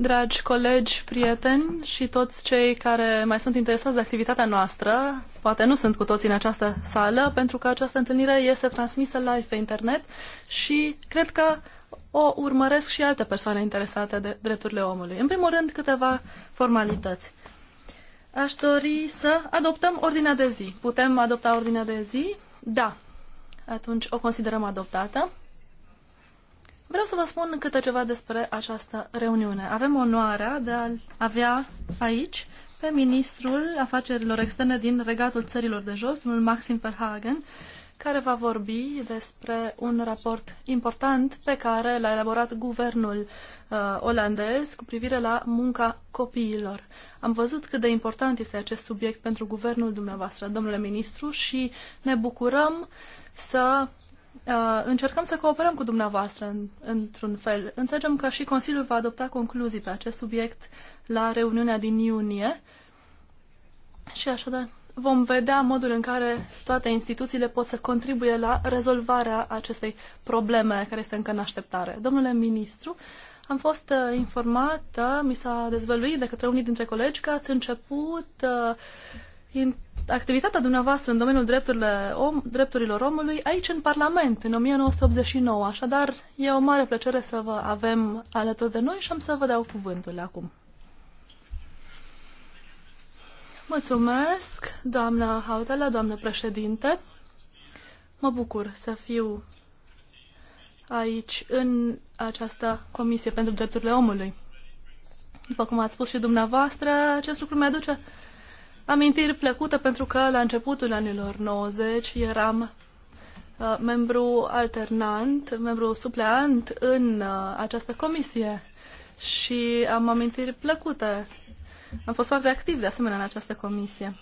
Dragi colegi, prieteni și toți cei care mai sunt interesați de activitatea noastră, poate nu sunt cu toții în această sală, pentru că această întâlnire este transmisă live pe internet și cred că o urmăresc și alte persoane interesate de drepturile omului. În primul rând, câteva formalități. Aș dori să adoptăm ordinea de zi. Putem adopta ordinea de zi? Da. Atunci o considerăm adoptată. Vreau să vă spun câte ceva despre această reuniune. Avem onoarea de a avea aici pe ministrul afacerilor externe din regatul țărilor de jos, domnul Maxim Verhagen, care va vorbi despre un raport important pe care l-a elaborat guvernul uh, olandez cu privire la munca copiilor. Am văzut cât de important este acest subiect pentru guvernul dumneavoastră, domnule ministru, și ne bucurăm să uh, încercăm să cooperăm cu dumneavoastră în, într-un fel. Înțelegem că și Consiliul va adopta concluzii pe acest subiect la reuniunea din iunie și așadar vom vedea modul în care toate instituțiile pot să contribuie la rezolvarea acestei probleme care este încă în așteptare. Domnule ministru, am fost uh, informată, mi s-a dezvăluit de către unii dintre colegi că ați început uh, activitatea dumneavoastră în domeniul drepturilor om, drepturilor omului aici în Parlament, în 1989. Așadar, e o mare plăcere să vă avem alături de noi și am să vă dau cuvântul acum. Mulțumesc, doamna Hautela, doamnă președinte. Mă bucur să fiu aici, în această Comisie pentru Drepturile Omului. După cum ați spus și dumneavoastră, acest lucru mi-aduce amintiri plăcute pentru că la începutul anilor 90 eram uh, membru alternant, membru supleant în uh, această comisie și am amintiri plăcute. Am fost foarte activ de asemenea în această comisie.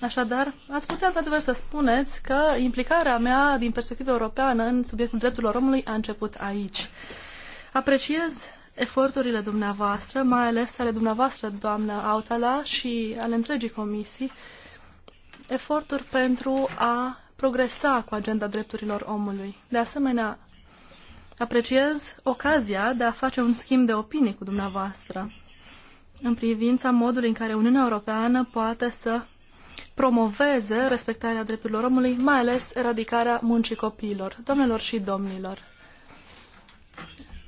Așadar, ați putea într-adevăr să spuneți că implicarea mea din perspectivă europeană în subiectul drepturilor omului a început aici. Apreciez eforturile dumneavoastră, mai ales ale dumneavoastră, doamnă Autala, și ale întregii comisii, eforturi pentru a progresa cu agenda drepturilor omului. De asemenea, apreciez ocazia de a face un schimb de opinii cu dumneavoastră în privința modului în care Uniunea Europeană poate să promoveze respectarea drepturilor omului, mai ales eradicarea muncii copiilor. Doamnelor și domnilor,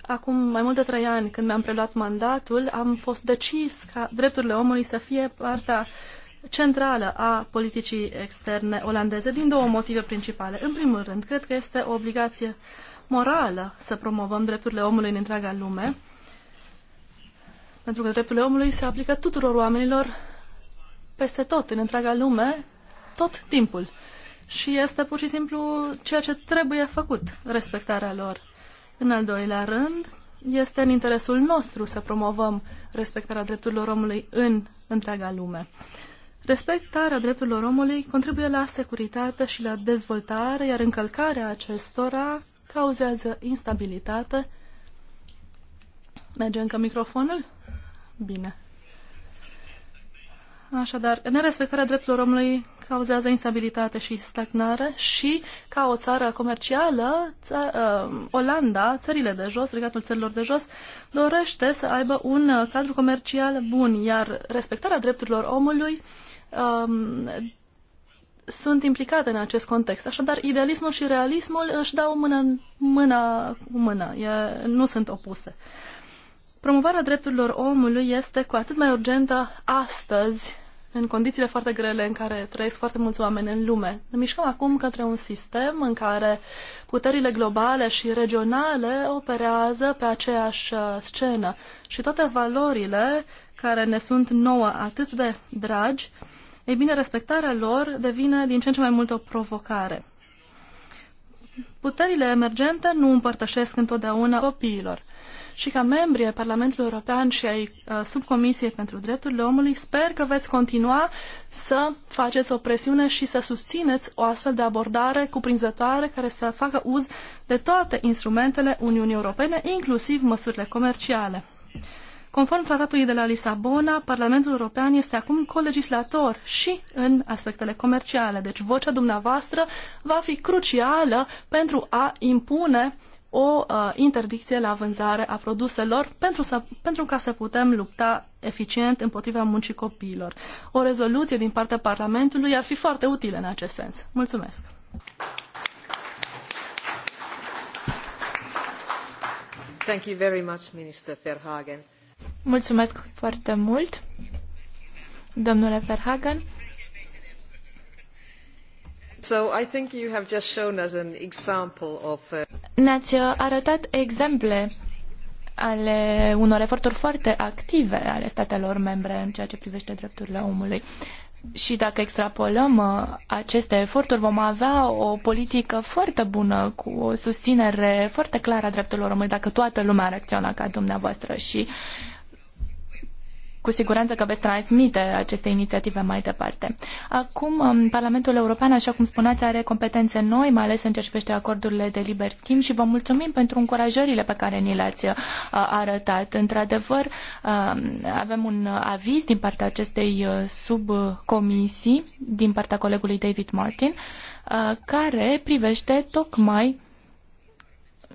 acum mai mult de trei ani, când mi-am preluat mandatul, am fost decis ca drepturile omului să fie partea centrală a politicii externe olandeze din două motive principale. În primul rând, cred că este o obligație morală să promovăm drepturile omului în întreaga lume, pentru că drepturile omului se aplică tuturor oamenilor peste tot, în întreaga lume, tot timpul. Și este pur și simplu ceea ce trebuie făcut, respectarea lor. În al doilea rând, este în interesul nostru să promovăm respectarea drepturilor omului în întreaga lume. Respectarea drepturilor omului contribuie la securitate și la dezvoltare, iar încălcarea acestora cauzează instabilitate. Merge încă microfonul? Bine. Așadar, nerespectarea drepturilor omului cauzează instabilitate și stagnare și, ca o țară comercială, ța, uh, Olanda, țările de jos, regatul țărilor de jos, dorește să aibă un uh, cadru comercial bun, iar respectarea drepturilor omului um, uh, sunt implicate în acest context. Așadar, idealismul și realismul își dau mână, cu mână, e, nu sunt opuse. Uh, Promovarea drepturilor omului este cu atât mai urgentă astăzi, în condițiile foarte grele în care trăiesc foarte mulți oameni în lume. Ne mișcăm acum către un sistem în care puterile globale și regionale operează pe aceeași uh, scenă și toate valorile care ne sunt nouă atât de dragi, ei bine, respectarea lor devine din ce în ce mai mult o provocare. Puterile emergente nu împărtășesc întotdeauna copiilor și ca membri ai Parlamentului European și ai uh, Subcomisiei pentru Drepturile Omului, sper că veți continua să faceți o presiune și să susțineți o astfel de abordare cuprinzătoare care să facă uz de toate instrumentele Uniunii Europene, inclusiv măsurile comerciale. Conform tratatului de la Lisabona, Parlamentul European este acum colegislator și în aspectele comerciale, deci vocea dumneavoastră va fi crucială pentru a impune o uh, interdicție la vânzare a produselor pentru, să, pentru ca să putem lupta eficient împotriva muncii copiilor. O rezoluție din partea Parlamentului ar fi foarte utilă în acest sens. Mulțumesc! Thank you very much, Minister Verhagen. Mulțumesc foarte mult, domnule Verhagen. Ne-ați arătat exemple ale unor eforturi foarte active ale statelor membre în ceea ce privește drepturile omului. Și dacă extrapolăm uh, aceste eforturi, vom avea o politică foarte bună, cu o susținere foarte clară a drepturilor omului, dacă toată lumea ar acționa ca dumneavoastră. Și cu siguranță că veți transmite aceste inițiative mai departe. Acum, um, Parlamentul European, așa cum spuneați, are competențe noi, mai ales în ce privește acordurile de liber schimb și vă mulțumim pentru încurajările pe care ni le-ați uh, arătat. Într-adevăr, um, avem un aviz din partea acestei uh, subcomisii, din partea colegului David Martin, uh, care privește tocmai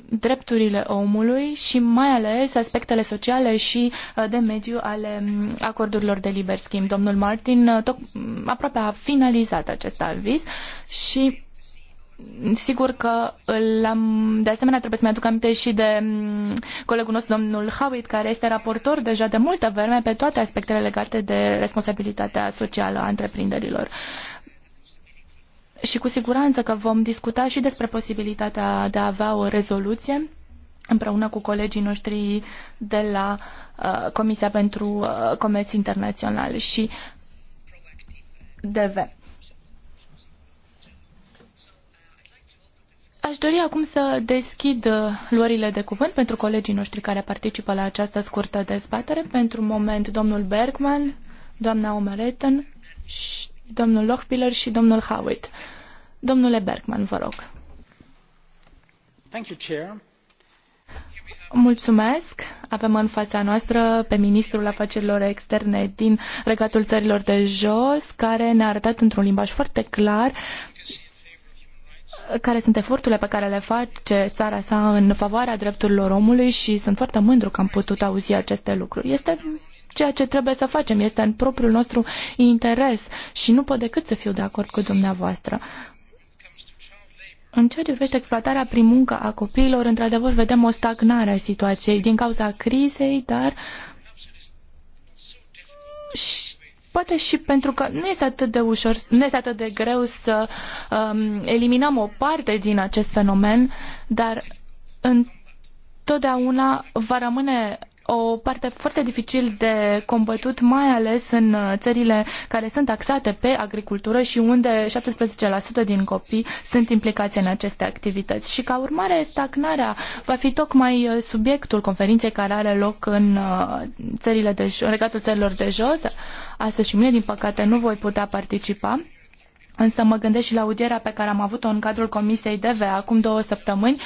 drepturile omului și mai ales aspectele sociale și uh, de mediu ale mm, acordurilor de liber schimb. Domnul Martin uh, mm, aproape a finalizat acest aviz și mm, sigur că l-am, de asemenea trebuie să-mi aduc aminte și de colegul nostru, domnul Howitt, care este raportor deja de multă vreme pe toate aspectele legate de responsabilitatea socială a întreprinderilor și cu siguranță că vom discuta și despre posibilitatea de a avea o rezoluție împreună cu colegii noștri de la uh, Comisia pentru uh, Comerț Internațional și DV. Aș dori acum să deschid uh, luările de cuvânt pentru colegii noștri care participă la această scurtă dezbatere. Pentru moment, domnul Bergman, doamna Omereten și domnul Lochbiller și domnul Howitt. Domnule Bergman, vă rog. Thank you, Chair. Mulțumesc. Avem în fața noastră pe ministrul afacerilor externe din Regatul Țărilor de Jos, care ne-a arătat într-un limbaj foarte clar care sunt eforturile pe care le face țara sa în favoarea drepturilor omului și sunt foarte mândru că am putut auzi aceste lucruri. Este ceea ce trebuie să facem. Este în propriul nostru interes și nu pot decât să fiu de acord cu dumneavoastră. În ceea ce privește exploatarea prin muncă a copiilor, într-adevăr vedem o stagnare a situației din cauza crizei, dar și, poate și pentru că nu este atât de ușor, nu este atât de greu să um, eliminăm o parte din acest fenomen, dar întotdeauna va rămâne o parte foarte dificil de combătut, mai ales în uh, țările care sunt taxate pe agricultură și unde 17% din copii sunt implicați în aceste activități. Și ca urmare, stagnarea va fi tocmai uh, subiectul conferinței care are loc în, uh, țările de, în regatul țărilor de jos. Astăzi și mie, din păcate, nu voi putea participa. Însă mă gândesc și la audierea pe care am avut-o în cadrul Comisiei DEVE acum două săptămâni,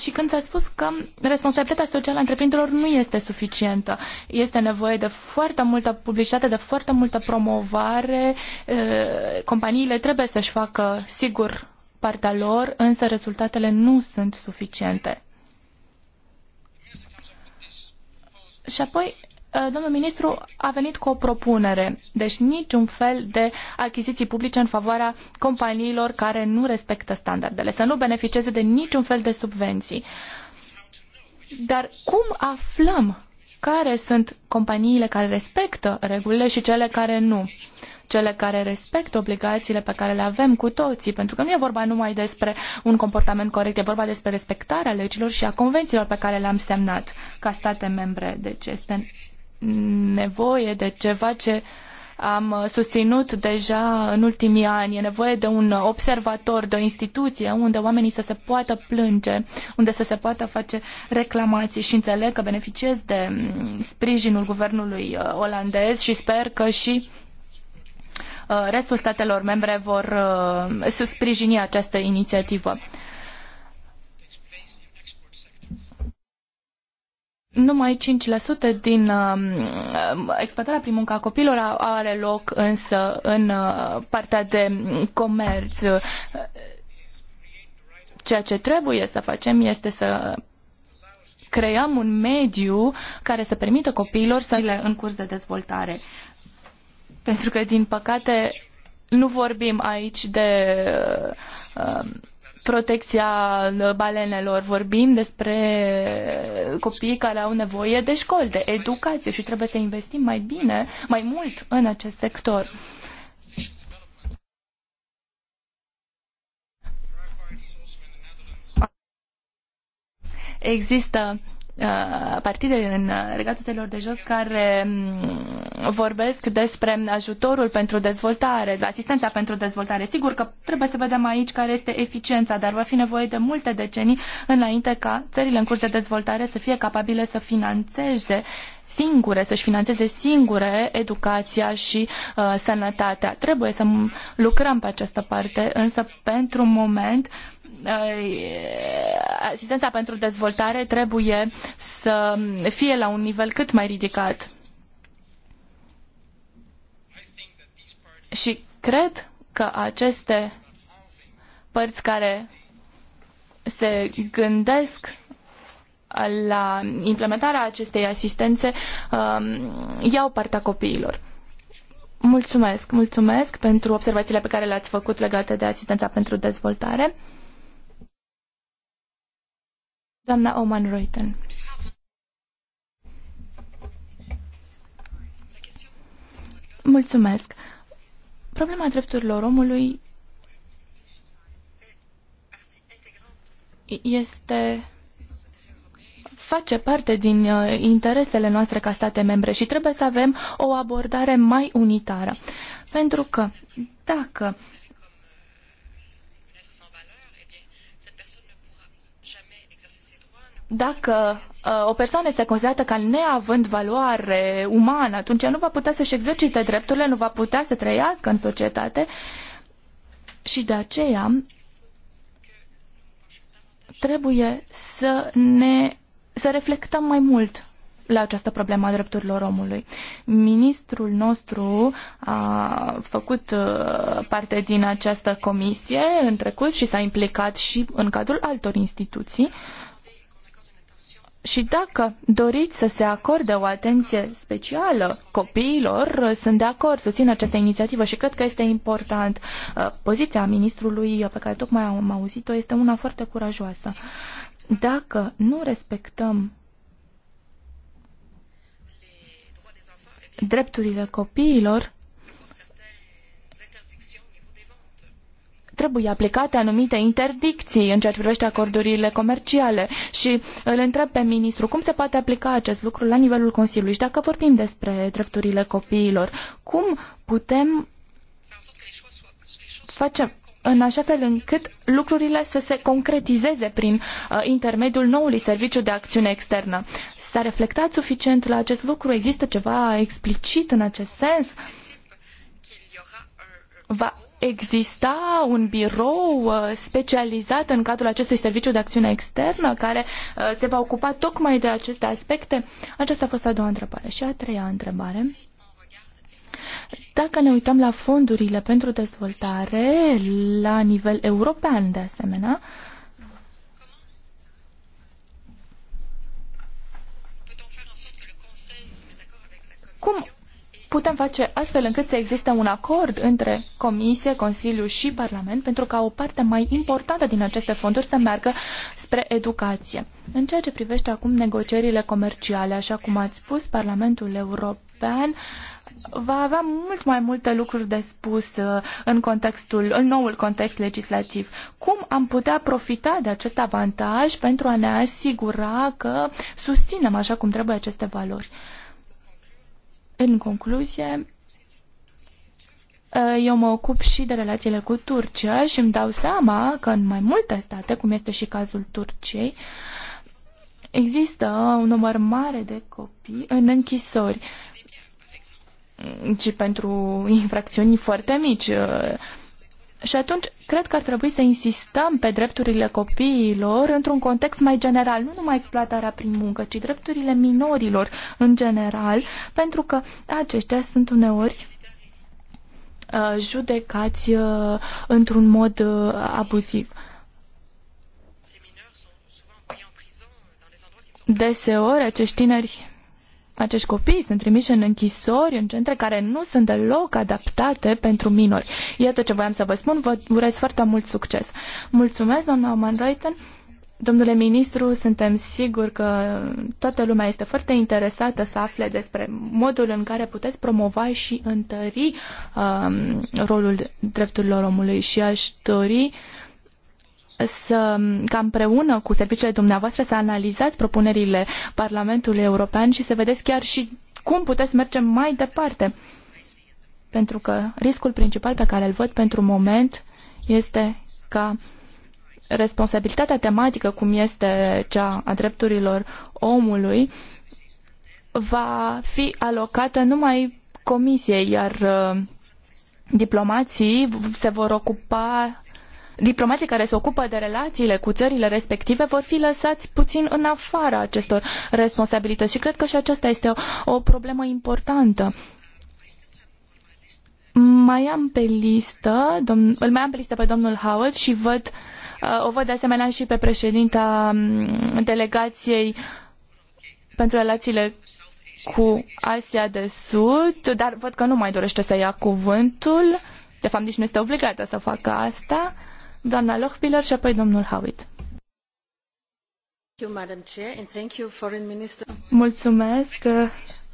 și când s-a spus că responsabilitatea socială a întreprinderilor nu este suficientă. Este nevoie de foarte multă publicitate, de foarte multă promovare. Companiile trebuie să-și facă, sigur, partea lor, însă rezultatele nu sunt suficiente. Și apoi Uh, domnul ministru a venit cu o propunere, deci niciun fel de achiziții publice în favoarea companiilor care nu respectă standardele, să nu beneficieze de niciun fel de subvenții. Dar cum aflăm care sunt companiile care respectă regulile și cele care nu? cele care respectă obligațiile pe care le avem cu toții, pentru că nu e vorba numai despre un comportament corect, e vorba despre respectarea legilor și a convențiilor pe care le-am semnat ca state membre. Deci este nevoie de ceva ce am uh, susținut deja în ultimii ani. E nevoie de un observator, de o instituție unde oamenii să se poată plânge, unde să se poată face reclamații și înțeleg că beneficiez de mm, sprijinul guvernului uh, olandez și sper că și uh, restul statelor membre vor sprijini această inițiativă. numai 5% din uh, exploatarea prin munca copilor are loc însă în uh, partea de comerț. Ceea ce trebuie să facem este să creăm un mediu care să permită copiilor să le în curs de dezvoltare. Pentru că, din păcate, nu vorbim aici de uh, protecția balenelor, vorbim despre copiii care au nevoie de școli, de educație și trebuie să investim mai bine, mai mult în acest sector. Există Uh, partide în uh, Regatul Țărilor de Jos care mm, vorbesc despre ajutorul pentru dezvoltare, asistența pentru dezvoltare. Sigur că trebuie să vedem aici care este eficiența, dar va fi nevoie de multe decenii înainte ca țările în curs de dezvoltare să fie capabile să financeze singure, să-și financeze singure educația și uh, sănătatea. Trebuie să lucrăm pe această parte, însă pentru moment uh, asistența pentru dezvoltare trebuie să fie la un nivel cât mai ridicat. Și cred că aceste părți care se gândesc la implementarea acestei asistențe um, iau partea copiilor. Mulțumesc, mulțumesc pentru observațiile pe care le-ați făcut legate de asistența pentru dezvoltare. Doamna Oman Reuten. Mulțumesc. Problema drepturilor omului este face parte din uh, interesele noastre ca state membre și trebuie să avem o abordare mai unitară. Pentru că dacă dacă uh, o persoană este considerată ca neavând valoare umană, atunci nu va putea să-și exercite drepturile, nu va putea să trăiască în societate și de aceea trebuie să ne să reflectăm mai mult la această problemă a drepturilor omului. Ministrul nostru a făcut uh, parte din această comisie în trecut și s-a implicat și în cadrul altor instituții uh, și dacă doriți să se acorde o atenție specială copiilor, sunt de acord, susțin această inițiativă și cred că este important. Uh, poziția ministrului uh, pe care tocmai am auzit-o este una foarte curajoasă. Dacă nu respectăm drepturile copiilor, trebuie aplicate anumite interdicții în ceea ce privește acordurile comerciale și îl uh, întreb pe ministru cum se poate aplica acest lucru la nivelul Consiliului și dacă vorbim despre drepturile copiilor, cum putem face în așa fel încât lucrurile să se concretizeze prin uh, intermediul noului serviciu de acțiune externă. S-a reflectat suficient la acest lucru? Există ceva explicit în acest sens? Va exista un birou uh, specializat în cadrul acestui serviciu de acțiune externă care uh, se va ocupa tocmai de aceste aspecte? Aceasta a fost a doua întrebare. Și a treia întrebare. Dacă ne uităm la fondurile pentru dezvoltare la nivel european, de asemenea, cum putem face astfel încât să existe un acord între Comisie, Consiliu și Parlament pentru ca o parte mai importantă din aceste fonduri să meargă spre educație. În ceea ce privește acum negocierile comerciale, așa cum ați spus, Parlamentul European va avea mult mai multe lucruri de spus uh, în contextul, în noul context legislativ. Cum am putea profita de acest avantaj pentru a ne asigura că susținem așa cum trebuie aceste valori? În concluzie, ă, eu mă ocup și de relațiile cu Turcia și îmi dau seama că în mai multe state, cum este și cazul Turciei, există un număr mare de copii în închisori și pentru infracțiuni foarte mici. Și atunci, cred că ar trebui să insistăm pe drepturile copiilor într-un context mai general, nu numai exploatarea prin muncă, ci drepturile minorilor în general, pentru că aceștia sunt uneori uh, judecați uh, într-un mod uh, abuziv. Deseori, acești tineri acești copii sunt trimiși în închisori, în centre care nu sunt deloc adaptate pentru minori. Iată ce voiam să vă spun, vă urez foarte mult succes. Mulțumesc, doamna Oman Reuten. Domnule ministru, suntem siguri că toată lumea este foarte interesată să afle despre modul în care puteți promova și întări um, rolul drepturilor omului și aș dori uh, să, ca împreună cu serviciile dumneavoastră să analizați propunerile Parlamentului European și să vedeți chiar și cum puteți merge mai departe. Pentru că riscul principal pe care îl văd pentru moment este ca responsabilitatea tematică, cum este cea a drepturilor omului, va fi alocată numai comisiei, iar uh, diplomații se vor ocupa diplomații care se ocupă de relațiile cu țările respective vor fi lăsați puțin în afara acestor responsabilități și cred că și aceasta este o, o problemă importantă. Mai am pe listă, domn, îl mai am pe listă pe domnul Howard și văd, uh, o văd de asemenea și pe președinta mm, delegației pentru relațiile cu Asia de Sud, dar văd că nu mai dorește să ia cuvântul. De fapt, nici nu este obligată să facă asta doamna Lochbiller și apoi domnul Howitt. Mulțumesc uh,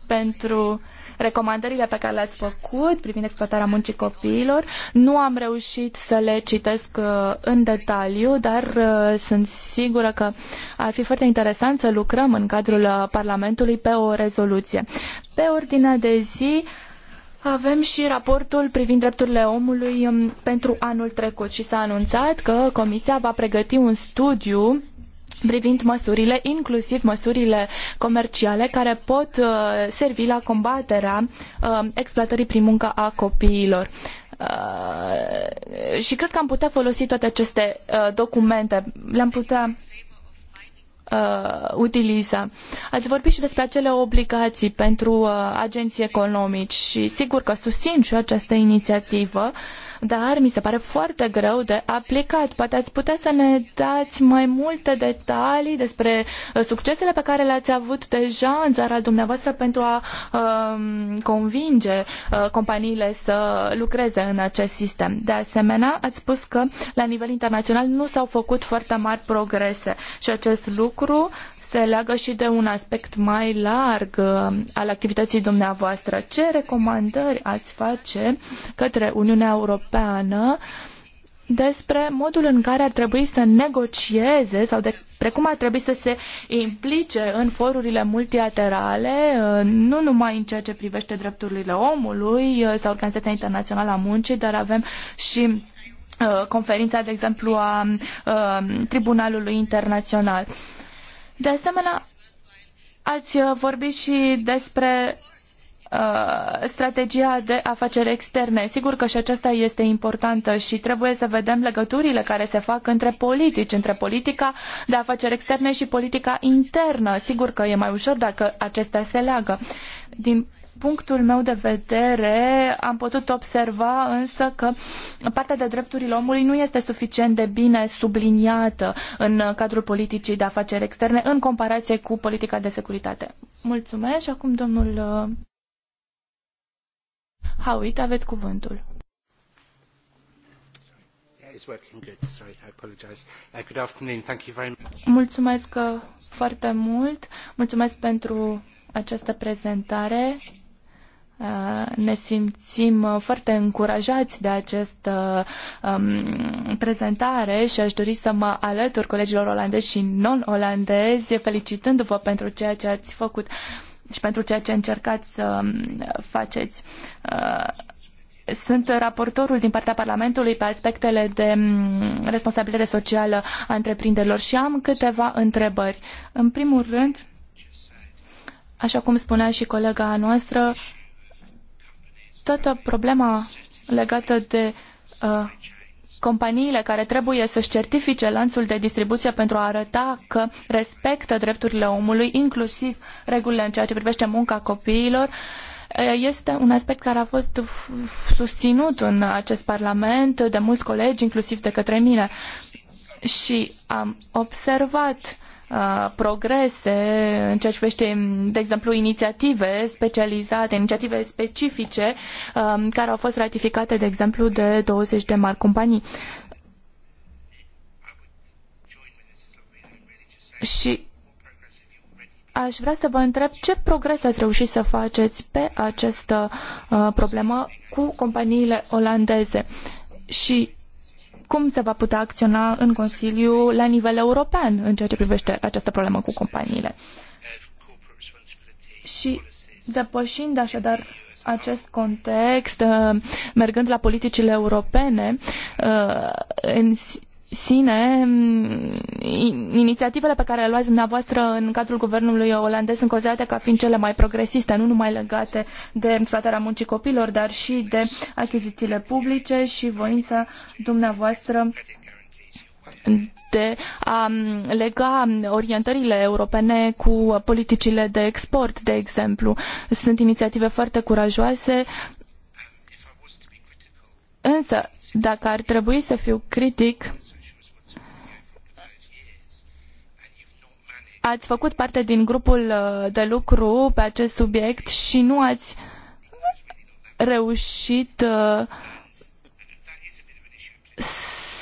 pentru recomandările pe care le-ați făcut privind exploatarea muncii copiilor. Nu am reușit să le citesc uh, în detaliu, dar uh, sunt sigură că ar fi foarte interesant să lucrăm în cadrul Parlamentului pe o rezoluție. Pe ordinea de zi avem și raportul privind drepturile omului um, pentru anul trecut și s-a anunțat că Comisia va pregăti un studiu privind măsurile, inclusiv măsurile comerciale, care pot uh, servi la combaterea um, exploatării prin muncă a copiilor. Uh, și cred că am putea folosi toate aceste uh, documente, le-am putea uh, utiliza. Ați vorbit și despre acele obligații pentru uh, agenții economici și sigur că susțin și eu această inițiativă. Uh, dar mi se pare foarte greu de aplicat. Poate ați putea să ne dați mai multe detalii despre uh, succesele pe care le-ați avut deja în țara dumneavoastră pentru a um, convinge uh, companiile să lucreze în acest sistem. De asemenea, ați spus că la nivel internațional nu s-au făcut foarte mari progrese și acest lucru se leagă și de un aspect mai larg uh, al activității dumneavoastră. Ce recomandări ați face către Uniunea Europeană? Europeană despre modul în care ar trebui să negocieze sau de, precum ar trebui să se implice în forurile multilaterale, nu numai în ceea ce privește drepturile omului sau Organizația Internațională a Muncii, dar avem și uh, conferința, de exemplu, a uh, Tribunalului Internațional. De asemenea, ați uh, vorbit și despre Uh, strategia de afaceri externe. Sigur că și aceasta este importantă și trebuie să vedem legăturile care se fac între politici, între politica de afaceri externe și politica internă. Sigur că e mai ușor dacă acestea se leagă. Din punctul meu de vedere, am putut observa însă că partea de drepturile omului nu este suficient de bine subliniată în cadrul politicii de afaceri externe în comparație cu politica de securitate. Mulțumesc și acum domnul uh, Howitt, aveți cuvântul. Mulțumesc foarte mult. Mulțumesc pentru această prezentare. Uh, ne simțim uh, foarte încurajați de această um, prezentare și aș dori să mă alătur colegilor olandezi și non-olandezi, felicitându-vă pentru ceea ce ați făcut. Uh, și pentru ceea ce încercați să um, faceți. Uh, sunt raportorul din partea Parlamentului pe aspectele de um, responsabilitate socială a întreprinderilor și am câteva întrebări. În primul rând, așa cum spunea și colega noastră, toată problema legată de uh, companiile care trebuie să-și certifice lanțul de distribuție pentru a arăta că respectă drepturile omului, inclusiv regulile în ceea ce privește munca copiilor, eh, este un aspect care a fost susținut în acest Parlament de mulți colegi, inclusiv de către mine. Și am observat Uh, progrese în ceea ce privește, de exemplu, inițiative specializate, inițiative specifice um, care au fost ratificate, de exemplu, de 20 de mari companii. Și aș vrea să vă întreb ce progres ați reușit să faceți pe această uh, problemă cu companiile olandeze și cum se va putea acționa în Consiliu la nivel european în ceea ce privește această problemă cu companiile. Și depășind așadar acest context, uh, mergând la politicile europene, uh, în sine, mm, inițiativele pe care le luați dumneavoastră în cadrul guvernului olandez sunt considerate ca fiind cele mai progresiste, nu numai legate de exploatarea muncii copilor, dar și de achizițiile publice și voința dumneavoastră de a mm, lega mm, orientările europene cu politicile de export, de exemplu. Sunt inițiative foarte curajoase, însă dacă ar trebui să fiu critic, ați făcut parte din grupul uh, de lucru pe acest subiect și nu ați reușit uh,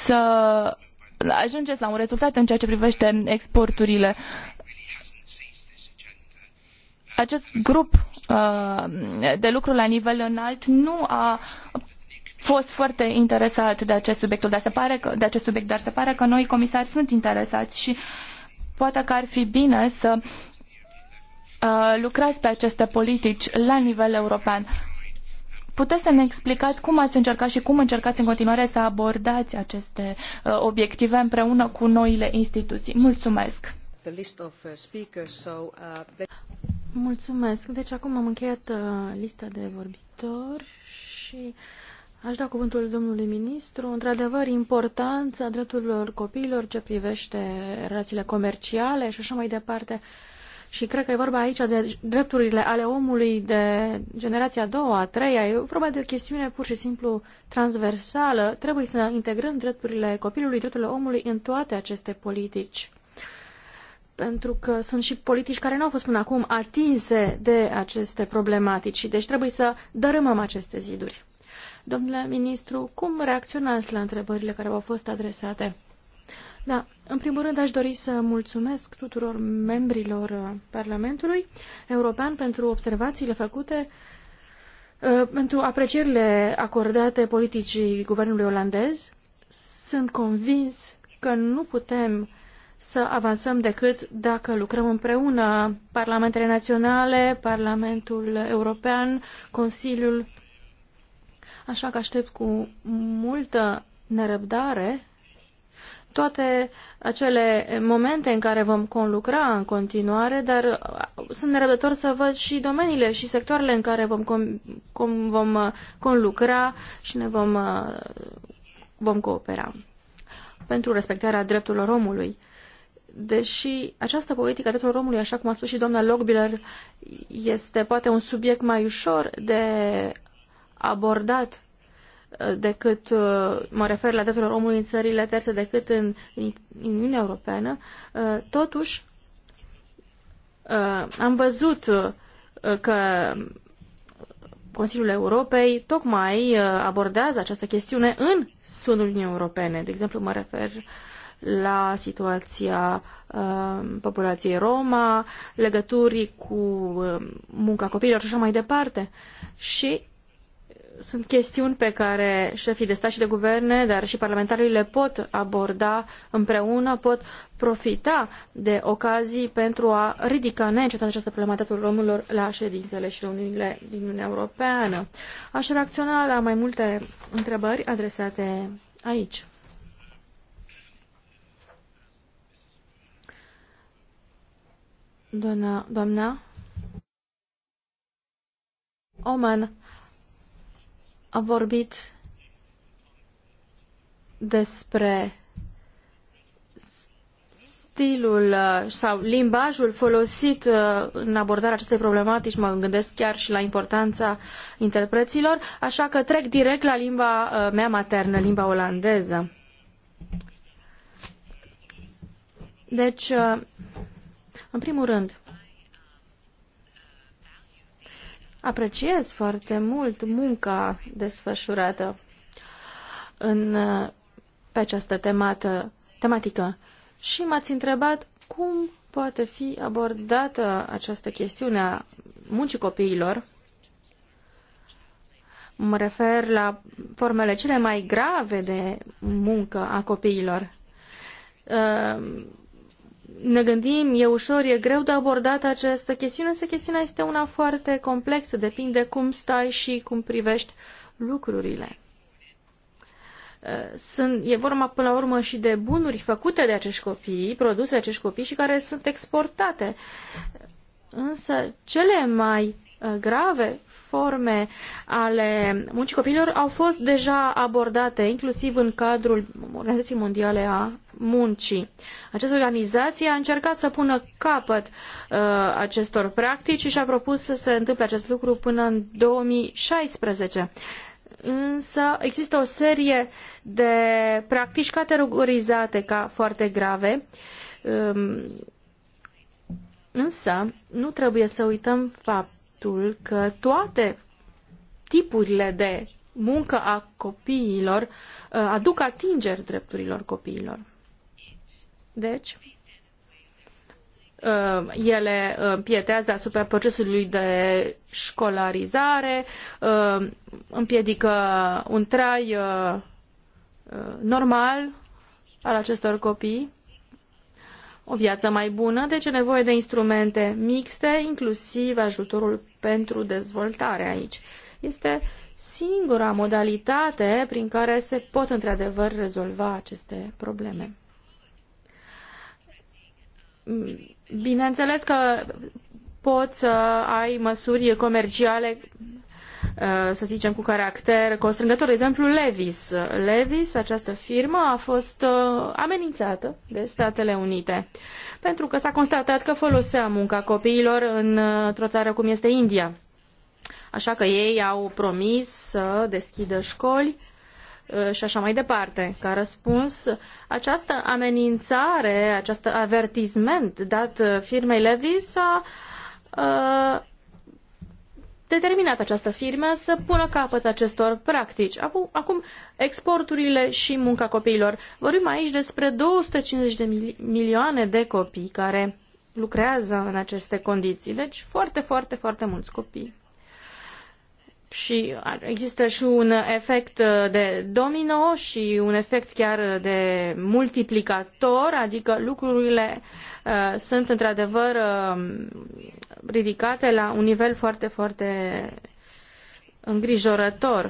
să ajungeți la un rezultat în ceea ce privește exporturile. Acest grup uh, de lucru la nivel înalt nu a fost foarte interesat de acest subiect, dar se pare că, de acest subiect, dar se pare că noi comisari sunt interesați și Poate că ar fi bine să uh, lucrați pe aceste politici la nivel european. Puteți să ne explicați cum ați încercat și cum încercați în continuare să abordați aceste uh, obiective împreună cu noile instituții? Mulțumesc! Uh, Mulțumesc! Deci acum am încheiat lista de vorbitori și Aș da cuvântul domnului ministru. Într-adevăr, importanța drepturilor copiilor ce privește relațiile comerciale și așa mai departe. Și cred că e vorba aici de drepturile ale omului de generația a doua, a treia. E vorba de o chestiune pur și simplu transversală. Trebuie să integrăm drepturile copilului, drepturile omului în toate aceste politici. Pentru că sunt și politici care nu au fost până acum atinse de aceste problematici. Deci trebuie să dărâmăm aceste ziduri. Domnule ministru, cum reacționați la întrebările care v-au fost adresate? Da, în primul rând aș dori să mulțumesc tuturor membrilor uh, Parlamentului European pentru observațiile făcute, uh, pentru aprecierile acordate politicii guvernului olandez. Sunt convins că nu putem să avansăm decât dacă lucrăm împreună Parlamentele Naționale, Parlamentul European, Consiliul Așa că aștept cu multă nerăbdare toate acele momente în care vom conlucra în continuare, dar uh, sunt nerăbdător să văd și domeniile și sectoarele în care vom, com, com, vom uh, conlucra și ne vom, uh, vom coopera pentru respectarea drepturilor omului. Deși această politică a drepturilor omului, așa cum a spus și doamna Logbiller, este poate un subiect mai ușor de abordat uh, decât, uh, mă refer la drepturile omului în țările terțe, decât în Uniunea Europeană, uh, totuși am văzut că Consiliul Europei tocmai abordează această chestiune în sudul Uniunii Europene. De exemplu, mă refer la situația populației Roma, legăturii cu munca copiilor și așa mai departe. Și sunt chestiuni pe care șefii de stat și de guverne, dar și parlamentarii le pot aborda împreună, pot profita de ocazii pentru a ridica neîncetat această problemă a drepturilor omului la ședințele și reuniunile din Uniunea Europeană. Aș reacționa la mai multe întrebări adresate aici. Doamna, doamna Oman a vorbit despre stilul uh, sau limbajul folosit uh, în abordarea acestei problematici, mă gândesc chiar și la importanța interpreților, așa că trec direct la limba uh, mea maternă, limba olandeză. Deci, în primul rând, Apreciez foarte mult munca desfășurată în, pe această temată, tematică și m-ați întrebat cum poate fi abordată această chestiune a muncii copiilor. Mă refer la formele cele mai grave de muncă a copiilor. Ă, ne gândim, e ușor, e greu de abordat această chestiune, însă chestiunea este una foarte complexă, depinde cum stai și cum privești lucrurile. Uh, sunt, e vorba până la urmă și de bunuri făcute de acești copii, produse de acești copii și care sunt exportate. Însă cele mai Uh, grave forme ale muncii copiilor au fost deja abordate, inclusiv în cadrul Organizației Mondiale a Muncii. Această organizație a încercat să pună capăt uh, acestor practici și a propus să se întâmple acest lucru până în 2016. Însă există o serie de practici categorizate ca foarte grave. Um, însă nu trebuie să uităm faptul faptul că toate tipurile de muncă a copiilor uh, aduc atingeri drepturilor copiilor. Deci, uh, ele uh, împietează asupra procesului de școlarizare, împiedică un trai normal al acestor copii o viață mai bună, deci e nevoie de instrumente mixte, inclusiv ajutorul pentru dezvoltare aici. Este singura modalitate prin care se pot într-adevăr rezolva aceste probleme. Bineînțeles că poți să ai măsuri comerciale Uh, să zicem, cu caracter constrângător. De exemplu, Levis. Levis, această firmă, a fost uh, amenințată de Statele Unite pentru că s-a constatat că folosea munca copiilor uh, într-o țară cum este India. Așa că ei au promis să deschidă școli și așa mai departe. Ca răspuns, această amenințare, acest avertisment dat firmei Levis a, a determinat această firmă să pună capăt acestor practici. Acum, exporturile și munca copiilor. Vorbim aici despre 250 de milioane de copii care lucrează în aceste condiții. Deci foarte, foarte, foarte mulți copii și există și un efect uh, de domino și un efect chiar uh, de multiplicator, adică lucrurile uh, sunt într-adevăr uh, ridicate la un nivel foarte, foarte îngrijorător.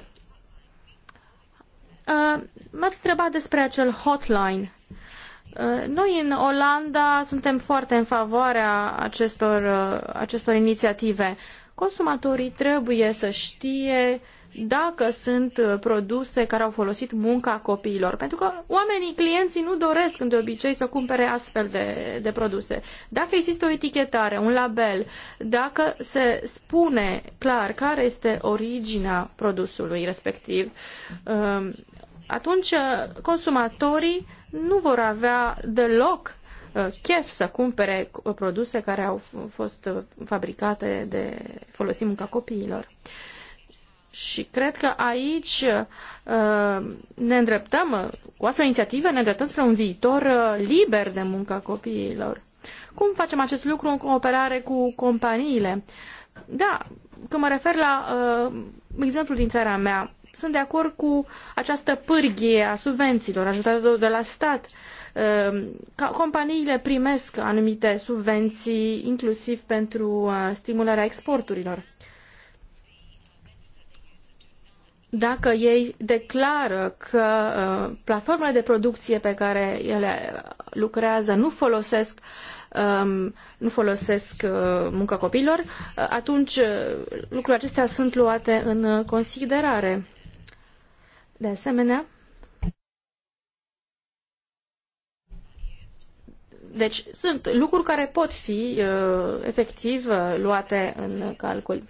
Uh, M-ați întrebat despre acel hotline. Uh, noi în Olanda suntem foarte în favoarea acestor, acestor inițiative Consumatorii trebuie să știe dacă sunt produse care au folosit munca copiilor. Pentru că oamenii, clienții nu doresc de obicei să cumpere astfel de, de produse. Dacă există o etichetare, un label, dacă se spune clar care este originea produsului respectiv, um, atunci consumatorii nu vor avea deloc Uh, chef să cumpere produse care au fost uh, fabricate de folosim ca copiilor. Și cred că aici uh, ne îndreptăm, cu astfel inițiativă ne îndreptăm spre un viitor liber de a copiilor. Cum facem acest lucru în cooperare cu companiile? Da, când mă refer la uh, exemplul din țara mea, sunt de acord cu această pârghie a subvențiilor ajutate de la stat. Uh, Um, companiile primesc anumite subvenții, inclusiv pentru uh, stimularea exporturilor. Dacă ei declară că uh, platformele de producție pe care ele lucrează nu folosesc um, nu folosesc uh, munca copiilor, atunci lucrurile acestea sunt luate în considerare. De asemenea, Deci sunt lucruri care pot fi uh, efectiv uh, luate în calcul.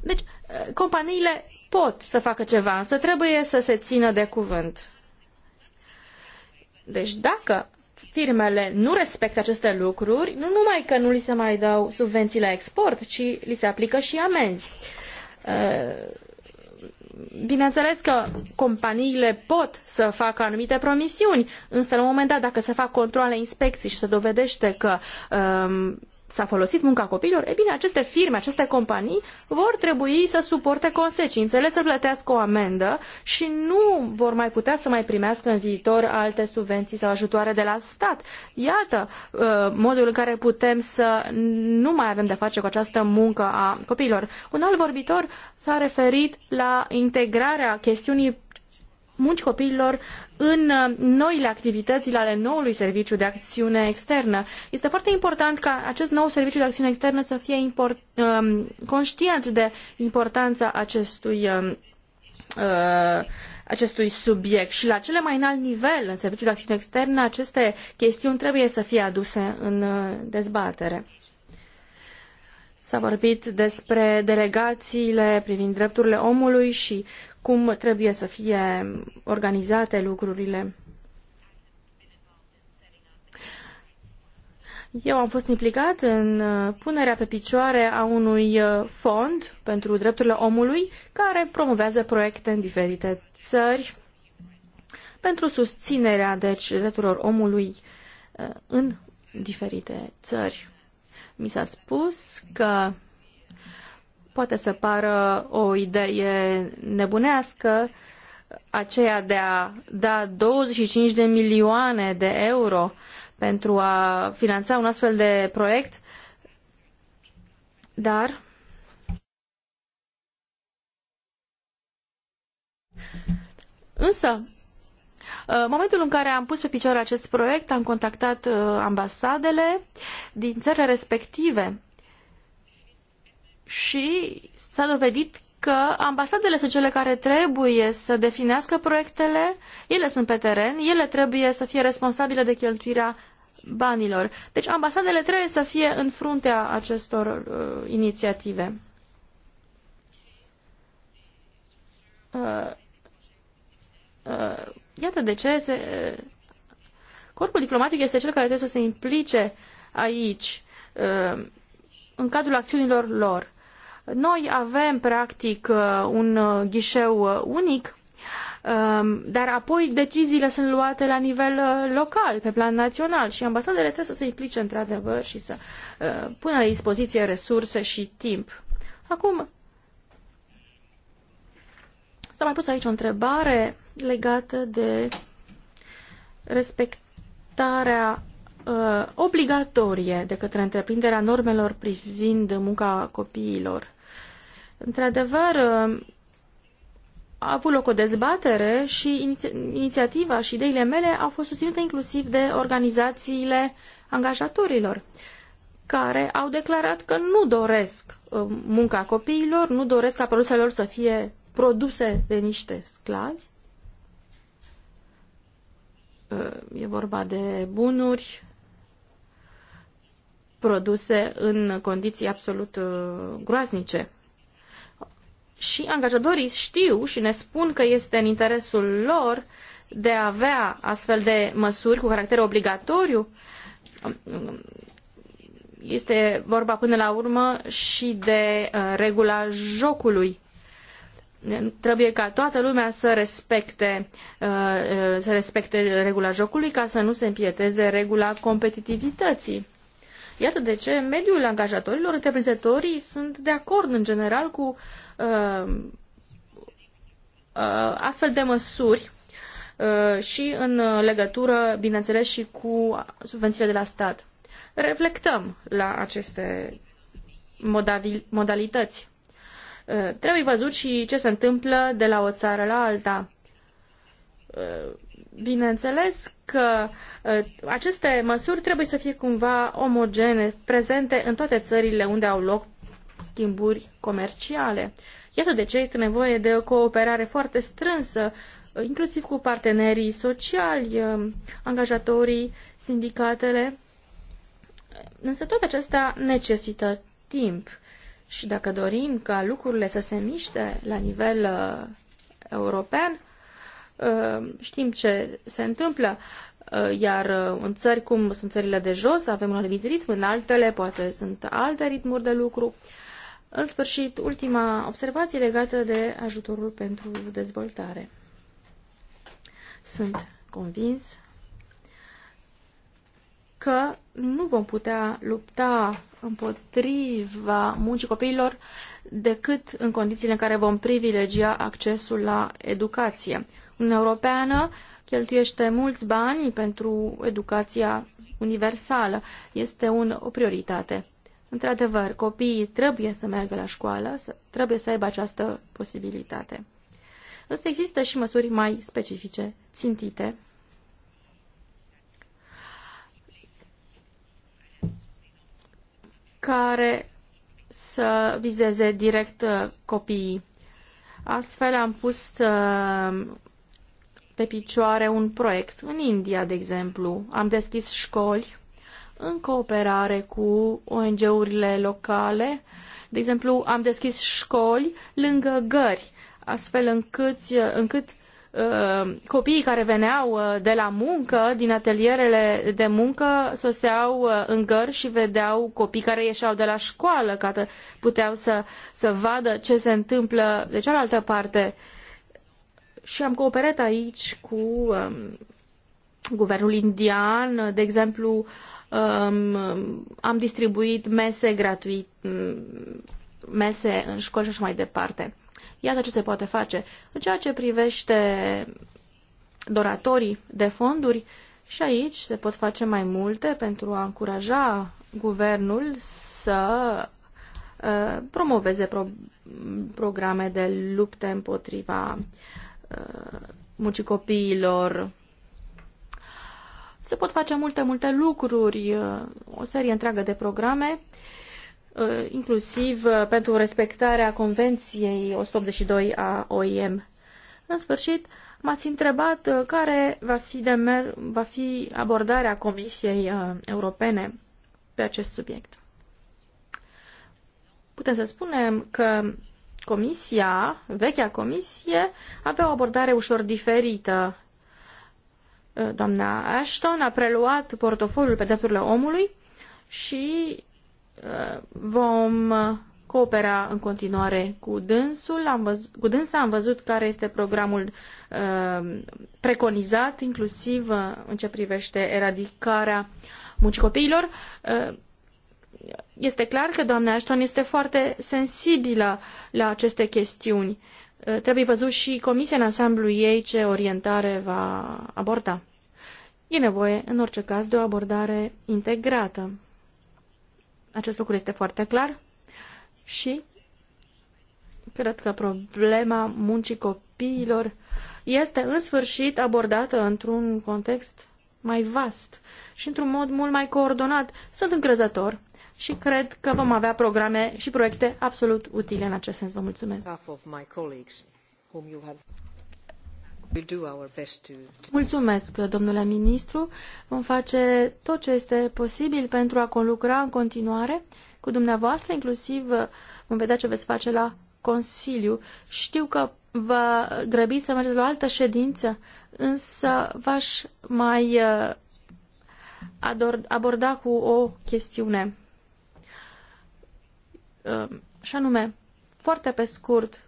Deci, uh, companiile pot să facă ceva, însă trebuie să se țină de cuvânt. Deci, dacă firmele nu respectă aceste lucruri, nu numai că nu li se mai dau subvenții la export, ci li se aplică și amenzi. Bineînțeles că companiile pot să facă anumite promisiuni, însă la un moment dat, dacă se fac controle, inspecții și se dovedește că um, s-a folosit munca copiilor, e bine, aceste firme, aceste companii vor trebui să suporte consecințele, să plătească o amendă și nu vor mai putea să mai primească în viitor alte subvenții sau ajutoare de la stat. Iată uh, modul în care putem să nu mai avem de face cu această muncă a copiilor. Un alt vorbitor s-a referit la integrarea chestiunii munci copiilor în uh, noile activități ale noului serviciu de acțiune externă. Este foarte important ca acest nou serviciu de acțiune externă să fie import, um, conștient de importanța acestui um, uh, acestui subiect și la cele mai înalt nivel în serviciul de acțiune externă aceste chestiuni trebuie să fie aduse în uh, dezbatere. S-a vorbit despre delegațiile privind drepturile omului și cum trebuie să fie organizate lucrurile. Eu am fost implicat în uh, punerea pe picioare a unui uh, fond pentru drepturile omului care promovează proiecte în diferite țări pentru susținerea deci drepturilor omului uh, în diferite țări. Mi s-a spus că Poate să pară o idee nebunească, aceea de a da 25 de milioane de euro pentru a finanța un astfel de proiect, dar Însă, în momentul în care am pus pe picioare acest proiect, am contactat uh, ambasadele din țările respective și s-a dovedit că ambasadele sunt cele care trebuie să definească proiectele, ele sunt pe teren, ele trebuie să fie responsabile de cheltuirea banilor. Deci ambasadele trebuie să fie în fruntea acestor uh, inițiative. Uh, uh, iată de ce se, uh, corpul diplomatic este cel care trebuie să se implice aici, uh, în cadrul acțiunilor lor. Noi avem, practic, uh, un uh, ghișeu uh, unic, um, dar apoi deciziile sunt luate la nivel local, pe plan național și ambasadele trebuie să se implice într-adevăr și să pună la dispoziție resurse și timp. Acum, s-a mai pus aici o întrebare legată de respectarea obligatorie de către întreprinderea normelor privind munca copiilor. Într-adevăr, a avut loc o dezbatere și inițiativa și ideile mele au fost susținute inclusiv de organizațiile angajatorilor, care au declarat că nu doresc uh, munca copiilor, nu doresc ca produsele lor să fie produse de niște sclavi. Uh, e vorba de bunuri produse în condiții absolut uh, groaznice și angajatorii știu și ne spun că este în interesul lor de a avea astfel de măsuri cu caracter obligatoriu. Este vorba până la urmă și de uh, regula jocului trebuie ca toată lumea să respecte, uh, uh, să respecte regula jocului ca să nu se împieteze regula competitivității. Iată de ce mediul angajatorilor, întreprinzătorii sunt de acord în general cu Uh, uh, astfel de măsuri uh, și în legătură, bineînțeles, și cu subvențiile de la stat. Reflectăm la aceste modalități. Trebuie văzut și ce se întâmplă de la o țară la alta. Bineînțeles că aceste măsuri trebuie să fie cumva omogene, prezente în toate țările unde au loc schimburi comerciale. Iată de ce este nevoie de o cooperare foarte strânsă, inclusiv cu partenerii sociali, um, angajatorii, sindicatele. Însă toate acestea necesită timp. Și dacă dorim ca lucrurile să se miște la nivel uh, european, uh, știm ce se întâmplă. Uh, iar uh, în țări cum sunt țările de jos, avem un anumit ritm, în altele poate sunt alte ritmuri de lucru. Uh, în sfârșit, ultima observație legată de ajutorul pentru dezvoltare. Sunt convins că nu vom putea lupta împotriva muncii copiilor decât în condițiile în care vom privilegia accesul la educație. Uniunea Europeană cheltuiește mulți bani pentru educația universală. Este un, o prioritate Într-adevăr, copiii trebuie să meargă la școală, trebuie să aibă această posibilitate. Însă există și măsuri mai specifice, țintite. care să vizeze direct uh, copiii. Astfel am pus uh, pe picioare un proiect în India, de exemplu. Am deschis școli în cooperare cu ONG-urile locale. De exemplu, am deschis școli lângă gări, astfel încât, încât uh, copiii care veneau uh, de la muncă, din atelierele de muncă, soseau uh, în gări și vedeau copii care ieșeau de la școală, ca puteau să, să vadă ce se întâmplă de cealaltă parte. Și am cooperat aici cu um, guvernul indian, de exemplu, um, am distribuit mese gratuit, mese în școli și așa mai departe. Iată ce se poate face. În ceea ce privește donatorii de fonduri, și aici se pot face mai multe pentru a încuraja guvernul să uh, promoveze pro programe de luptă împotriva uh, muncii copiilor, se pot face multe, multe lucruri, uh, o serie întreagă de programe, uh, inclusiv uh, pentru respectarea Convenției 182 a OIM. În sfârșit, m-ați întrebat care va fi, mer- va fi abordarea Comisiei Europene pe acest subiect. Putem să spunem că Comisia, vechea Comisie, avea o abordare ușor diferită Uh, doamna Ashton a preluat portofoliul pe drepturile omului și uh, vom uh, coopera în continuare cu dânsul. Am văzut, cu dânsa am văzut care este programul preconizat, inclusiv în ce privește eradicarea muncii copiilor. este clar că doamna Ashton este foarte sensibilă la aceste chestiuni Eh, trebuie văzut și comisia în ansamblu ei ce orientare va aborda. E nevoie, în orice caz, de o abordare integrată. Acest lucru este foarte clar și cred că problema muncii copiilor este în sfârșit abordată într-un context mai vast și într-un mod mult mai coordonat. Sunt încrezător și cred că vom avea programe și proiecte absolut utile în acest sens. Vă mulțumesc! Mulțumesc, domnule ministru. Vom face tot ce este posibil pentru a conlucra în continuare cu dumneavoastră, inclusiv uh, vom vedea ce veți face la Consiliu. Știu că vă grăbiți să mergeți la o altă ședință, însă v-aș mai uh, aborda cu o chestiune. Um, și anume, foarte pe scurt,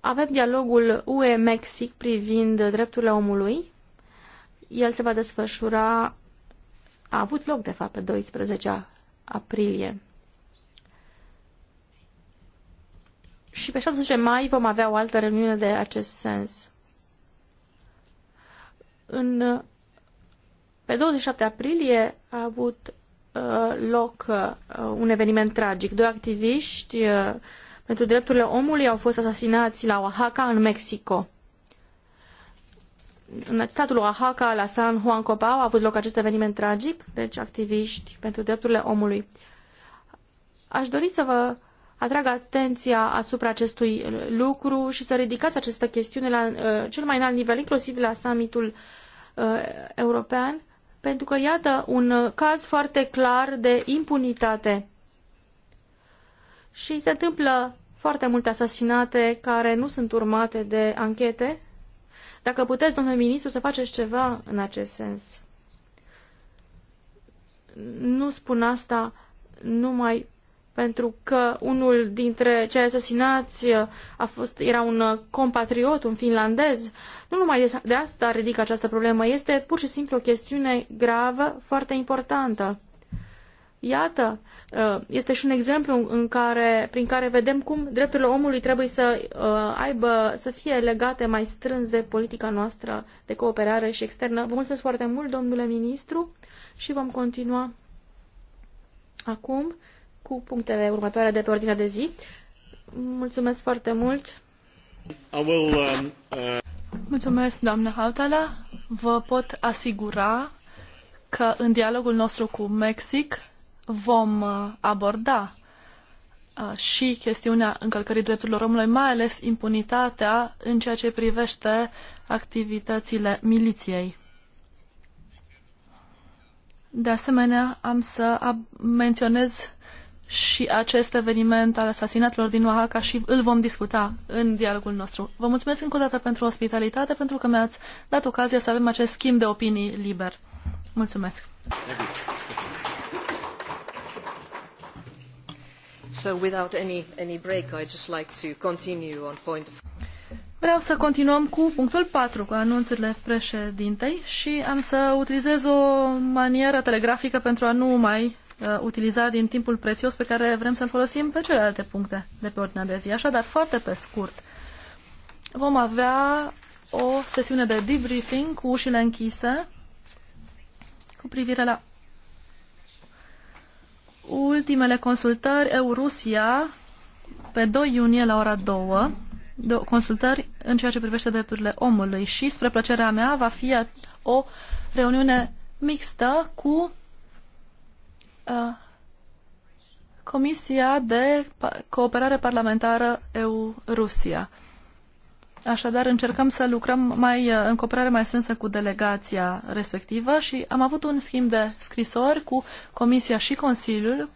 avem dialogul UE-Mexic privind drepturile omului. El se va desfășura, a avut loc, de fapt, pe 12 aprilie. Și pe 16 mai vom avea o altă reuniune de acest sens. În, pe 27 aprilie a avut Uh, loc uh, un eveniment tragic. Doi activiști uh, pentru drepturile omului au fost asasinați la Oaxaca, în Mexico. În statul Oaxaca, la San Juan Copau, a avut loc acest eveniment tragic, deci activiști pentru drepturile omului. Aș dori să vă atrag atenția asupra acestui lucru și să ridicați această chestiune la uh, cel mai înalt nivel, inclusiv la summitul uh, european, pentru că iată un caz foarte clar de impunitate. Și se întâmplă foarte multe asasinate care nu sunt urmate de anchete. Dacă puteți, domnule ministru, să faceți ceva în acest sens. Nu spun asta numai pentru că unul dintre cei asasinați uh, a fost, era un uh, compatriot, un finlandez. Nu numai de asta ridică această problemă, este pur și simplu o chestiune gravă, foarte importantă. Iată, uh, este și un exemplu în care, prin care vedem cum drepturile omului trebuie să aibă, să fie legate mai strâns de politica noastră de cooperare și externă. Vă mulțumesc foarte mult, domnule ministru, și vom continua acum cu punctele următoare de pe ordinea de zi. Mulțumesc foarte mult! Will, um, uh... Mulțumesc, doamnă Hautala. Vă pot asigura că în dialogul nostru cu Mexic vom uh, aborda uh, și chestiunea încălcării drepturilor omului, mai ales impunitatea în ceea ce privește activitățile miliției. De asemenea, am să menționez și acest eveniment al asasinatelor din Oaxaca și îl vom discuta în dialogul nostru. Vă mulțumesc încă o dată pentru ospitalitate, pentru că mi-ați dat ocazia să avem acest schimb de opinii liber. Mulțumesc! So without any, any break, I just like to continue on point... Vreau să continuăm cu punctul 4, cu anunțurile președintei și am să utilizez o manieră telegrafică pentru a nu mai Uh, utiliza din timpul prețios pe care vrem să-l folosim pe celelalte puncte de pe ordinea de zi. Așadar, foarte pe scurt, vom avea o sesiune de debriefing cu ușile închise cu privire la ultimele consultări EU-Rusia pe 2 iunie la ora 2, consultări în ceea ce privește drepturile omului și, spre plăcerea mea, va fi o reuniune mixtă cu Comisia de Cooperare Parlamentară EU-Rusia. Așadar, încercăm să lucrăm mai, în cooperare mai strânsă cu delegația respectivă și am avut un schimb de scrisori cu Comisia și Consiliul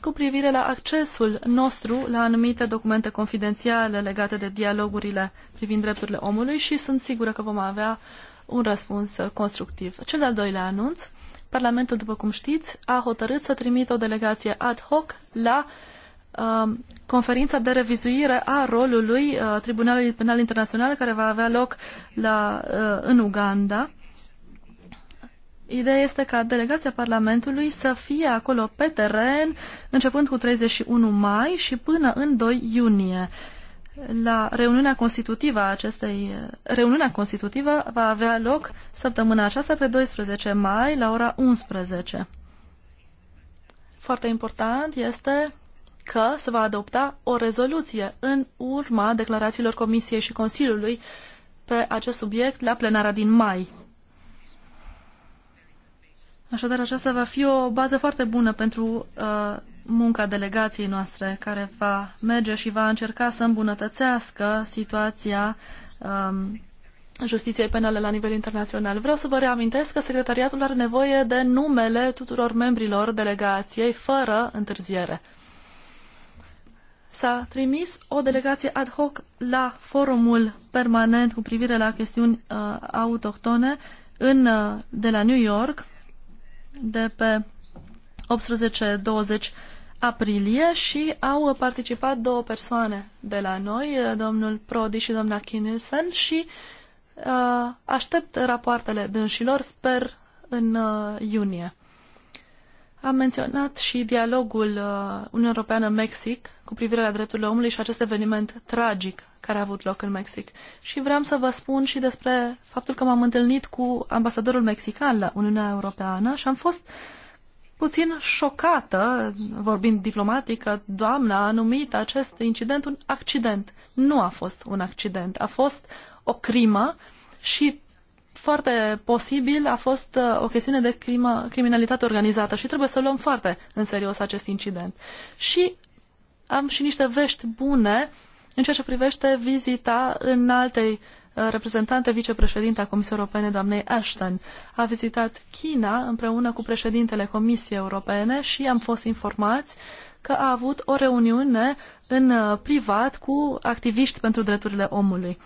cu privire la accesul nostru la anumite documente confidențiale legate de dialogurile privind drepturile omului și sunt sigură că vom avea un răspuns constructiv. Cel de-al doilea anunț Parlamentul, după cum știți, a hotărât să trimită o delegație ad hoc la um, conferința de revizuire a rolului uh, Tribunalului Penal Internațional care va avea loc la, uh, în Uganda. Ideea este ca delegația Parlamentului să fie acolo pe teren, începând cu 31 mai și până în 2 iunie la reuniunea constitutivă a acestei... Reuniunea constitutivă va avea loc săptămâna aceasta pe 12 mai la ora 11. Foarte important este că se va adopta o rezoluție în urma declarațiilor Comisiei și Consiliului pe acest subiect la plenara din mai. Așadar, aceasta va fi o bază foarte bună pentru uh, munca delegației noastre care va merge și va încerca să îmbunătățească situația um, justiției penale la nivel internațional. Vreau să vă reamintesc că secretariatul are nevoie de numele tuturor membrilor delegației fără întârziere. S-a trimis o delegație ad hoc la forumul permanent cu privire la chestiuni uh, autohtone în, uh, de la New York de pe 18-20 aprilie și au participat două persoane de la noi, uh, domnul Prodi și doamna Kinelsen și uh, aștept rapoartele dânșilor, sper în uh, iunie. Am menționat și dialogul uh, Uniunea Europeană-Mexic cu privire la drepturile omului și acest eveniment tragic care a avut loc în Mexic. Și vreau să vă spun și despre faptul că m-am întâlnit cu ambasadorul mexican la Uniunea Europeană și am fost uh, puțin șocată, vorbind diplomatic, că doamna a numit acest incident un accident. Nu a fost un accident, a fost o crimă și foarte posibil a fost uh, o chestiune de crimă, criminalitate organizată și trebuie să luăm foarte în serios acest incident. Și am și niște vești bune în ceea ce privește vizita în altei uh, reprezentantă vicepreședinte a Comisiei Europene, doamnei Ashton. A vizitat China împreună cu președintele Comisiei Europene și am fost informați că a avut o reuniune în uh, privat cu activiști pentru drepturile omului.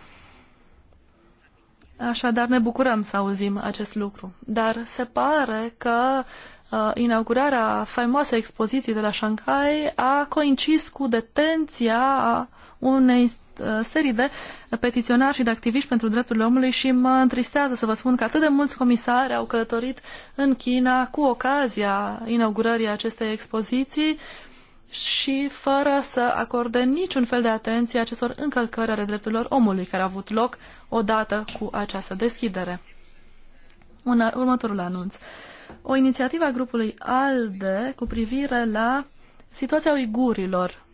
Așadar, ne bucurăm să auzim acest lucru. Dar se pare că uh, inaugurarea faimoasei expoziții de la Shanghai a coincis cu detenția unei Uh, serii de petiționari și de activiști pentru drepturile omului și mă întristează să vă spun că atât de mulți comisari au călătorit în China cu ocazia inaugurării acestei expoziții și fără să acorde niciun fel de atenție acestor încălcări ale drepturilor omului care au avut loc odată cu această deschidere. Un, următorul anunț. O inițiativă a grupului ALDE cu privire la situația uigurilor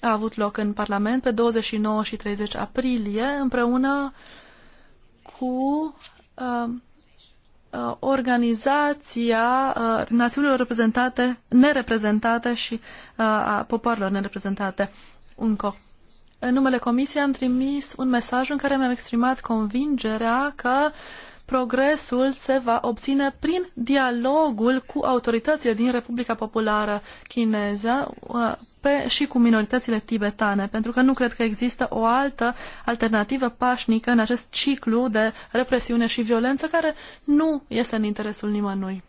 a avut loc în Parlament pe 29 și 30 aprilie împreună cu uh, uh, organizația uh, națiunilor reprezentate, nereprezentate și uh, a popoarelor nereprezentate, UNCO. În numele Comisiei am trimis un mesaj în care mi-am exprimat convingerea că uh, progresul se va obține prin dialogul cu autoritățile din Republica Populară Chineză uh, pe, și cu minoritățile tibetane, pentru că nu cred că există o altă alternativă pașnică în acest ciclu de represiune și violență care nu este în interesul nimănui.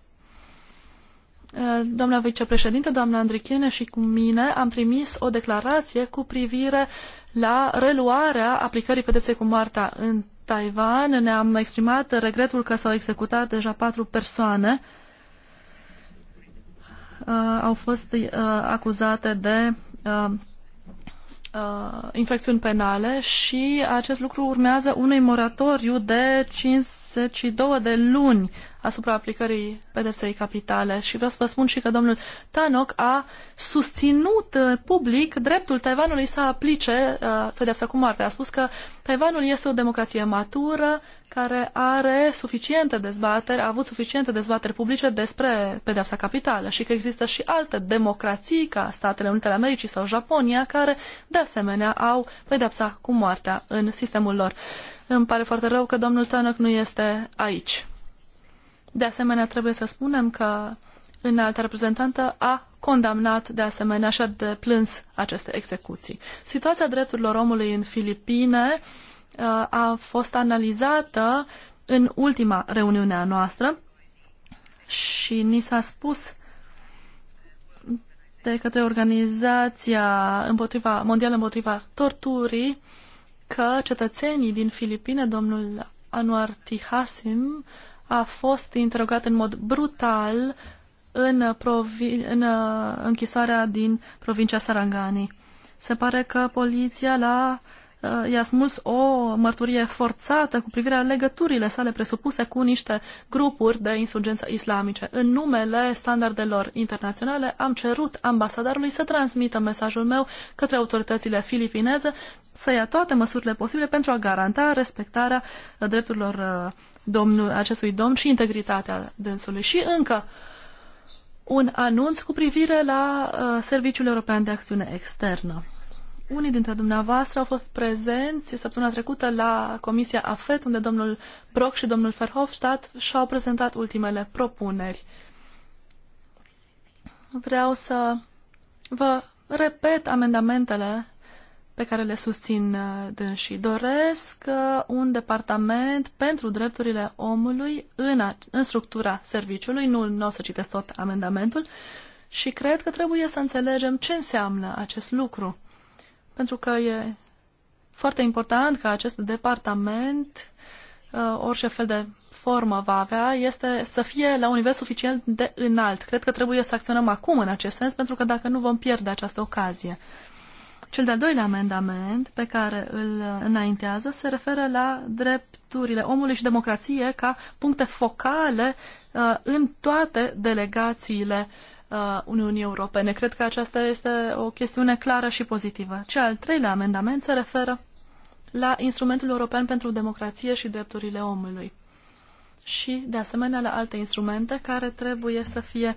Uh, doamna vicepreședinte, doamna Andrichine și cu mine am trimis o declarație cu privire la reluarea aplicării pedepsei cu moartea în Taiwan ne-am exprimat regretul că s-au executat deja patru persoane. Uh, au fost uh, acuzate de uh, uh, penale și acest lucru urmează unui moratoriu de 52 de luni asupra aplicării pedepsei capitale și vreau să vă spun și că domnul Tanok a susținut uh, public dreptul Taiwanului să aplice uh, pedepsa cu moarte. A spus că Taiwanul este o democrație matură care are suficiente dezbateri, a avut suficiente dezbateri publice despre pedepsa capitală și că există și alte democrații ca Statele Unite ale Americii sau Japonia care de asemenea au pedepsa cu moartea în sistemul lor. Îmi pare foarte rău că domnul Tanok nu este aici. De asemenea, trebuie să spunem că înalta reprezentantă a condamnat de asemenea așa de plâns aceste execuții. Situația drepturilor omului în Filipine uh, a fost analizată în ultima reuniune a noastră și ni s-a spus de către Organizația împotriva, Mondială împotriva torturii că cetățenii din Filipine, domnul Anwar Tihasim, uh, a fost interogat în mod brutal în, provi- în uh, închisoarea din provincia Sarangani. Se pare că poliția l-a uh, i-a smuls o mărturie forțată cu privire la legăturile sale presupuse cu niște grupuri de insurgență islamice. În numele standardelor internaționale am cerut ambasadarului să transmită mesajul meu către autoritățile filipineze să ia toate măsurile posibile pentru a garanta respectarea drepturilor uh, domnul, acestui domn și integritatea dânsului. Și încă un anunț cu privire la uh, Serviciul European de Acțiune Externă. Unii dintre dumneavoastră au fost prezenți săptămâna trecută la Comisia AFET, unde domnul Brock și domnul Verhofstadt și-au prezentat ultimele propuneri. Vreau să vă repet amendamentele pe care le susțin uh, dânsii. Doresc uh, un departament pentru drepturile omului în, în structura serviciului, nu, nu o să citesc tot amendamentul, și cred că trebuie să înțelegem ce înseamnă acest lucru. Pentru că e foarte important ca acest departament, uh, orice fel de formă va avea, este să fie la un nivel suficient de înalt. Cred că trebuie să acționăm acum în acest sens, pentru că dacă nu vom pierde această ocazie. Cel de-al doilea amendament pe care îl înaintează se referă la drepturile omului și democrație ca puncte focale uh, în toate delegațiile uh, Uniunii Europene. Cred că aceasta este o chestiune clară și pozitivă. Cel al treilea amendament se referă la instrumentul european pentru democrație și drepturile omului și, de asemenea, la alte instrumente care trebuie să fie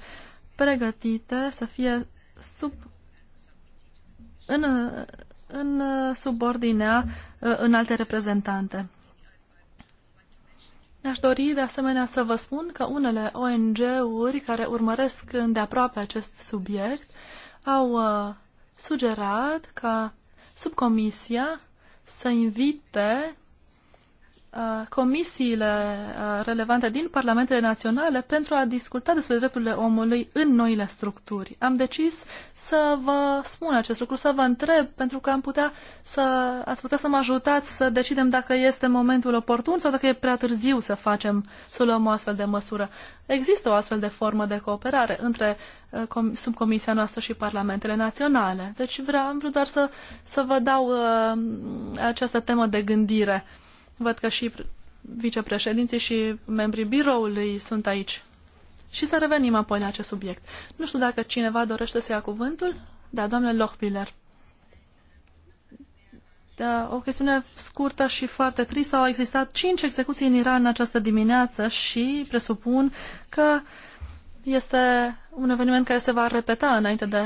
pregătite, să fie sub în, în subordinea uh, în alte reprezentante. Aș dori de asemenea să vă spun că unele ONG-uri care urmăresc îndeaproape acest subiect au uh, sugerat ca subcomisia să invite Uh, comisiile uh, relevante din parlamentele naționale pentru a discuta despre drepturile omului în noile structuri. Am decis să vă spun acest lucru, să vă întreb, pentru că am putea să, ați putea să mă ajutați să decidem dacă este momentul oportun sau dacă e prea târziu să facem, să luăm o astfel de măsură. Există o astfel de formă de cooperare între uh, subcomisia noastră și parlamentele naționale. Deci vreau, am vrut doar să, să vă dau uh, această temă de gândire. Uh, Văd că și vicepreședinții și membrii biroului sunt aici. Și să revenim apoi la acest subiect. Nu știu dacă cineva dorește să ia cuvântul. Da, doamne Lochbiller. Da, o chestiune scurtă și foarte tristă. Au existat cinci execuții în Iran în această dimineață și presupun că este un eveniment care se va repeta înainte de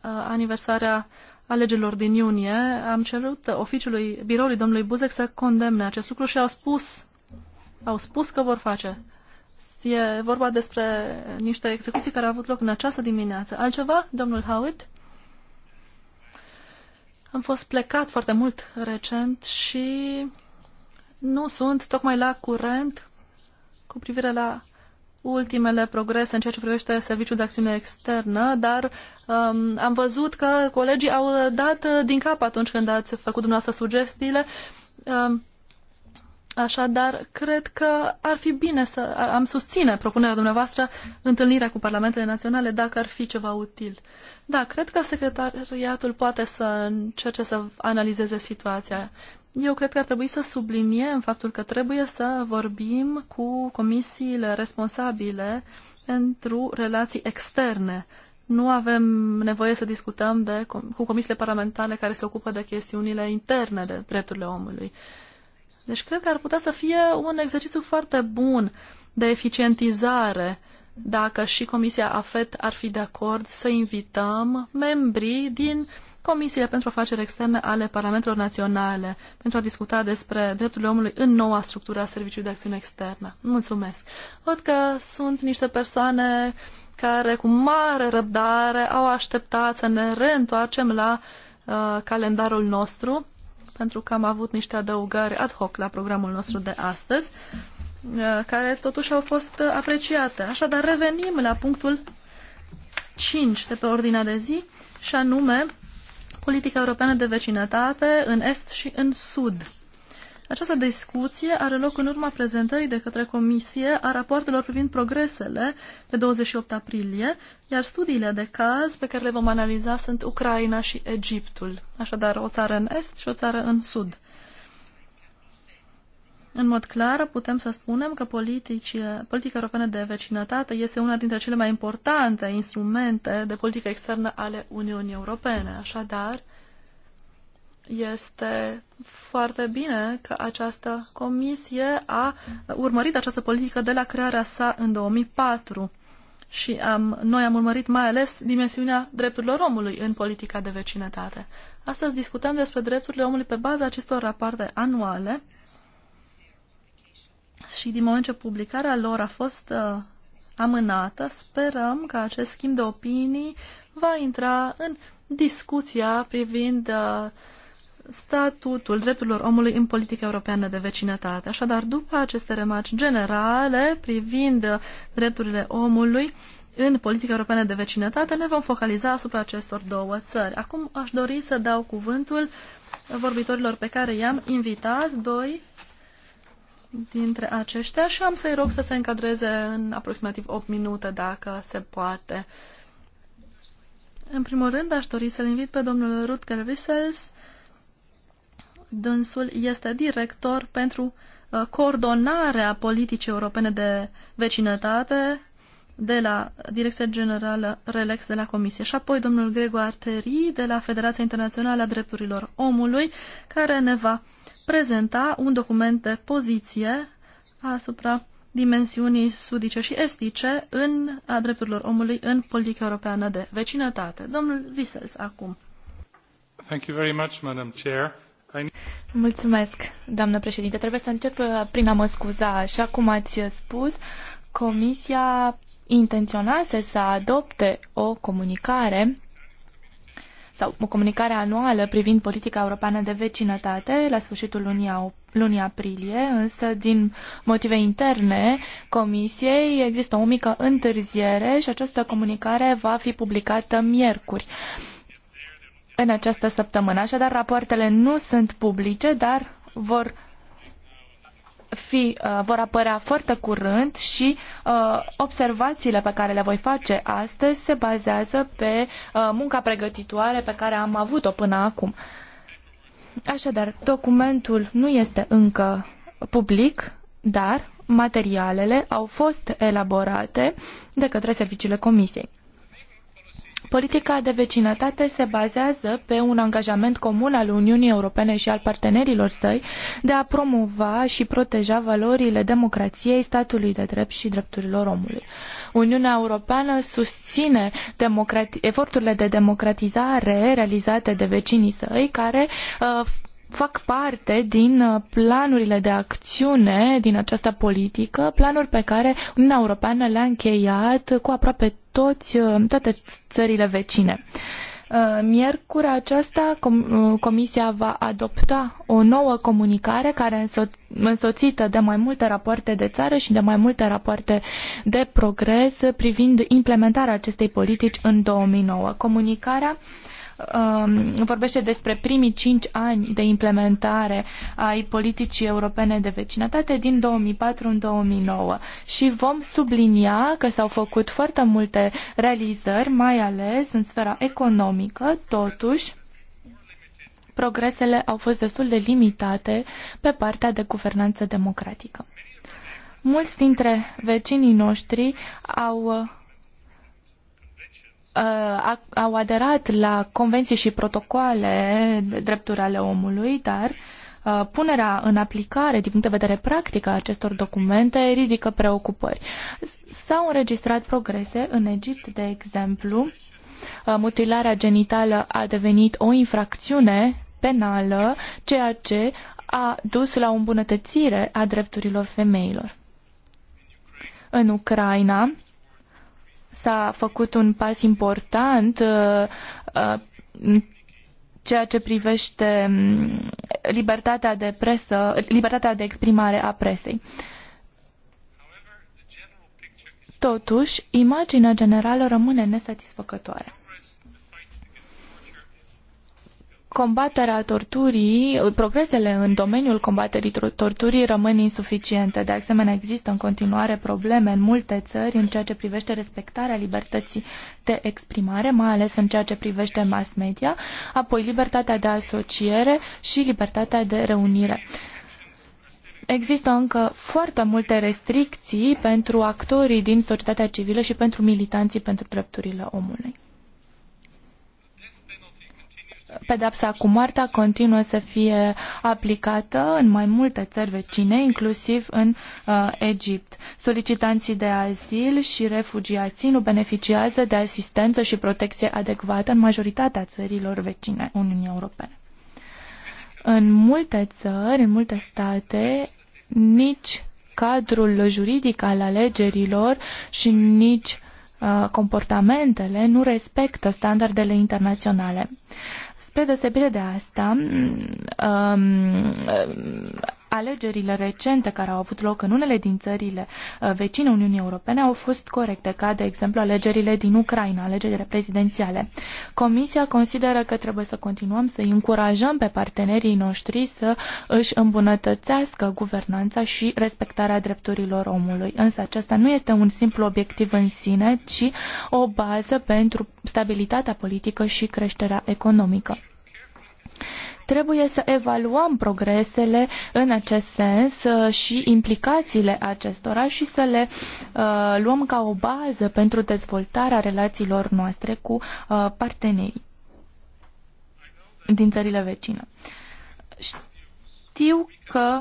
aniversarea alegerilor din iunie, am cerut oficiului, biroului domnului Buzek să condemne acest lucru și au spus, au spus că vor face. E vorba despre niște execuții care au avut loc în această dimineață. Altceva, domnul Howard? Am fost plecat foarte mult recent și nu sunt tocmai la curent cu privire la ultimele progrese în ceea ce privește serviciul de acțiune externă, dar um, am văzut că colegii au dat uh, din cap atunci când ați făcut dumneavoastră sugestiile. Um, Așadar, cred că ar fi bine să am susține propunerea dumneavoastră întâlnirea cu parlamentele naționale dacă ar fi ceva util. Da, cred că secretariatul poate să încerce să analizeze situația eu cred că ar trebui să subliniem faptul că trebuie să vorbim cu comisiile responsabile pentru relații externe. Nu avem nevoie să discutăm de, cu comisiile parlamentare care se ocupă de chestiunile interne de drepturile omului. Deci cred că ar putea să fie un exercițiu foarte bun de eficientizare dacă și Comisia AFET ar fi de acord să invităm membrii din comisiile pentru afaceri externe ale Parlamentelor Naționale pentru a discuta despre drepturile omului în noua structură a Serviciului de Acțiune Externă. Mulțumesc! Văd că sunt niște persoane care cu mare răbdare au așteptat să ne reîntoarcem la uh, calendarul nostru, pentru că am avut niște adăugări ad hoc la programul nostru de astăzi, uh, care totuși au fost apreciate. Așadar, revenim la punctul 5 de pe ordinea de zi, și anume politica europeană de vecinătate în Est și în Sud. Această discuție are loc în urma prezentării de către Comisie a rapoartelor privind progresele pe 28 aprilie, iar studiile de caz pe care le vom analiza sunt Ucraina și Egiptul, așadar o țară în est și o țară în sud. În mod clar, putem să spunem că politici, politica europeană de vecinătate este una dintre cele mai importante instrumente de politică externă ale Uniunii Europene. Așadar, este foarte bine că această comisie a urmărit această politică de la crearea sa în 2004 și am, noi am urmărit mai ales dimensiunea drepturilor omului în politica de vecinătate. Astăzi discutăm despre drepturile omului pe baza acestor rapoarte anuale și din moment ce publicarea lor a fost uh, amânată, sperăm că acest schimb de opinii va intra în discuția privind uh, statutul drepturilor omului în politica europeană de vecinătate. Așadar, după aceste remarci generale privind uh, drepturile omului în politica europeană de vecinătate, ne vom focaliza asupra acestor două țări. Acum aș dori să dau cuvântul vorbitorilor pe care i-am invitat, doi dintre aceștia și am să-i rog să se încadreze în aproximativ 8 minute, dacă se poate. În primul rând, aș dori să-l invit pe domnul Rutger Wissels. Dânsul este director pentru uh, coordonarea politicii europene de vecinătate de la Direcția Generală Relex de la Comisie și apoi domnul Grego Arteri de la Federația Internațională a Drepturilor Omului, care ne va prezenta un document de poziție asupra dimensiunii sudice și estice în a drepturilor omului în politica europeană de vecinătate. Domnul Visels, acum. Thank you very much, Madam Chair. Mulțumesc, doamnă președinte. Trebuie să încep uh, prin a mă scuza. Așa cum ați spus, Comisia intenționase să adopte o comunicare sau o comunicare anuală privind politica europeană de vecinătate la sfârșitul lunii, lunii aprilie, însă din motive interne Comisiei există o mică întârziere și această comunicare va fi publicată miercuri în această săptămână. Așadar, rapoartele nu sunt publice, dar vor fi, uh, vor apărea foarte curând și uh, observațiile pe care le voi face astăzi se bazează pe uh, munca pregătitoare pe care am avut-o până acum. Așadar, documentul nu este încă public, dar materialele au fost elaborate de către serviciile comisiei. Politica de vecinătate se bazează pe un angajament comun al Uniunii Europene și al partenerilor săi de a promova și proteja valorile democrației, statului de drept și drepturilor omului. Uniunea Europeană susține eforturile de democratizare realizate de vecinii săi, care uh, fac parte din uh, planurile de acțiune din această politică, planuri pe care Uniunea Europeană le-a încheiat cu aproape toți, uh, toate țările vecine. Uh, miercuri aceasta Comisia va adopta o nouă comunicare care însoțită de mai multe rapoarte de țară și de mai multe rapoarte de progres privind implementarea acestei politici în 2009. Comunicarea uh, Um, vorbește despre primii cinci ani de implementare ai politicii europene de vecinătate din 2004 în 2009 și vom sublinia că s-au făcut foarte multe realizări, mai ales în sfera economică, totuși progresele au fost destul de limitate pe partea de guvernanță democratică. Mulți dintre vecinii noștri au Uh, au aderat la convenții și protocoale de drepturi ale omului, dar uh, punerea în aplicare din punct de vedere practică, a acestor documente ridică preocupări. S-au înregistrat progrese în Egipt, de exemplu, uh, mutilarea genitală a devenit o infracțiune penală, ceea ce a dus la o îmbunătățire a drepturilor femeilor. În Ucraina, s-a făcut un pas important uh, uh, în ceea ce privește mm, libertatea de presă, libertatea de exprimare a presei. Totuși, imaginea generală rămâne nesatisfăcătoare. combaterea torturii, progresele în domeniul combaterii torturii rămân insuficiente. De asemenea, există în continuare probleme în multe țări în ceea ce privește respectarea libertății de exprimare, mai ales în ceea ce privește mass media, apoi libertatea de asociere și libertatea de reunire. Există încă foarte multe restricții pentru actorii din societatea civilă și pentru militanții pentru drepturile omului pedepsa cu moartea continuă să fie aplicată în mai multe țări vecine, inclusiv în uh, Egipt. Solicitanții de azil și refugiații nu beneficiază de asistență și protecție adecvată în majoritatea țărilor vecine Uniunii Europene. În multe țări, în multe state, nici cadrul juridic al alegerilor și nici uh, comportamentele nu respectă standardele internaționale. Spre deosebire de asta, um, alegerile recente care au avut loc în unele din țările uh, vecine Uniunii Europene au fost corecte, ca de exemplu alegerile din Ucraina, alegerile prezidențiale. Comisia consideră că trebuie să continuăm să încurajăm pe partenerii noștri să își îmbunătățească guvernanța și respectarea drepturilor omului. Însă acesta nu este un simplu obiectiv în sine, ci o bază pentru stabilitatea politică și creșterea economică. Trebuie să evaluăm progresele în acest sens uh, și implicațiile acestora și să le uh, luăm ca o bază pentru dezvoltarea relațiilor noastre cu uh, partenerii din țările vecine. Știu că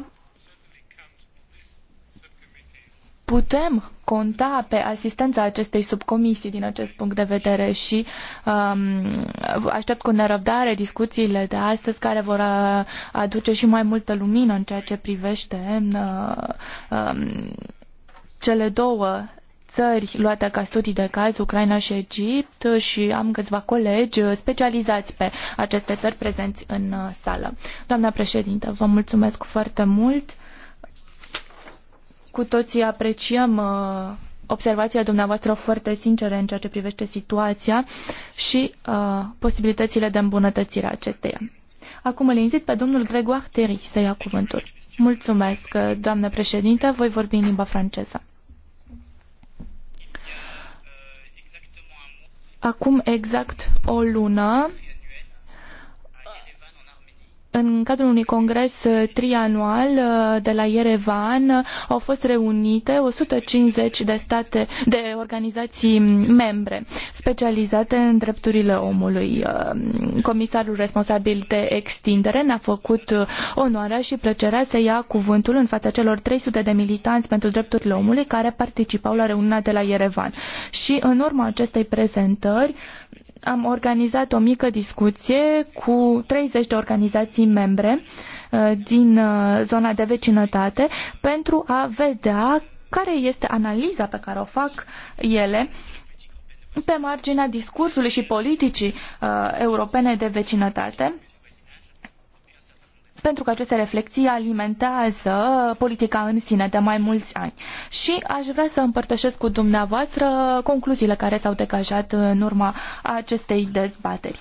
putem conta pe asistența acestei subcomisii din acest punct de vedere și um, aștept cu nerăbdare discuțiile de astăzi care vor uh, aduce și mai multă lumină în ceea ce privește uh, um, cele două țări luate ca studii de caz, Ucraina și Egipt și am câțiva colegi specializați pe aceste țări prezenți în uh, sală. Doamna președintă, vă mulțumesc foarte mult. Cu toții apreciem uh, observațiile dumneavoastră foarte sincere în ceea ce privește situația și uh, posibilitățile de îmbunătățire a acesteia. Acum îl invit pe domnul Gregoire Terry să ia cuvântul. Mulțumesc, uh, doamnă președinte, voi vorbi în limba franceză. Acum exact o lună în cadrul unui congres uh, trianual uh, de la Yerevan uh, au fost reunite 150 de state de organizații membre specializate în drepturile omului. Comisarul responsabil de extindere ne-a făcut onoarea și plăcerea să ia cuvântul în fața celor 300 de militanți pentru drepturile omului care participau la reuniunea de la Yerevan. Și în urma acestei prezentări am organizat o mică discuție cu 30 de organizații membre uh, din uh, zona de vecinătate pentru a vedea care este analiza pe care o fac ele pe marginea discursului și politicii uh, europene de vecinătate pentru că aceste reflexii alimentează politica în sine de mai mulți ani. Și aș vrea să împărtășesc cu dumneavoastră concluziile care s-au decajat în urma acestei dezbateri.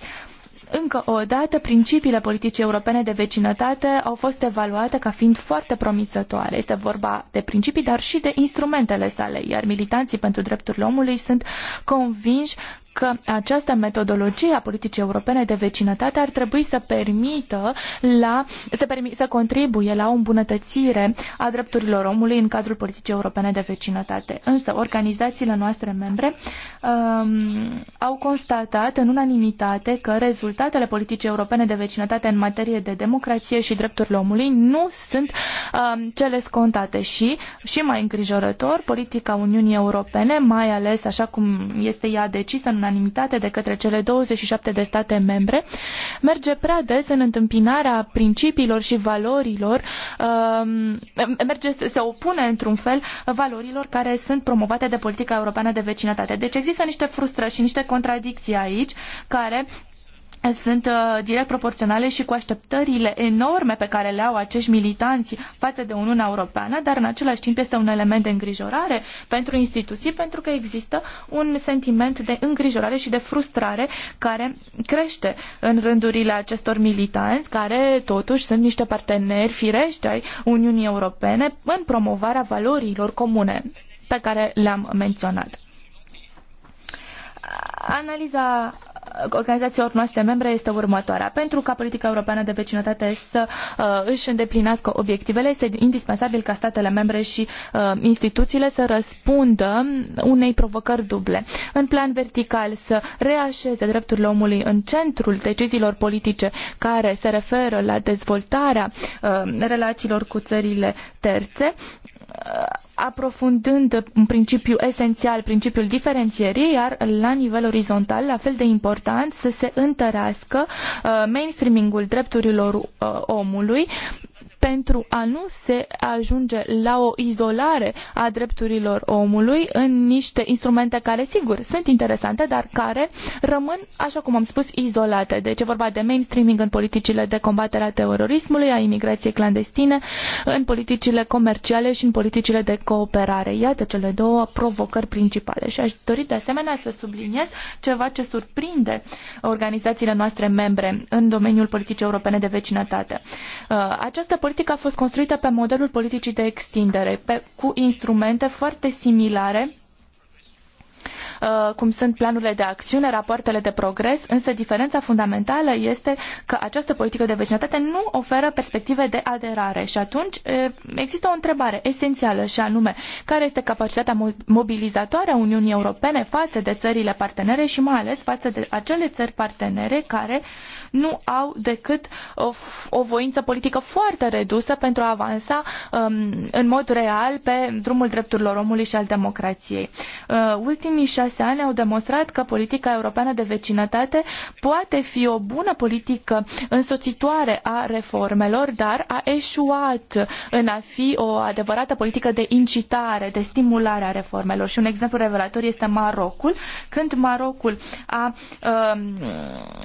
Încă o dată, principiile politicii europene de vecinătate au fost evaluate ca fiind foarte promițătoare. Este vorba de principii, dar și de instrumentele sale, iar militanții pentru drepturile omului sunt convinși că această metodologie a politicii europene de vecinătate ar trebui să permită la, să, permi, să contribuie la o îmbunătățire a drepturilor omului în cadrul politicii europene de vecinătate. Însă, organizațiile noastre membre um, au constatat în unanimitate că rezultatele politicii europene de vecinătate în materie de democrație și drepturile omului nu sunt um, cele scontate și, și mai îngrijorător, politica Uniunii Europene, mai ales așa cum este ea decisă în unanimitate de către cele 27 de state membre merge prea des în întâmpinarea principiilor și valorilor, um, merge, se opune într-un fel valorilor care sunt promovate de politica europeană de vecinătate. Deci există niște frustrări și niște contradicții aici care sunt uh, direct proporționale și cu așteptările enorme pe care le au acești militanți față de Uniunea Europeană, dar în același timp este un element de îngrijorare pentru instituții, pentru că există un sentiment de îngrijorare și de frustrare care crește în rândurile acestor militanți, care totuși sunt niște parteneri firești ai Uniunii Europene în promovarea valorilor comune pe care le-am menționat. Analiza organizațiilor noastre membre este următoarea. Pentru ca politica europeană de vecinătate să uh, își îndeplinească obiectivele, este indispensabil ca statele membre și uh, instituțiile să răspundă unei provocări duble. În plan vertical, să reașeze drepturile omului în centrul deciziilor politice care se referă la dezvoltarea uh, relațiilor cu țările terțe, aprofundând un principiu esențial, principiul diferențierii, iar la nivel orizontal, la fel de important, să se întărească uh, mainstreamingul drepturilor uh, omului pentru a nu se ajunge la o izolare a drepturilor omului în niște instrumente care, sigur, sunt interesante, dar care rămân, așa cum am spus, izolate. Deci e vorba de mainstreaming în politicile de combatere a terorismului, a imigrației clandestine, în politicile comerciale și în politicile de cooperare. Iată cele două provocări principale. Și aș dori de asemenea să subliniez ceva ce surprinde organizațiile noastre membre în domeniul politicii europene de vecinătate. Uh, această politică practic a fost construită pe modelul politicii de extindere, cu instrumente foarte similare Uh, cum sunt planurile de acțiune, rapoartele de progres, însă diferența fundamentală este că această politică de vecinătate nu oferă perspective de aderare și atunci uh, există o întrebare esențială și anume care este capacitatea mobilizatoare a Uniunii Europene față de țările partenere și mai ales față de acele țări partenere care nu au decât o, o voință politică foarte redusă pentru a avansa um, în mod real pe drumul drepturilor omului și al democrației. Uh, ultimii șase șase ani au demonstrat că politica europeană de vecinătate poate fi o bună politică însoțitoare a reformelor, dar a eșuat în a fi o adevărată politică de incitare, de stimulare a reformelor. Și un exemplu revelator este Marocul, când Marocul a, um,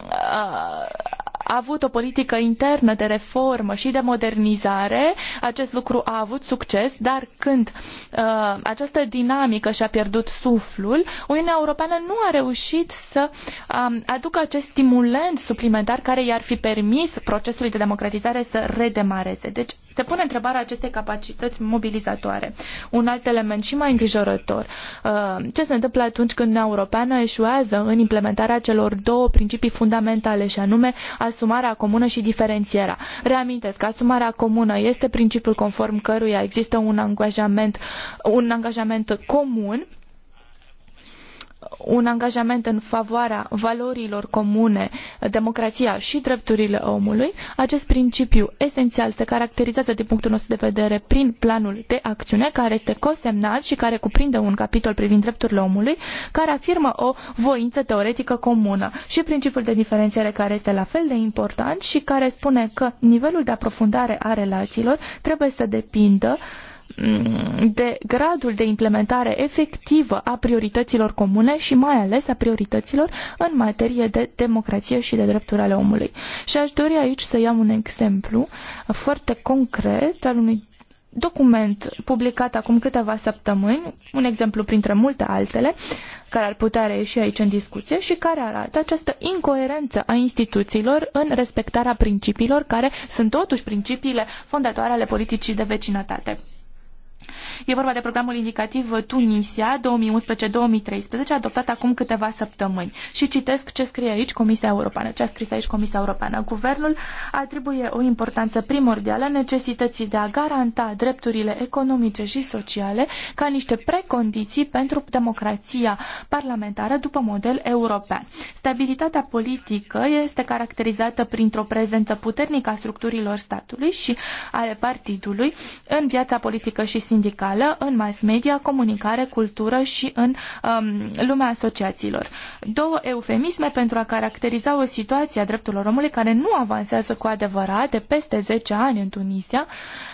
a, a a avut o politică internă de reformă și de modernizare, acest lucru a avut succes, dar când uh, această dinamică și-a pierdut suflul, Uniunea Europeană nu a reușit să um, aducă acest stimulent suplimentar care i-ar fi permis procesului de democratizare să redemareze. Deci se pune întrebarea acestei capacități mobilizatoare. Un alt element și mai îngrijorător. Uh, ce se întâmplă atunci când Europeană eșuează în implementarea celor două principii fundamentale și anume asumarea comună și diferențierea. Reamintesc, asumarea comună este principiul conform căruia există un angajament, un angajament comun un angajament în favoarea valorilor comune, democrația și drepturile omului, acest principiu esențial se caracterizează din punctul nostru de vedere prin planul de acțiune care este cosemnat și care cuprinde un capitol privind drepturile omului, care afirmă o voință teoretică comună și principiul de diferențiere care este la fel de important și care spune că nivelul de aprofundare a relațiilor trebuie să depindă uh, Mm, de gradul de implementare efectivă a priorităților comune și mai ales a priorităților în materie de democrație și de drepturi ale omului. Și aș dori aici să iau un exemplu foarte concret al unui document publicat acum câteva săptămâni, un exemplu printre multe altele, care ar putea reieși aici în discuție și care arată această incoerență a instituțiilor în respectarea principiilor care sunt totuși principiile fondatoare ale politicii de vecinătate. E vorba de programul indicativ Tunisia 2011-2013, adoptat acum câteva săptămâni. Și citesc ce scrie aici Comisia Europeană, ce a scris aici Comisia Europeană. Guvernul atribuie o importanță primordială necesității de a garanta drepturile economice și sociale ca niște precondiții pentru democrația parlamentară după model european. Stabilitatea politică este caracterizată printr-o prezență puternică a structurilor statului și ale partidului în viața politică și sindicală, în mass media, comunicare, cultură și în um, lumea asociațiilor. Două eufemisme pentru a caracteriza o situație a drepturilor omului care nu avansează cu adevărat de peste 10 ani în Tunisia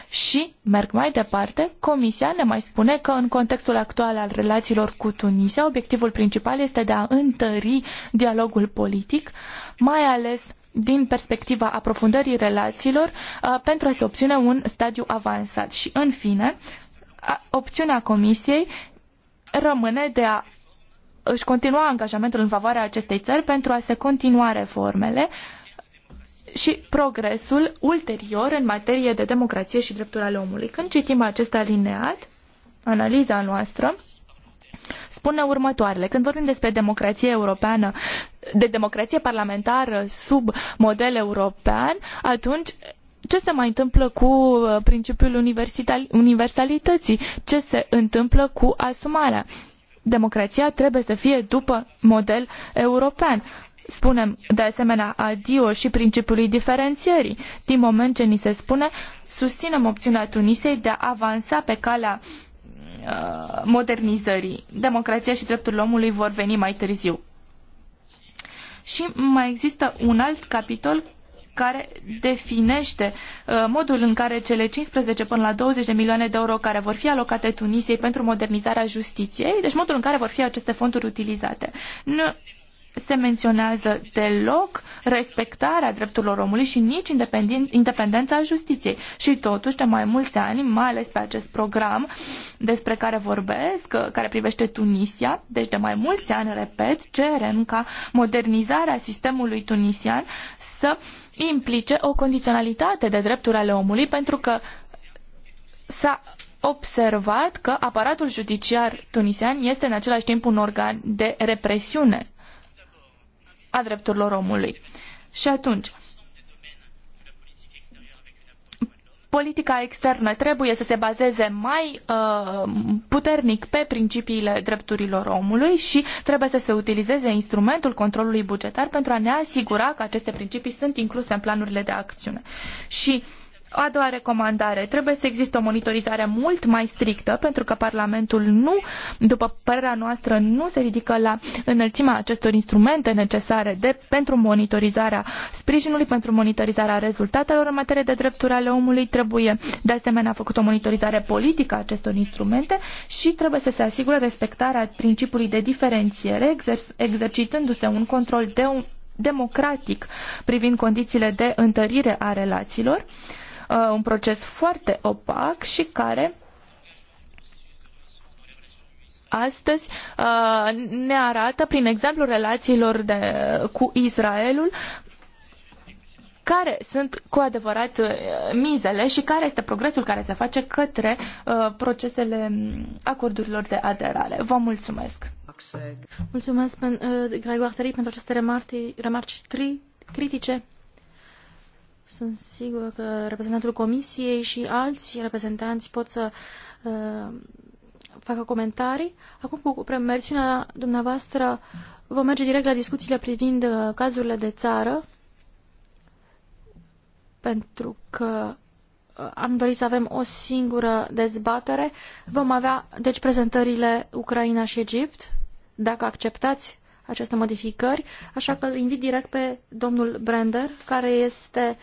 și, merg mai departe, Comisia ne mai spune că în contextul actual al relațiilor cu Tunisia, obiectivul principal este de a întări dialogul politic, mai ales din perspectiva aprofundării relațiilor uh, pentru a se obține un stadiu avansat. Și, în fine, opțiunea Comisiei rămâne de a își continua angajamentul în favoarea acestei țări pentru a se continua reformele și progresul ulterior în materie de democrație și drepturi ale omului. Când citim acest alineat, analiza noastră spune următoarele. Când vorbim despre democrație europeană, de democrație parlamentară sub model european, atunci ce se mai întâmplă cu uh, principiul universalității? Ce se întâmplă cu asumarea? Democrația trebuie să fie după model european. Spunem de asemenea adio și principiului diferențierii. Din moment ce ni se spune, susținem opțiunea Tunisiei de a avansa pe calea Uh, modernizării. Democrația și drepturile omului vor veni mai târziu. Și mai există un alt capitol care definește uh, modul în care cele 15 până la 20 de milioane de euro care vor fi alocate Tunisiei pentru modernizarea justiției, deci modul în care vor fi aceste fonduri utilizate se menționează deloc respectarea drepturilor omului și nici independența justiției. Și totuși, de mai mulți ani, mai ales pe acest program despre care vorbesc, uh, care privește Tunisia, deci de mai mulți ani, repet, cerem ca modernizarea sistemului tunisian să implice o condiționalitate de drepturi ale omului, pentru că s-a observat că aparatul judiciar tunisian este în același timp un organ de represiune a drepturilor omului. Și atunci, politica externă trebuie să se bazeze mai uh, puternic pe principiile drepturilor omului și trebuie să se utilizeze instrumentul controlului bugetar pentru a ne asigura că aceste principii sunt incluse în planurile de acțiune. Și uh, a doua recomandare, trebuie să existe o monitorizare mult mai strictă, pentru că Parlamentul nu, după părerea noastră, nu se ridică la înălțimea acestor instrumente necesare de, pentru monitorizarea sprijinului, pentru monitorizarea rezultatelor în materie de drepturi ale omului. Trebuie, de asemenea, făcut o monitorizare politică a acestor instrumente și trebuie să se asigure respectarea principiului de diferențiere, exer- exercitându-se un control de un democratic privind condițiile de întărire a relațiilor. Uh, Uh, un proces foarte opac și care astăzi uh, ne arată prin exemplul relațiilor de, cu Israelul care sunt cu adevărat uh, mizele și care este progresul care se face către procesele mm, acordurilor de aderare. Vă mulțumesc! Mulțumesc, Gregor Tării, pentru aceste remarci, remarci tri, critice. Sunt sigură că reprezentantul Comisiei și alți reprezentanți pot să uh, facă comentarii. Acum, cu premersiunea dumneavoastră, vom merge direct la discuțiile privind uh, cazurile de țară, pentru că uh, am dorit să avem o singură dezbatere. Vom avea, deci, prezentările Ucraina și Egipt, dacă acceptați aceste modificări, așa că îl invit direct pe domnul Brender, care este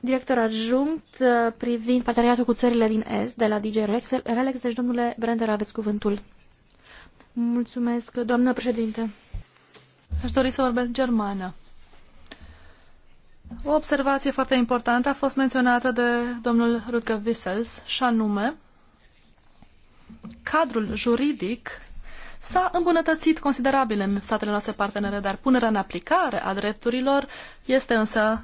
director adjunct uh, privind parteneriatul cu țările din Est, de la DJ Relex. Deci, domnule Brender, aveți cuvântul. Mulțumesc, doamnă președinte. Aș dori să vorbesc germană. O observație foarte importantă a fost menționată de domnul Rutger Wissels, și anume cadrul juridic s-a îmbunătățit considerabil în statele noastre partenere, dar punerea în aplicare a drepturilor este însă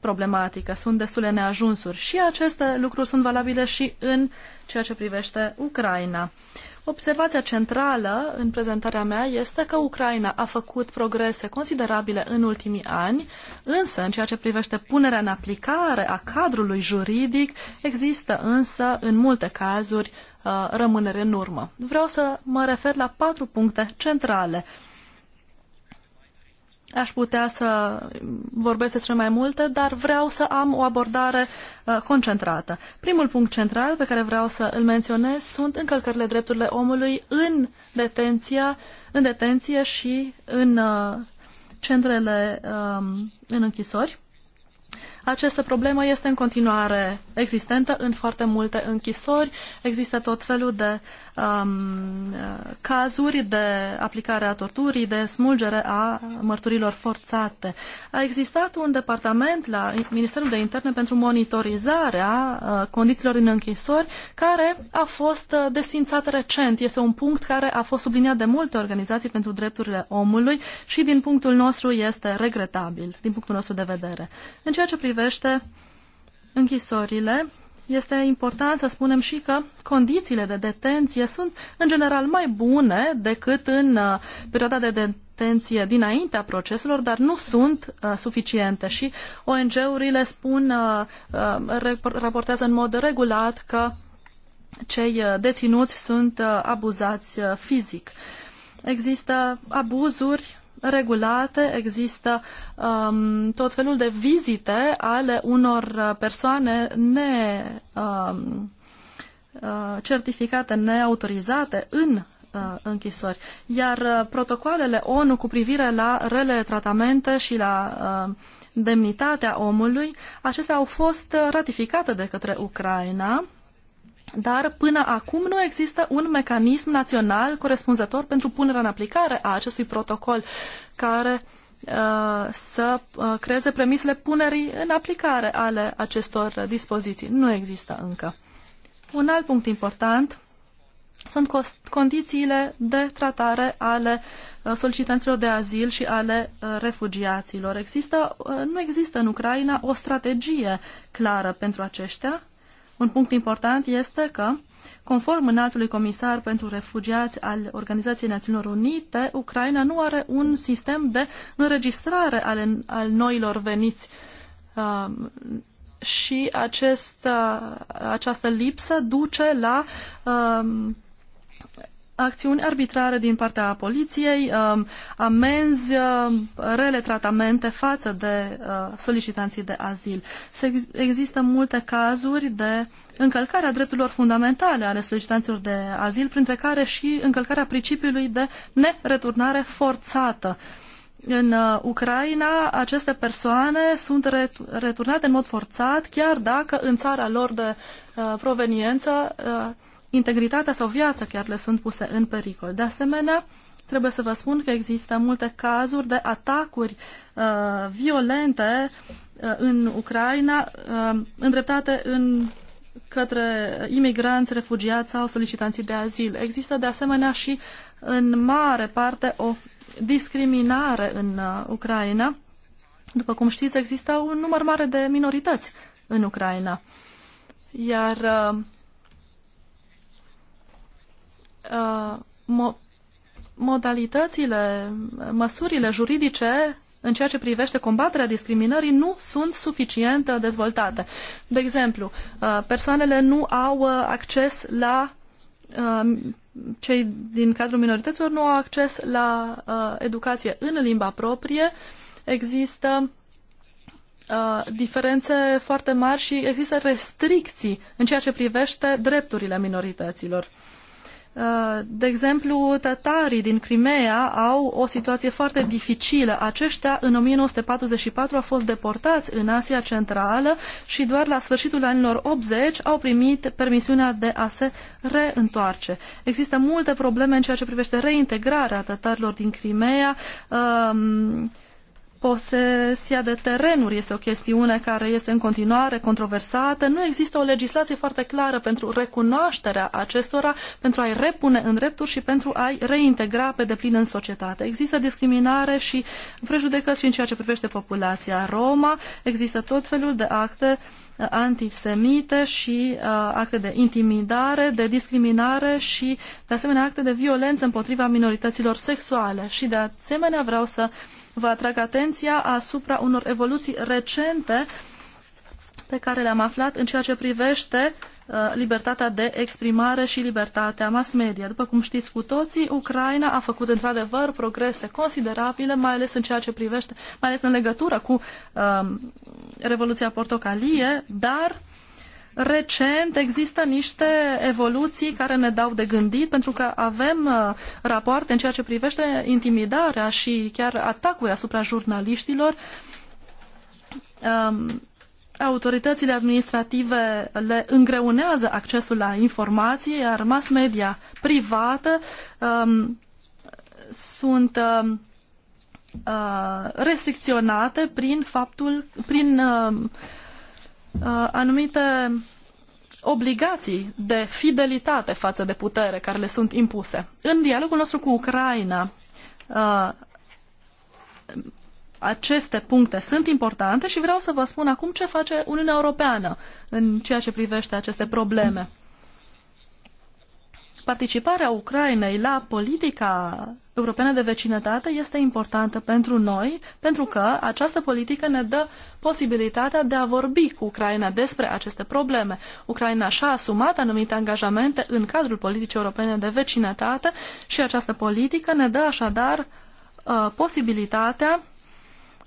problematică. Sunt destule neajunsuri și aceste lucruri sunt valabile și în ceea ce privește Ucraina. Observația centrală în prezentarea mea este că Ucraina a făcut progrese considerabile în ultimii ani, însă în ceea ce privește punerea în aplicare a cadrului juridic, există însă în multe cazuri uh, rămânere în urmă. Vreau să mă refer la patru puncte centrale Aș putea să vorbesc despre mai multe, dar vreau să am o abordare uh, concentrată. Primul punct central pe care vreau să îl menționez sunt încălcările drepturile omului în, detenția, în detenție și în uh, centrele, um, în închisori. Această problemă este în continuare existentă în foarte multe închisori. Există tot felul de um, cazuri de aplicare a torturii, de smulgere a mărturilor forțate. A existat un departament la Ministerul de Interne pentru monitorizarea uh, condițiilor în închisori care a fost uh, desfințat recent. Este un punct care a fost subliniat de multe organizații pentru drepturile omului și din punctul nostru este regretabil, din punctul nostru de vedere. În ceea ce privește privește închisorile, este important să spunem și că condițiile de detenție sunt în general mai bune decât în uh, perioada de detenție dinaintea proceselor, dar nu sunt uh, suficiente și ONG-urile spun, uh, uh raportează în mod regulat că cei uh, deținuți sunt abuzați fizic. Există abuzuri regulate, există um, tot felul de vizite ale unor uh, persoane ne um, uh, certificate, neautorizate în uh, închisori. Iar protocoalele ONU cu privire la rele tratamente și la uh, demnitatea omului, acestea au fost ratificate de către Ucraina dar până acum nu există un mecanism național corespunzător pentru punerea în aplicare a acestui protocol care uh, să uh, creeze premisele punerii în aplicare ale acestor dispoziții. Nu există încă. Un alt punct important sunt condițiile de tratare ale uh, solicitanților de azil și ale uh, refugiaților. Există, nu există în Ucraina o strategie clară pentru aceștia, un punct important este că, conform înaltului comisar pentru refugiați al Organizației Națiunilor Unite, Ucraina nu are un sistem de înregistrare ale, al noilor veniți. Um, și acest, uh, această lipsă duce la um, acțiuni arbitrare din partea poliției, um, amenzi, um, rele tratamente față de uh, solicitanții de azil. Există multe cazuri de încălcarea drepturilor fundamentale ale solicitanților de azil, printre care și încălcarea principiului de nereturnare forțată. În uh, Ucraina, aceste persoane sunt returnate în mod forțat, chiar dacă în țara lor de uh, proveniență integritatea sau viața chiar le sunt puse în pericol. De asemenea, trebuie să vă spun că există multe cazuri de atacuri uh, violente uh, în Ucraina, uh, îndreptate în către imigranți, refugiați sau solicitanții de azil. Există de asemenea și în mare parte o discriminare în uh, Ucraina. După cum știți, există un număr mare de minorități în Ucraina. Iar uh, Uh, mo modalitățile, măsurile juridice în ceea ce privește combaterea discriminării nu sunt suficient uh, dezvoltate. De exemplu, uh, persoanele nu au acces la cei din cadrul minorităților nu au acces la educație în limba proprie. Există diferențe foarte mari și există restricții în ceea ce privește drepturile minorităților. De exemplu, tatarii din Crimea au o situație foarte dificilă. Aceștia în 1944 au fost deportați în Asia Centrală și doar la sfârșitul anilor 80 au primit permisiunea de a se reîntoarce. Există multe probleme în ceea ce privește reintegrarea tatarilor din Crimea. Um, Posesia de terenuri este o chestiune care este în continuare controversată. Nu există o legislație foarte clară pentru recunoașterea acestora, pentru a-i repune în drepturi și pentru a-i reintegra pe deplin în societate. Există discriminare și prejudecăți și în ceea ce privește populația Roma. Există tot felul de acte uh, antisemite și uh, acte de intimidare, de discriminare și, de asemenea, acte de violență împotriva minorităților sexuale. Și, de asemenea, vreau să uh, vă atrag atenția asupra unor evoluții recente pe care le-am aflat în ceea ce privește uh, libertatea de exprimare și libertatea mass media. După cum știți cu toții, Ucraina a făcut într-adevăr progrese considerabile, mai ales în ceea ce privește, mai ales în legătură cu uh, Revoluția Portocalie, dar recent există niște evoluții care ne dau de gândit, pentru că avem uh, rapoarte în ceea ce privește intimidarea și chiar atacuri asupra jurnaliștilor. Um, autoritățile administrative le îngreunează accesul la informații, iar mass media privată um, sunt um, uh, restricționate prin faptul, prin Uh, anumite obligații de fidelitate față de putere care le sunt impuse. În dialogul nostru cu Ucraina, uh, aceste puncte sunt importante și vreau să vă spun acum ce face Uniunea Europeană în ceea ce privește aceste probleme participarea Ucrainei la politica europeană de vecinătate este importantă pentru noi, pentru că această politică ne dă posibilitatea de a vorbi cu Ucraina despre aceste probleme. Ucraina și-a asumat anumite angajamente în cadrul politicii europene de vecinătate și această politică ne dă așadar uh, posibilitatea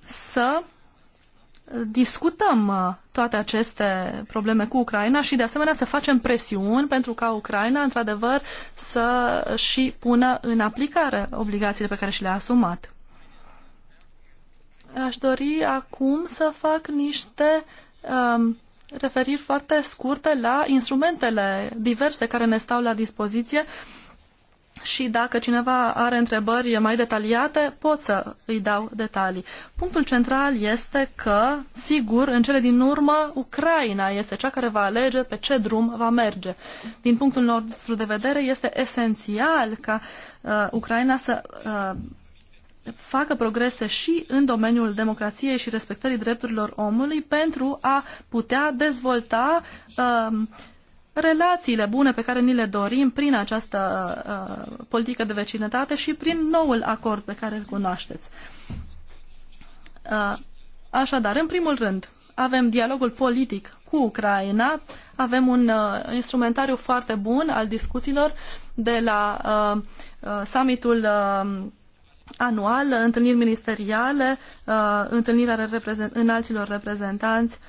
să discutăm uh, toate aceste probleme cu Ucraina și de asemenea să facem presiuni pentru ca Ucraina într-adevăr să și pună în aplicare obligațiile pe care și le-a asumat. Aș dori acum să fac niște um, referiri foarte scurte la instrumentele diverse care ne stau la dispoziție uh, și dacă cineva are întrebări mai detaliate, pot să îi dau detalii. Punctul central este că, sigur, în cele din urmă, Ucraina este cea care va alege pe ce drum va merge. Din punctul nostru de vedere, este esențial ca uh, Ucraina să uh, facă progrese și în domeniul democrației și respectării drepturilor omului pentru a putea dezvolta uh, relațiile bune pe care ni le dorim prin această uh, politică de vecinătate și prin noul acord pe care îl cunoașteți. Uh, așadar, în primul rând, avem dialogul politic cu Ucraina, avem un uh, instrumentariu foarte bun al discuțiilor de la uh, uh, summitul uh, anual, întâlniri ministeriale, uh, întâlnirea reprezent- înalților reprezentanți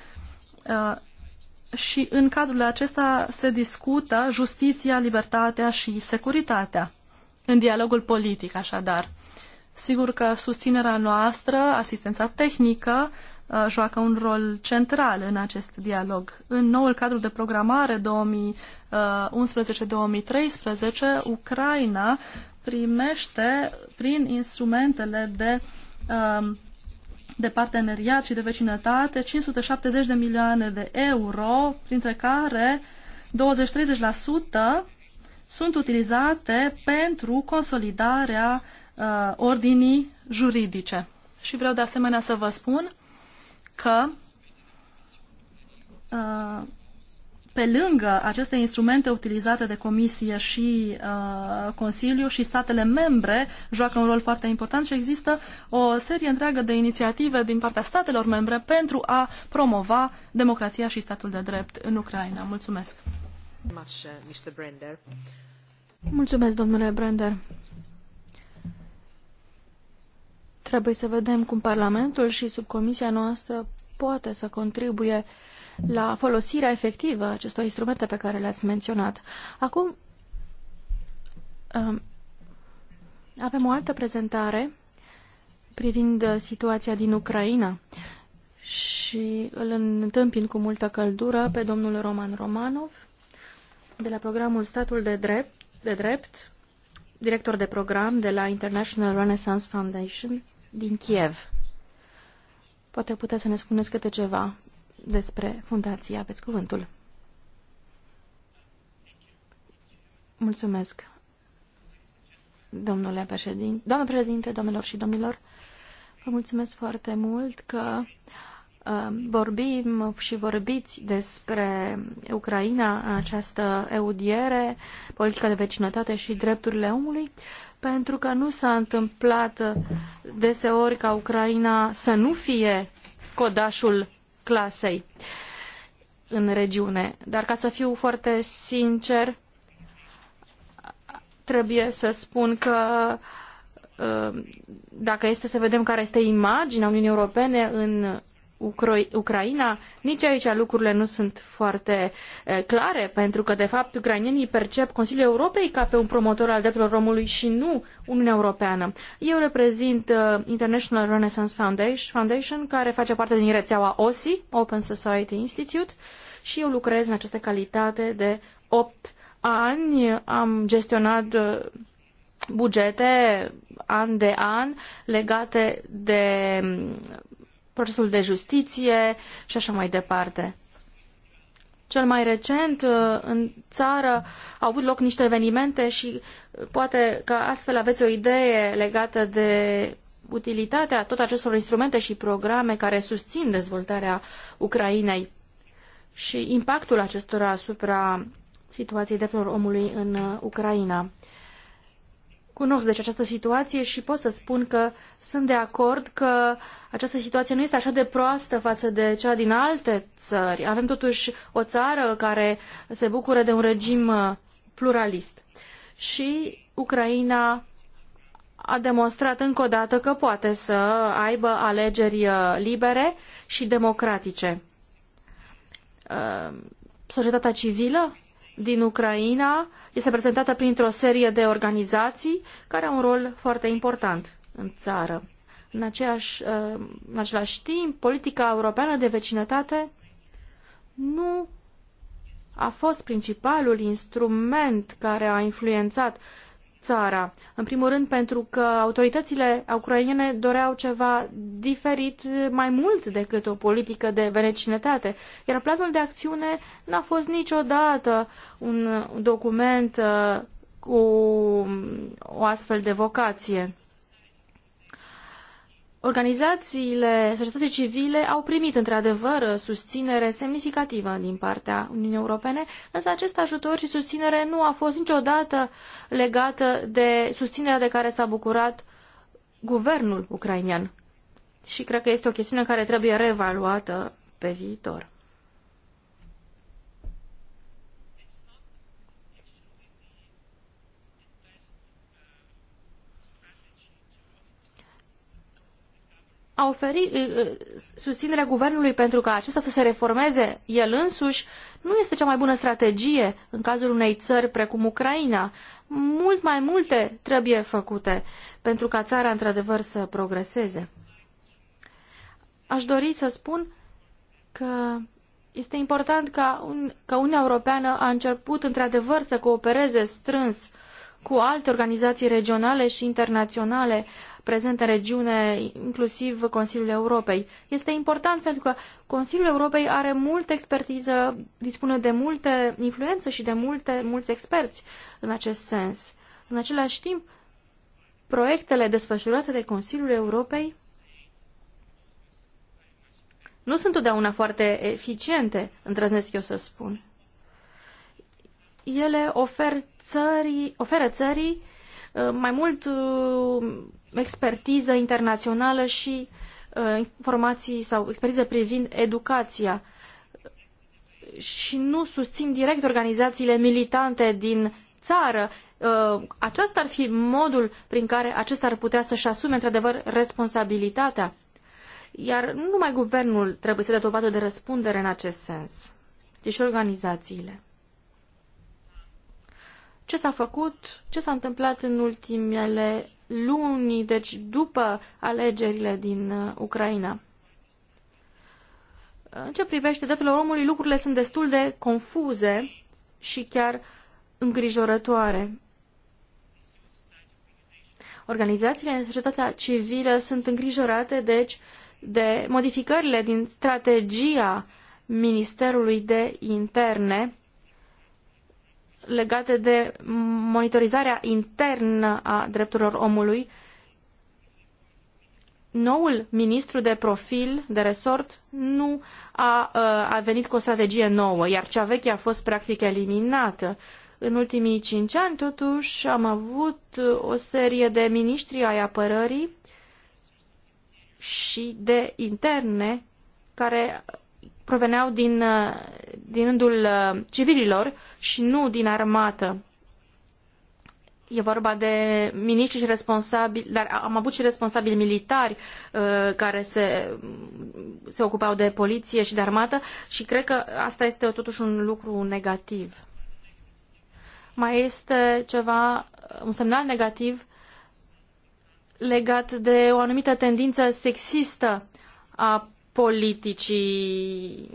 uh, și în cadrul acesta se discută justiția, libertatea și securitatea în dialogul politic, așadar. Sigur că susținerea noastră, asistența tehnică, uh, joacă un rol central în acest dialog. În noul cadru de programare 2011-2013, uh, Ucraina primește prin instrumentele de uh, de parteneriat și de vecinătate, 570 de milioane de euro, printre care 20-30% sunt utilizate pentru consolidarea uh, ordinii juridice. Și vreau de asemenea să vă spun că uh, pe lângă aceste instrumente utilizate de Comisie și uh, Consiliu și statele membre joacă un rol foarte important și există o serie întreagă de inițiative din partea statelor membre pentru a promova democrația și statul de drept în Ucraina. Mulțumesc! Mulțumesc, domnule Brender! Trebuie să vedem cum Parlamentul și subcomisia noastră poate să contribuie uh, la folosirea efectivă a acestor instrumente pe care le-ați menționat. Acum um, avem o altă prezentare privind situația din Ucraina și îl întâmpin cu multă căldură pe domnul Roman Romanov de la programul Statul de Drept, de Drept director de program de la International Renaissance Foundation din Kiev. Poate puteți să ne spuneți câte ceva despre fundație. Aveți cuvântul. Mulțumesc, domnule președinte, doamnă președinte, domnilor și domnilor. Vă mulțumesc foarte mult că uh, vorbim și vorbiți despre Ucraina în această eudiere, politica de vecinătate și drepturile omului, pentru că nu s-a întâmplat deseori ca Ucraina să nu fie codașul clasei în regiune. Dar ca să fiu foarte sincer, trebuie să spun că uh, dacă este să vedem care este imaginea Uniunii Europene în Ucro- Ucraina, nici aici lucrurile nu sunt foarte clare, pentru că, de fapt, ucrainienii percep Consiliul Europei ca pe un promotor al drepturilor omului și nu Uniunea Europeană. Eu reprezint International Renaissance Foundation, care face parte din rețeaua OSI, Open Society Institute, și eu lucrez în această calitate de opt ani. Am gestionat bugete an de an legate de procesul de justiție și așa mai departe. Cel mai recent, uh, în țară, au avut loc niște evenimente și uh, poate că astfel aveți o idee legată de utilitatea tot acestor instrumente și programe care susțin dezvoltarea Ucrainei și impactul acestora asupra situației drepturilor omului în uh, Ucraina. Cunosc deci această situație și pot să spun că sunt de acord că această situație nu este așa de proastă față de cea din alte țări. Avem totuși o țară care se bucură de un regim uh, pluralist. Și Ucraina a demonstrat încă o dată că poate să aibă alegeri uh, libere și democratice. Uh, societatea civilă din Ucraina este prezentată printr-o serie de organizații care au un rol foarte important în țară. În, aceeași, uh, în același timp, politica europeană de vecinătate nu a fost principalul instrument care a influențat țara. În primul rând pentru că autoritățile ucrainene doreau ceva diferit mai mult decât o politică de vecinătate, iar planul de acțiune n-a fost niciodată un document uh, cu o astfel de vocație. Organizațiile societății civile au primit într-adevăr susținere semnificativă din partea Uniunii Europene, însă acest ajutor și susținere nu a fost niciodată legată de susținerea de care s-a bucurat guvernul ucrainian. Și cred că este o chestiune care trebuie reevaluată pe viitor. a oferi susținerea guvernului pentru ca acesta să se reformeze el însuși nu este cea mai bună strategie în cazul unei țări precum Ucraina. Mult mai multe trebuie făcute pentru ca țara într-adevăr să progreseze. Aș dori să spun că este important ca, un, ca Uniunea Europeană a început într-adevăr să coopereze strâns uh, cu alte organizații regionale și internaționale prezente în regiune, inclusiv Consiliul Europei. Este important pentru că Consiliul Europei are multă expertiză, dispune de multe influență și de multe, mulți experți în acest sens. În același timp, proiectele desfășurate de Consiliul Europei nu sunt totdeauna foarte eficiente, îndrăznesc eu să spun ele ofer țării, oferă țării uh, mai mult uh, expertiză internațională și uh, informații sau expertiză privind educația și nu susțin direct organizațiile militante din țară. Aceasta ar fi modul prin care acesta ar putea să-și asume într-adevăr responsabilitatea. Iar nu numai guvernul trebuie să dea dovadă de răspundere în acest sens, ci și organizațiile ce s-a făcut, ce s-a întâmplat în ultimele luni, deci după alegerile din uh, Ucraina. În ce privește drepturile omului, lucrurile sunt destul de confuze și chiar îngrijorătoare. Organizațiile în societatea civilă sunt îngrijorate, deci, de modificările din strategia Ministerului de Interne legate de monitorizarea internă a drepturilor omului, noul ministru de profil, de resort, nu a, uh, a venit cu o strategie nouă, iar cea veche a fost practic eliminată. În ultimii cinci ani, totuși, am avut o serie de miniștri ai apărării și de interne care proveneau din, uh, din rândul uh, civililor și nu din armată. E vorba de miniștri și responsabili, dar am avut și responsabili militari uh, care se, se ocupau de poliție și de armată și cred că asta este totuși un lucru negativ. Mai este ceva, un semnal negativ legat de o anumită tendință sexistă a politicii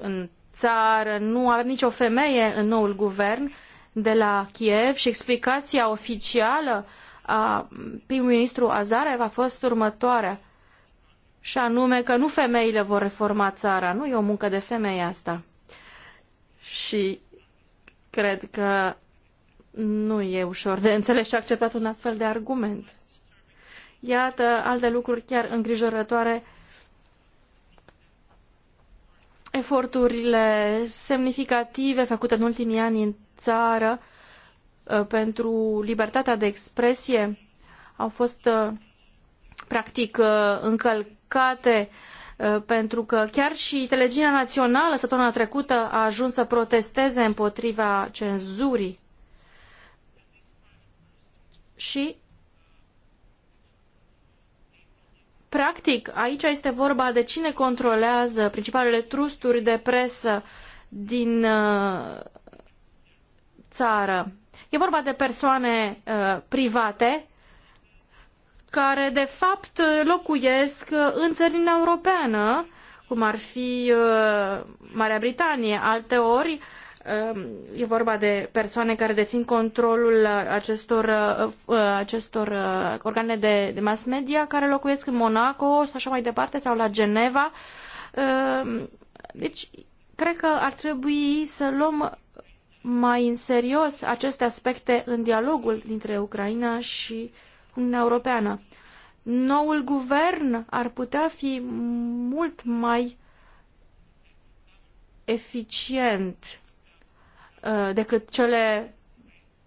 în țară, nu avem nicio femeie în noul guvern de la Kiev și explicația oficială a prim-ministru Azarev a fost următoarea și anume că nu femeile vor reforma țara, nu e o muncă de femei asta. Și cred că nu e ușor de înțeles și acceptat un astfel de argument. Iată alte lucruri chiar îngrijorătoare uh, eforturile semnificative făcute în ultimii ani în țară uh, pentru libertatea de expresie au fost uh, practic uh, încălcate pentru că chiar și Telegina Națională săptămâna trecută a ajuns să protesteze împotriva cenzurii. Și Practic, aici este vorba de cine controlează principalele trusturi de presă din uh, țară. E vorba de persoane uh, private care, de fapt, locuiesc uh, în țările europeană, cum ar fi Marea Britanie, alteori Ehm, e vorba de persoane care dețin controlul acestor, eh, eh, acestor eh, organe de, de mass media care locuiesc în Monaco sau așa mai departe sau la Geneva. Ehm, deci, cred că ar trebui să luăm mai în serios aceste aspecte în dialogul dintre Ucraina și Uniunea Europeană. Noul guvern ar putea fi mult mai eficient Uh, decât cele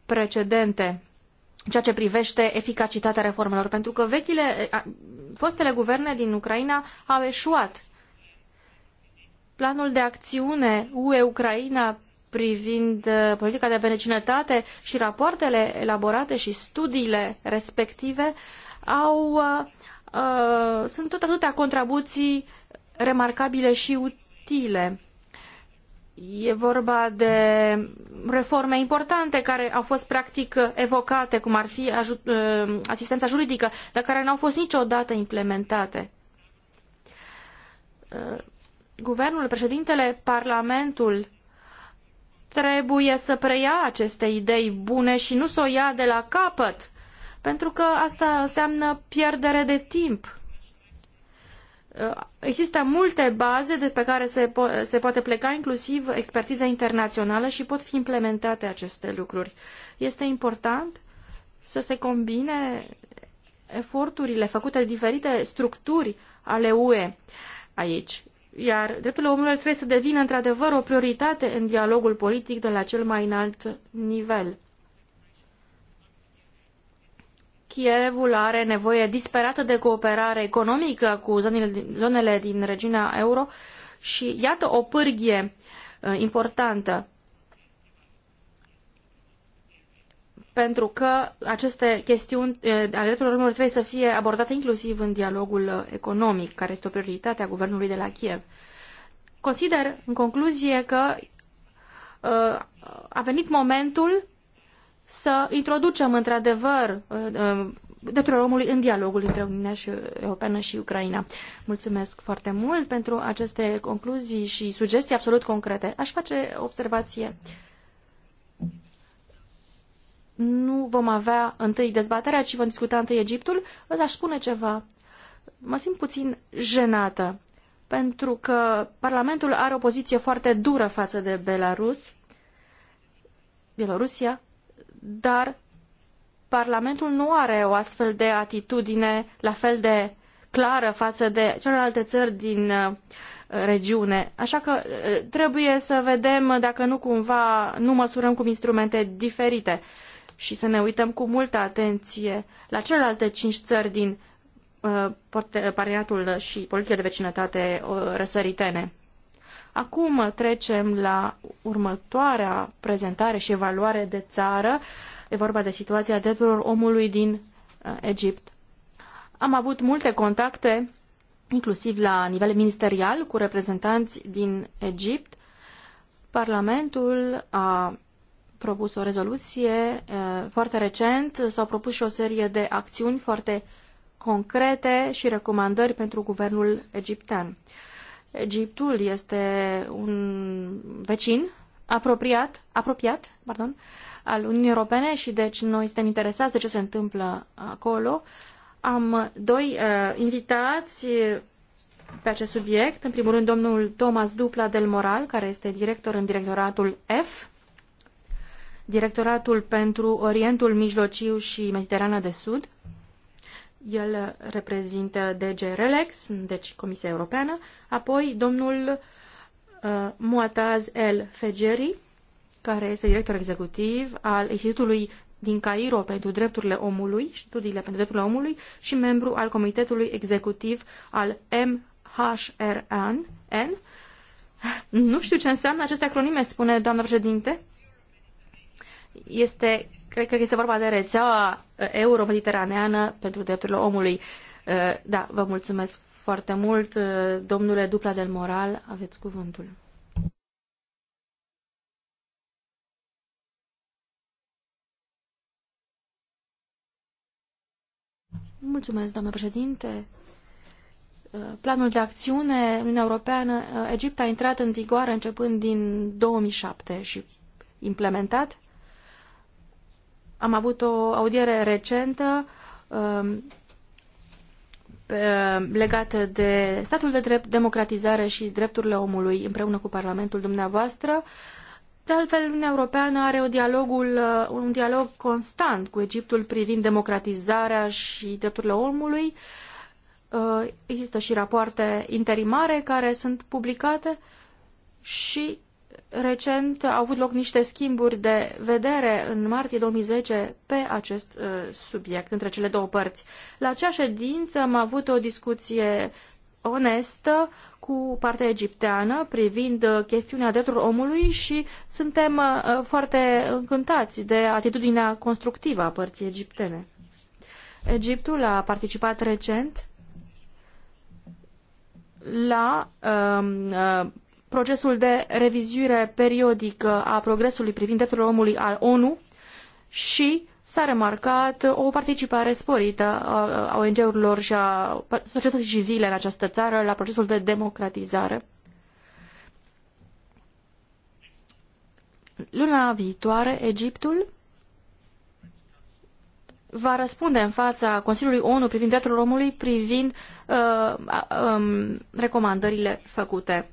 precedente în ceea ce privește eficacitatea reformelor, pentru că vechile, uh, fostele guverne din Ucraina au eșuat. Planul de acțiune UE-Ucraina privind uh, politica de vecinătate și rapoartele elaborate și studiile respective au, uh, sunt tot atâtea contribuții remarcabile și utile. E vorba de reforme importante care au fost practic evocate, cum ar fi ajut, ă, asistența juridică, dar care n-au fost niciodată implementate. Ă, guvernul, președintele, Parlamentul trebuie să preia aceste idei bune și nu să o ia de la capăt, pentru că asta înseamnă pierdere de timp. Uh, există multe baze de pe care se, po- se poate pleca, inclusiv expertiza internațională și pot fi implementate aceste lucruri. Este important să se combine eforturile făcute de diferite structuri ale UE aici. Iar drepturile omului trebuie să devină într-adevăr o prioritate în dialogul politic de la cel mai înalt nivel. Kievul are nevoie disperată de cooperare economică cu zonele, din regiunea euro și iată o pârghie uh, importantă. pentru că aceste chestiuni uh, ale drepturilor omului trebuie să fie abordate inclusiv în dialogul uh, economic, care este o prioritate a guvernului de la Kiev. Consider, în concluzie, că a venit momentul să introducem într-adevăr uh, uh, drepturile omului în dialogul între Uniunea și Europeană și Ucraina. Mulțumesc foarte mult pentru aceste concluzii și sugestii absolut concrete. Aș face observație. Nu vom avea întâi dezbaterea, ci vom discuta întâi Egiptul. Vă aș spune ceva. Mă simt puțin jenată, pentru că Parlamentul are o poziție foarte dură față de Belarus, Bielorusia, dar Parlamentul nu are o astfel de atitudine la fel de clară față de celelalte țări din uh, regiune. Așa că uh, trebuie să vedem dacă nu cumva nu măsurăm cu instrumente diferite și să ne uităm cu multă atenție la celelalte cinci țări din uh, parteneriatul și politica de vecinătate răsăritene. Acum trecem la următoarea prezentare și evaluare de țară. E vorba de situația drepturilor omului din uh, Egipt. Am avut multe contacte, inclusiv la nivel ministerial, cu reprezentanți din Egipt. Parlamentul a propus o rezoluție uh, foarte recent, s-au propus și o serie de acțiuni foarte concrete și recomandări pentru guvernul egiptean. Egiptul este un vecin apropiat, apropiat pardon, al Uniunii Europene și deci noi suntem interesați de ce se întâmplă acolo. Am doi uh, invitați pe acest subiect. În primul rând, domnul Thomas Dupla del Moral, care este director în directoratul F, directoratul pentru Orientul Mijlociu și Mediterana de Sud, el reprezintă DG Relex, deci Comisia Europeană, apoi domnul uh, Muataz El Fegeri, care este director executiv al Institutului din Cairo pentru drepturile omului, studiile pentru drepturile omului și membru al Comitetului Executiv al MHRN. N. Nu știu ce înseamnă aceste acronime, spune doamna președinte. Este Cred că este vorba de rețeaua uh, euro-mediteraneană pentru drepturile omului. Uh, da, vă mulțumesc foarte mult. Uh, domnule Dupla del Moral, aveți cuvântul. Mulțumesc, doamnă președinte. Planul de acțiune Uniunea Europeană, Egipt a intrat în vigoare începând din 2007 și implementat am avut o audiere recentă um, legată de statul de drept, democratizare și drepturile omului împreună cu Parlamentul dumneavoastră. De altfel, Uniunea Europeană are o dialogul, uh, un dialog constant cu Egiptul privind democratizarea și drepturile omului. Uh, există și rapoarte interimare care sunt publicate și recent au avut loc niște schimburi de vedere în martie 2010 pe acest uh, subiect între cele două părți. La acea ședință am avut o discuție onestă cu partea egipteană privind uh, chestiunea drepturilor omului și suntem uh, foarte încântați de atitudinea constructivă a părții egiptene. Egiptul a participat recent la um, uh, procesul de revizuire periodică a progresului privind drepturile omului al ONU și s-a remarcat o participare sporită a ONG-urilor și a societății civile în această țară la procesul de democratizare. Luna viitoare, Egiptul va răspunde în fața Consiliului ONU privind drepturile omului, privind uh, um, recomandările făcute.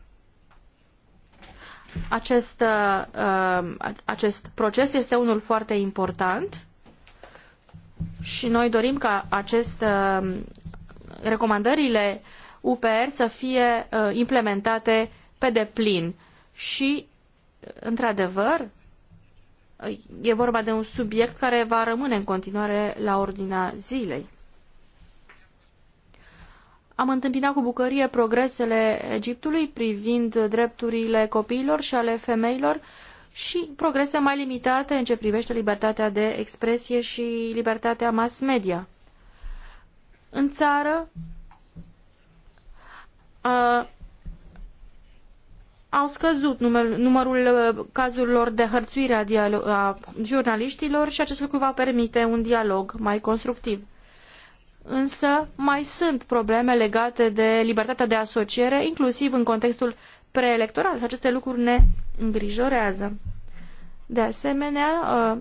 Acest, uh, uh, acest proces este unul foarte important și noi dorim ca acest, uh, recomandările UPR să fie implementate pe deplin și, într-adevăr, e vorba de un subiect care va rămâne în continuare la ordinea zilei. Am întâmpinat cu bucărie progresele Egiptului privind drepturile copiilor și ale femeilor și progrese mai limitate în ce privește libertatea de expresie și libertatea mass media. În țară a au scăzut numel, numărul cazurilor de hărțuire a, dialog, a jurnaliștilor și acest lucru va permite un dialog mai constructiv însă mai sunt probleme legate de libertatea de asociere, inclusiv în contextul preelectoral și aceste lucruri ne îngrijorează. De asemenea, uh,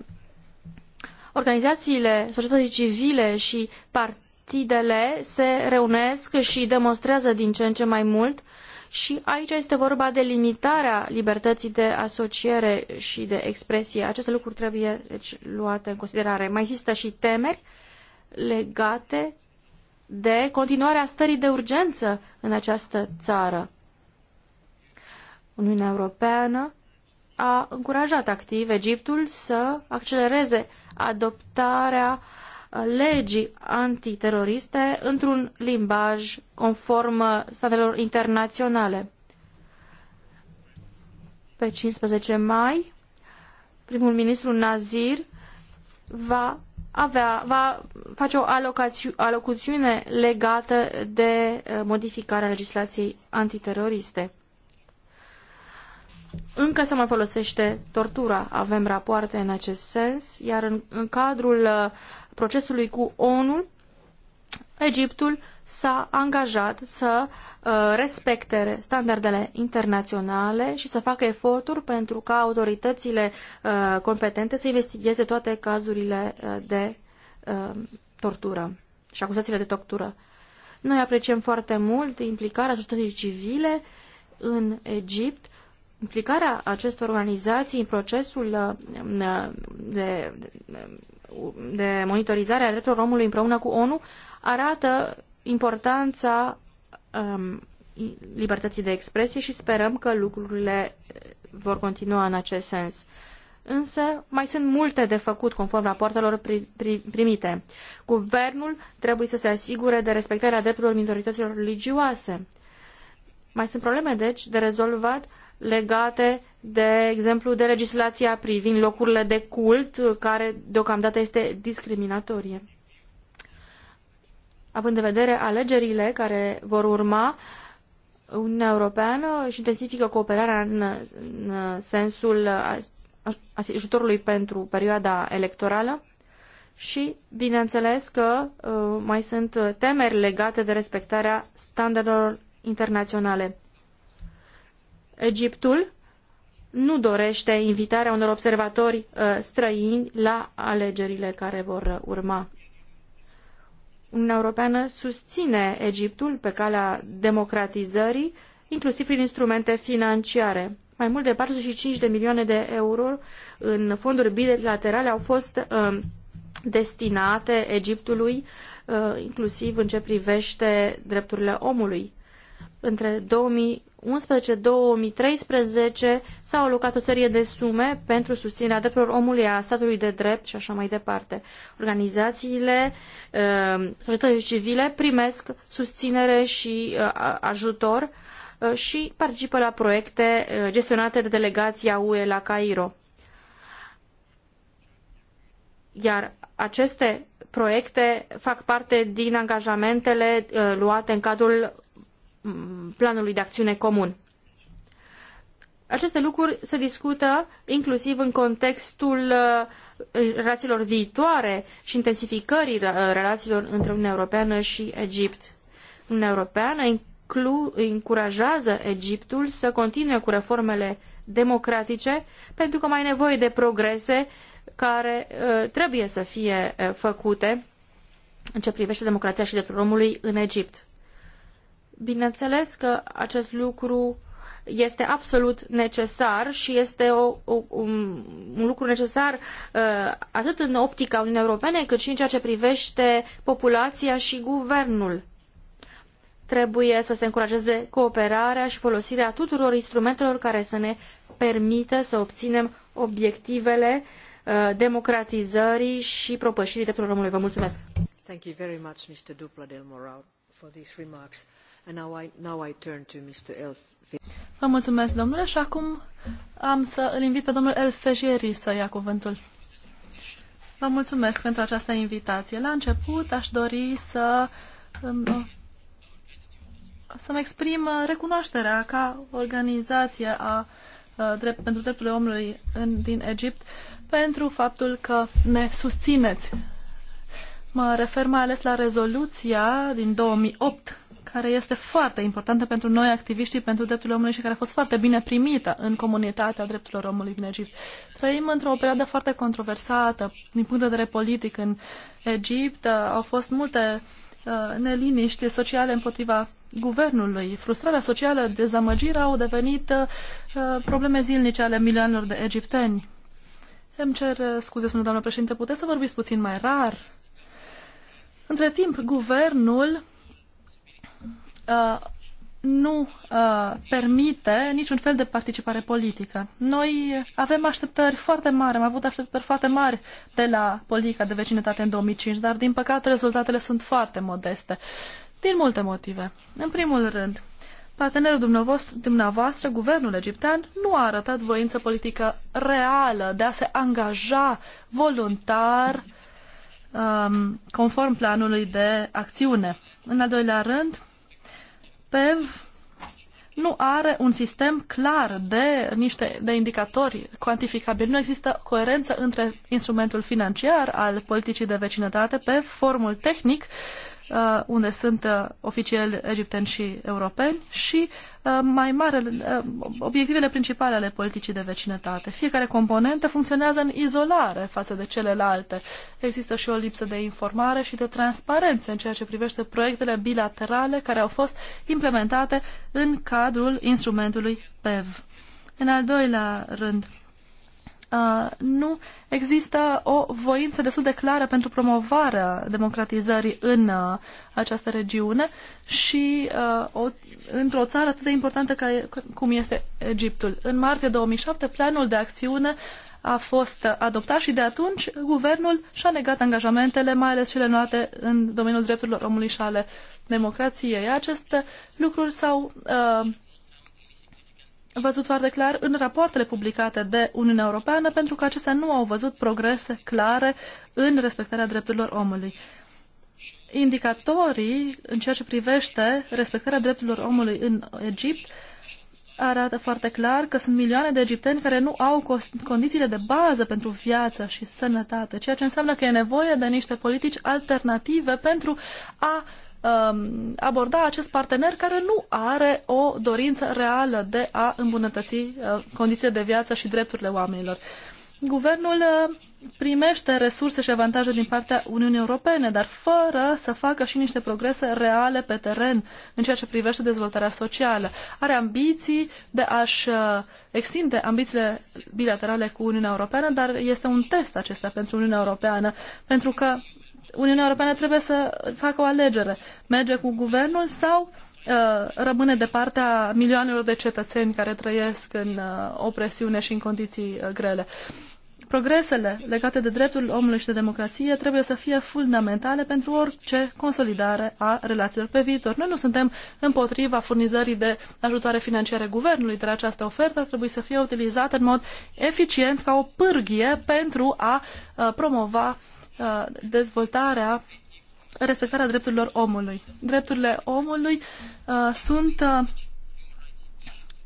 organizațiile societății civile și partidele se reunesc și demonstrează din ce în ce mai mult și aici este vorba de limitarea libertății de asociere și de expresie. Aceste lucruri trebuie deci, luate în considerare. Mai există și temeri uh, legate de continuarea stării de urgență în această țară. Uniunea Europeană a încurajat activ Egiptul să accelereze adoptarea legii antiteroriste într-un limbaj conform statelor internaționale. Pe 15 mai, primul ministru Nazir va avea, va face o alocuțiune legată de eh, modificarea legislației antiteroriste. Încă se mai folosește tortura, avem rapoarte în acest sens, iar în, în cadrul eh, procesului cu ONU, Egiptul s-a angajat să uh, respecte standardele internaționale și să facă eforturi pentru ca autoritățile uh, competente să investigheze toate cazurile uh, de tortură și acuzațiile de tortură. Noi apreciem foarte mult implicarea societății civile în Egipt, implicarea acestor organizații în procesul de, de monitorizare a drepturilor omului împreună cu ONU arată importanța um, libertății de expresie și sperăm că lucrurile vor continua în acest sens. Însă mai sunt multe de făcut conform rapoartelor pri, pri, primite. Guvernul trebuie să se asigure de respectarea drepturilor minorităților religioase. Mai sunt probleme, deci, de rezolvat legate, de exemplu, de legislația privind locurile de cult, care deocamdată este discriminatorie având în vedere alegerile care vor urma, Uniunea Europeană își intensifică cooperarea în, în sensul ajutorului pentru perioada electorală și, bineînțeles, că uh, mai sunt temeri legate de respectarea standardelor internaționale. Egiptul nu dorește invitarea unor observatori uh, străini la alegerile care vor urma. Uniunea Europeană susține Egiptul pe calea democratizării, inclusiv prin instrumente financiare. Mai mult de 45 de milioane de euro în fonduri bilaterale au fost uh, destinate Egiptului, uh, inclusiv în ce privește drepturile omului. Între 2000 2011-2013 s-au alocat o serie de sume pentru susținerea drepturilor omului, a statului de drept și așa mai departe. Organizațiile uh, societății civile primesc susținere și uh, ajutor uh, și participă la proiecte gestionate de delegația UE la Cairo. Iar aceste proiecte fac parte din angajamentele luate în cadrul Mm, planului de acțiune comun. Aceste lucruri se discută inclusiv în contextul uh, relațiilor viitoare și intensificării uh, relațiilor între Uniunea Europeană și Egipt. Uniunea Europeană încurajează Egiptul să continue cu reformele democratice pentru că mai nevoie de progrese care uh, trebuie să fie făcute în ceea ce privește democrația și dreptul omului în Egipt. Bineînțeles că acest lucru este absolut necesar și este o, o, un, un, lucru necesar uh, atât în optica Uniunii Europene, cât și în ceea ce privește populația și guvernul. Trebuie să se încurajeze cooperarea și folosirea tuturor instrumentelor care să ne permită să obținem obiectivele uh, democratizării și propășirii drepturilor omului. Vă mulțumesc! Thank you very much, Mr. Dupla del Moral, for these remarks. Vă mulțumesc, domnule, și acum am să îl invit pe domnul Elfejieri să ia cuvântul. Vă mulțumesc pentru această invitație. La început aș dori să um, să-mi exprim recunoașterea ca organizație a, drept, pentru drepturile omului în, din Egipt pentru faptul că ne susțineți. Mă refer mai ales la rezoluția din 2008 care este foarte importantă pentru noi, activiștii pentru drepturile omului și care a fost foarte bine primită în comunitatea drepturilor omului din Egipt. Trăim într-o perioadă foarte controversată din punct de vedere politic în Egipt. Au fost multe uh, neliniști sociale împotriva guvernului. Frustrarea socială, dezamăgirea au devenit uh, probleme zilnice ale milioanelor de egipteni. Îmi cer uh, scuze, spune doamna președinte, puteți să vorbiți puțin mai rar? Între timp, guvernul Uh, nu uh, permite niciun fel de participare politică. Noi avem așteptări foarte mari, am avut așteptări foarte mari de la politica de vecinătate în 2005, dar din păcate rezultatele sunt foarte modeste, din multe motive. În primul rând, partenerul dumneavoastră, dumneavoastră guvernul egiptean, nu a arătat voință politică reală de a se angaja voluntar um, conform planului de acțiune. În al doilea rând, PEV nu are un sistem clar de niște de indicatori cuantificabili. Nu există coerență între instrumentul financiar al politicii de vecinătate pe formul tehnic Uh, unde sunt uh, oficiali egipteni și europeni și uh, mai mare, obiectivele principale ale politicii de vecinătate. Fiecare componentă funcționează în izolare față de celelalte. Există și o lipsă de informare și de transparență în ceea ce privește proiectele bilaterale care au fost implementate în cadrul instrumentului PEV. În al doilea rând, Uh, nu există o voință destul de clară pentru promovarea democratizării în uh, această regiune și uh, într-o țară atât de importantă ca, cum este Egiptul. În martie 2007, planul de acțiune a fost adoptat și de atunci guvernul și-a negat angajamentele, mai ales cele luate în domeniul drepturilor omului și ale democrației. Aceste lucruri s-au uh, văzut foarte clar în rapoartele publicate de Uniunea Europeană, pentru că acestea nu au văzut progrese clare în respectarea drepturilor omului. Indicatorii în ceea ce privește respectarea drepturilor omului în Egipt arată foarte clar că sunt milioane de egipteni care nu au condițiile de bază pentru viață și sănătate, ceea ce înseamnă că e nevoie de niște politici alternative pentru a Um, aborda acest partener care nu are o dorință reală de a îmbunătăți uh, condițiile de viață și drepturile oamenilor. Guvernul uh, primește resurse și avantaje din partea Uniunii Europene, dar fără să facă și niște progrese reale pe teren în ceea ce privește dezvoltarea socială. Are ambiții de a-și uh, extinde ambițiile bilaterale cu Uniunea Europeană, dar este un test acesta pentru Uniunea Europeană, pentru că Uniunea Europeană trebuie să facă o alegere. Merge cu guvernul sau uh, rămâne de partea milioanelor de cetățeni care trăiesc în uh, opresiune și în condiții uh, grele. Progresele legate de dreptul omului și de democrație trebuie să fie fundamentale pentru orice consolidare a relațiilor pe viitor. Noi nu suntem împotriva furnizării de ajutoare financiare guvernului, dar această ofertă trebuie să fie utilizată în mod eficient ca o pârghie pentru a promova uh, Uh, dezvoltarea, respectarea drepturilor omului. Drepturile omului uh, sunt uh,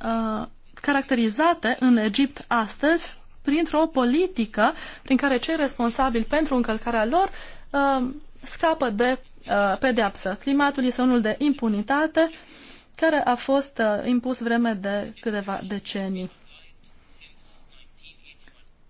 uh, caracterizate în Egipt astăzi printr-o politică prin care cei responsabili pentru încălcarea lor uh, scapă de uh, pedeapsă. Climatul este unul de impunitate care a fost uh, impus vreme de câteva decenii.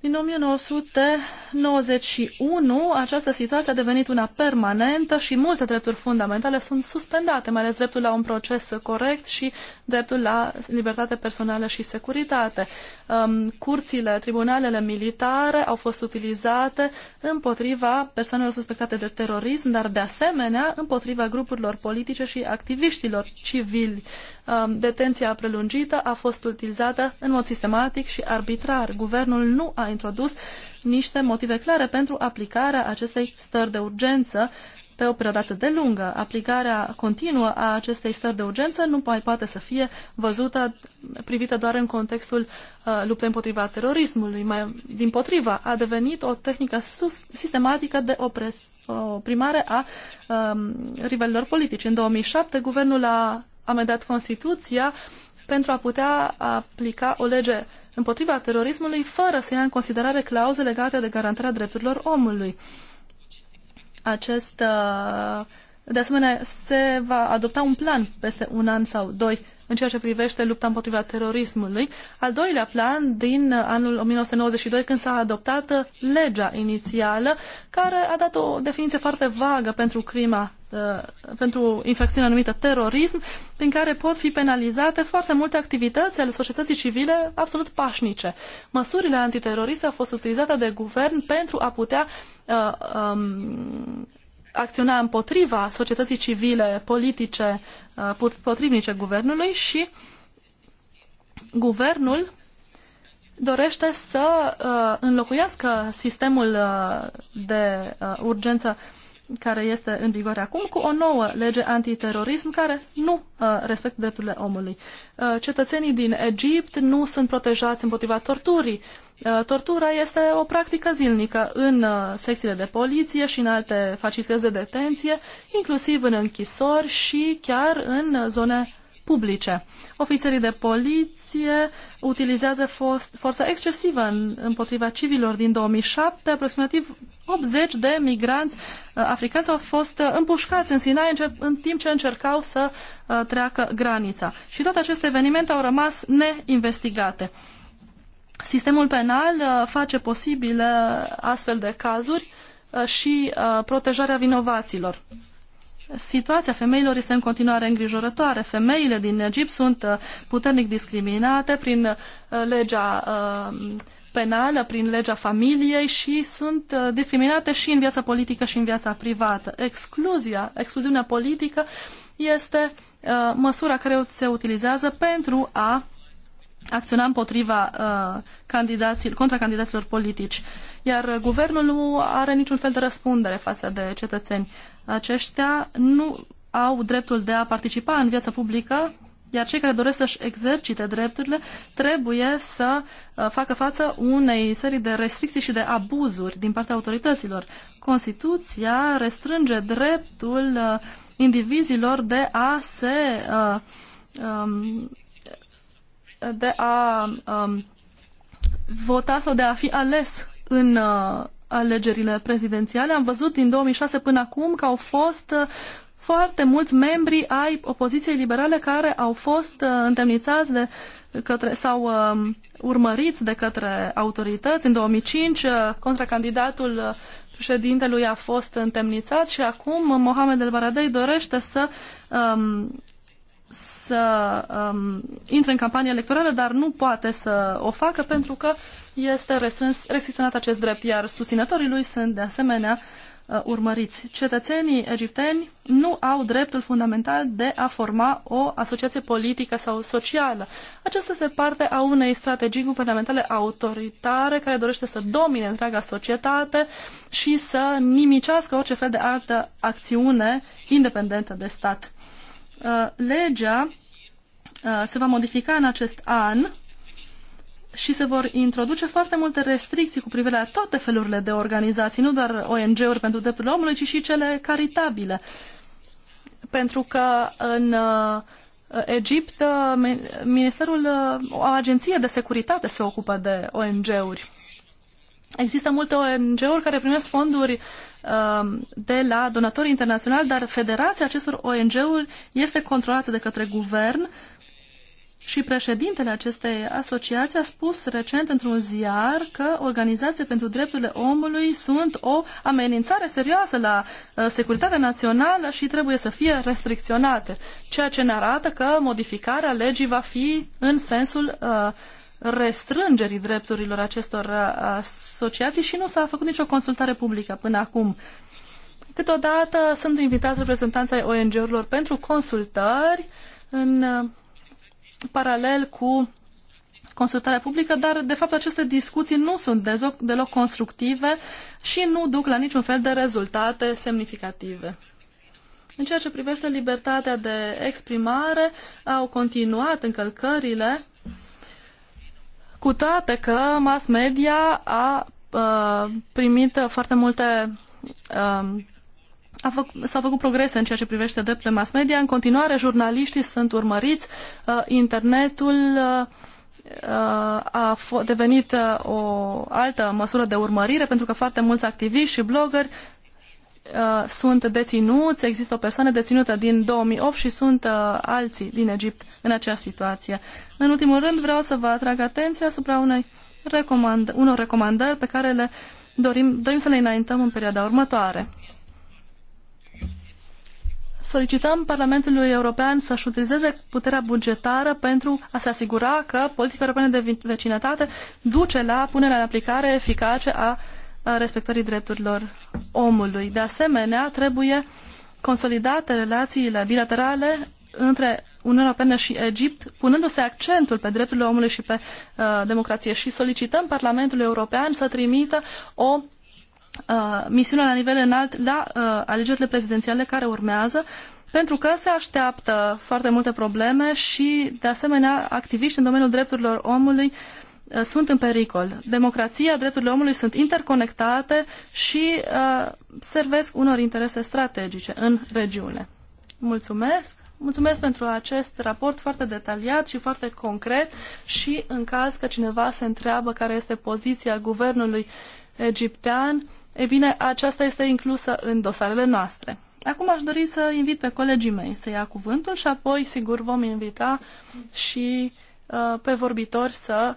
Din 1991, această situație a devenit una permanentă și multe drepturi fundamentale sunt suspendate, mai ales dreptul la un proces corect și dreptul la libertate personală și securitate. Um, curțile, tribunalele militare au fost utilizate împotriva persoanelor suspectate de terorism, dar de asemenea împotriva grupurilor politice și activiștilor civili Um, detenția prelungită a fost utilizată în mod sistematic și arbitrar. Guvernul nu a introdus niște motive clare pentru aplicarea acestei stări de urgență pe o perioadă atât de lungă. Aplicarea continuă a acestei stări de urgență nu mai poate să fie văzută, privită doar în contextul uh, luptei împotriva terorismului. Mai, din potriva, a devenit o tehnică sus, sistematică de opres, o primare a uh, um, rivalilor politici. În 2007, guvernul a amendat Constituția pentru a putea aplica o lege împotriva terorismului fără să ia în considerare clauze legate de garantarea drepturilor omului. Acest, uh, de asemenea, se va adopta un plan peste un an sau doi în ceea ce privește lupta împotriva terorismului. Al doilea plan din uh, anul 1992 când s-a adoptat uh, legea inițială care a dat o definiție foarte vagă pentru crima uh, pentru infracțiunea numită terorism, prin care pot fi penalizate foarte multe activități ale societății civile absolut pașnice. Măsurile antiteroriste au fost utilizate de guvern pentru a putea uh, um, acționa împotriva societății civile, politice, uh, potrivnice guvernului și guvernul dorește să uh, înlocuiască sistemul uh, de urgență care este în vigoare acum, cu o nouă lege antiterorism care nu uh, respectă drepturile omului. Uh, cetățenii din Egipt nu sunt protejați împotriva torturii. Uh, tortura este o practică zilnică în uh, secțiile de poliție și în alte facilități de detenție, inclusiv în închisori și chiar în uh, zone publice. Ofițerii de poliție utilizează forță excesivă în, împotriva civilor din 2007. Aproximativ 80 de migranți uh, africani au fost uh, împușcați în Sinai în timp ce încercau să uh, treacă granița. Și toate aceste evenimente au rămas neinvestigate. Sistemul penal face posibile astfel de cazuri și protejarea vinovaților. Situația femeilor este în continuare îngrijorătoare. Femeile din Egipt sunt uh, puternic discriminate prin uh, legea uh, penală, prin legea familiei și sunt discriminate și în viața politică și în viața privată. Excluzia, excluziunea politică este măsura care se utilizează pentru a acționa împotriva candidaților, contra candidaților politici. Iar guvernul nu are niciun fel de răspundere față de cetățeni aceștia nu au dreptul de a participa în viața publică, iar cei care doresc să-și exercite drepturile trebuie să uh, facă față unei serii de restricții și de abuzuri din partea autorităților. Constituția restrânge dreptul uh, indivizilor de a se uh, um, de a um, vota sau de a fi ales în, alegerile prezidențiale. Am văzut din 2006 până acum că au fost uh, foarte mulți membri ai opoziției liberale care au fost uh, întemnițați de către, sau um, urmăriți de către autorități. În 2005, uh, contracandidatul președintelui a fost întemnițat și acum Mohamed El Baradei dorește să um, să um, intre în campanie electorală, dar nu poate să o facă pentru că este restrâns, restricționat acest drept, iar susținătorii lui sunt de asemenea uh, urmăriți. Cetățenii egipteni nu au dreptul fundamental de a forma o asociație politică sau socială. Aceasta este parte a unei strategii guvernamentale autoritare care dorește să domine întreaga societate și să nimicească orice fel de altă acțiune independentă de stat. Uh, legea uh, se va modifica în acest an și se vor introduce foarte multe restricții cu privire la toate felurile de organizații, nu doar ONG-uri pentru drepturile omului, ci și cele caritabile. Pentru că în uh, Egipt, Ministerul, o agenție de securitate se ocupă de ONG-uri. Există multe ONG-uri care primesc fonduri um, de la donatori internaționali, dar federația acestor ONG-uri este controlată de către guvern și președintele acestei asociații a spus recent într-un ziar că organizații pentru drepturile omului sunt o amenințare serioasă la uh, securitatea națională și trebuie să fie restricționate, ceea ce ne arată că modificarea legii va fi în sensul uh, restrângerii drepturilor acestor asociații și nu s-a făcut nicio consultare publică până acum. Câteodată sunt invitați reprezentanții ONG-urilor pentru consultări în uh, paralel cu consultarea publică, dar de fapt aceste discuții nu sunt deloc constructive și nu duc la niciun fel de rezultate semnificative. În ceea ce privește libertatea de exprimare, au continuat încălcările cu toate că mass media a uh, primit foarte multe uh, a făc, s-au făcut progrese în ceea ce privește drepturile mass media. În continuare, jurnaliștii sunt urmăriți, uh, internetul uh, uh a devenit uh, o altă măsură de urmărire pentru că foarte mulți activiști și blogări uh, sunt deținuți, există o persoană deținută din 2008 și sunt uh, alții din Egipt în acea situație. În ultimul rând vreau să vă atrag atenția asupra unei recomand unor recomandări pe care le dorim, dorim să le înaintăm în perioada următoare. Solicităm Parlamentului European să-și utilizeze puterea bugetară pentru a se asigura că politica europeană de vecinătate duce la punerea în aplicare eficace a uh, respectării drepturilor omului. De asemenea, trebuie consolidate relațiile bilaterale între Uniunea Europeană și Egipt, punându-se accentul pe drepturile omului și pe uh, democrație și solicităm Parlamentului European să trimită o uh, misiune la nivel înalt la uh, alegerile prezidențiale care urmează, pentru că se așteaptă foarte multe probleme și, de asemenea, activiști în domeniul drepturilor omului uh, Uh, sunt în pericol. Democrația, drepturile omului sunt interconectate și uh, servesc unor interese strategice în regiune. Mulțumesc! Mulțumesc pentru acest raport foarte detaliat și foarte concret și în caz că cineva se întreabă care este poziția guvernului egiptean, e bine, aceasta este inclusă în dosarele noastre. Acum aș dori să invit pe colegii mei să ia cuvântul și apoi, sigur, vom invita și uh, pe vorbitori să uh,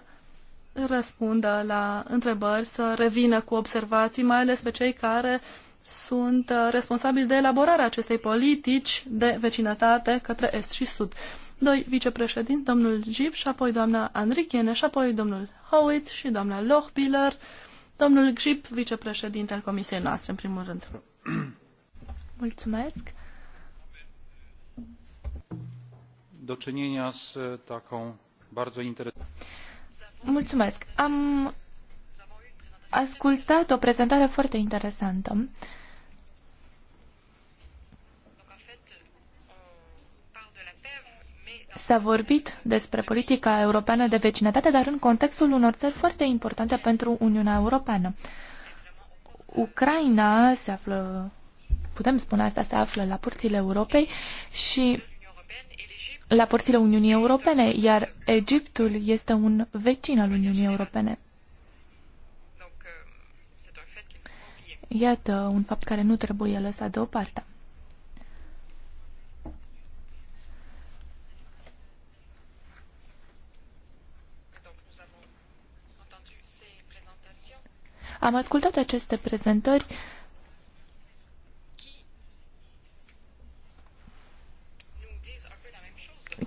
răspundă la întrebări, să revină cu observații, mai ales pe cei care sunt uh, responsabili de elaborarea acestei politici de vecinătate către Est și Sud. Doi vicepreședinți, domnul Gip și apoi doamna Andrichene și apoi domnul Howitt și doamna Lochbiller, domnul Gip, vicepreședinte al comisiei noastre, în primul rând. Mulțumesc. Do czynienia z taką bardzo interesującą Mulțumesc. Am ascultat o prezentare foarte interesantă. S-a vorbit despre politica europeană de vecinătate, dar în contextul unor țări foarte importante pentru Uniunea Europeană. Ucraina se află, putem spune asta, se află la porțile Europei și la porțile Uniunii Europene, iar Egiptul este un vecin al Uniunii Europene. Iată un fapt care nu trebuie lăsat deoparte. Am ascultat aceste prezentări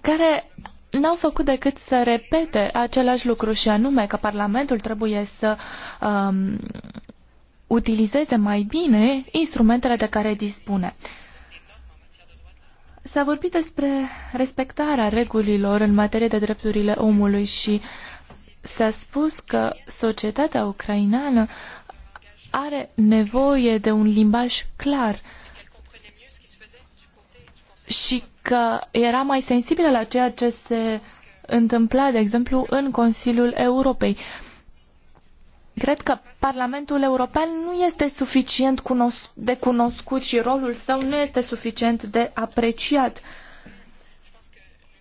care n-au făcut decât să repete același lucru și anume că Parlamentul trebuie să um, utilizeze mai bine instrumentele de care dispune. S-a vorbit despre respectarea regulilor în materie de drepturile omului și s-a spus că societatea ucraineană are nevoie de un limbaj clar și că era mai sensibilă la ceea ce se întâmpla, de exemplu, în Consiliul Europei. Cred că Parlamentul European nu este suficient de cunoscut și rolul său nu este suficient de apreciat.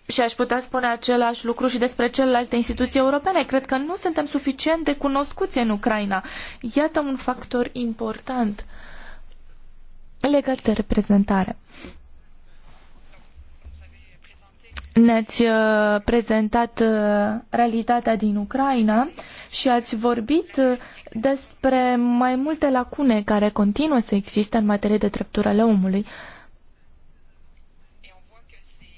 Și aș putea spune același lucru și despre celelalte instituții europene. Cred că nu suntem suficient de cunoscuți în Ucraina. Iată un factor important legat de reprezentare ne-ați uh, prezentat uh, realitatea din Ucraina și ați vorbit uh, despre mai multe lacune care continuă să existe în materie de drepturi ale omului.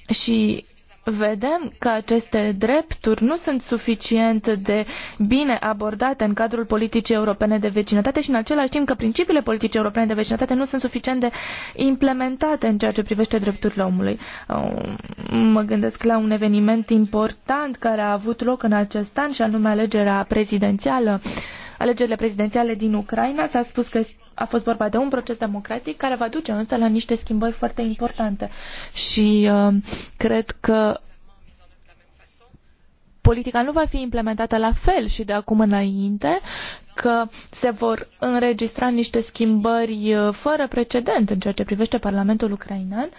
Și vedem că aceste drepturi nu sunt suficient de bine abordate în cadrul politicii europene de vecinătate și în același timp că principiile politicii europene de vecinătate nu sunt suficient de implementate în ceea ce privește drepturile omului. Um, mă gândesc la un eveniment important care a avut loc în acest an și anume alegerea prezidențială alegerile prezidențiale din Ucraina. S-a spus că a fost vorba de un proces democratic care va duce însă la niște schimbări foarte importante și uh, cred că politica nu va fi implementată la fel și de acum înainte, că se vor înregistra niște schimbări uh, fără precedent în ceea ce privește Parlamentul ucrainean.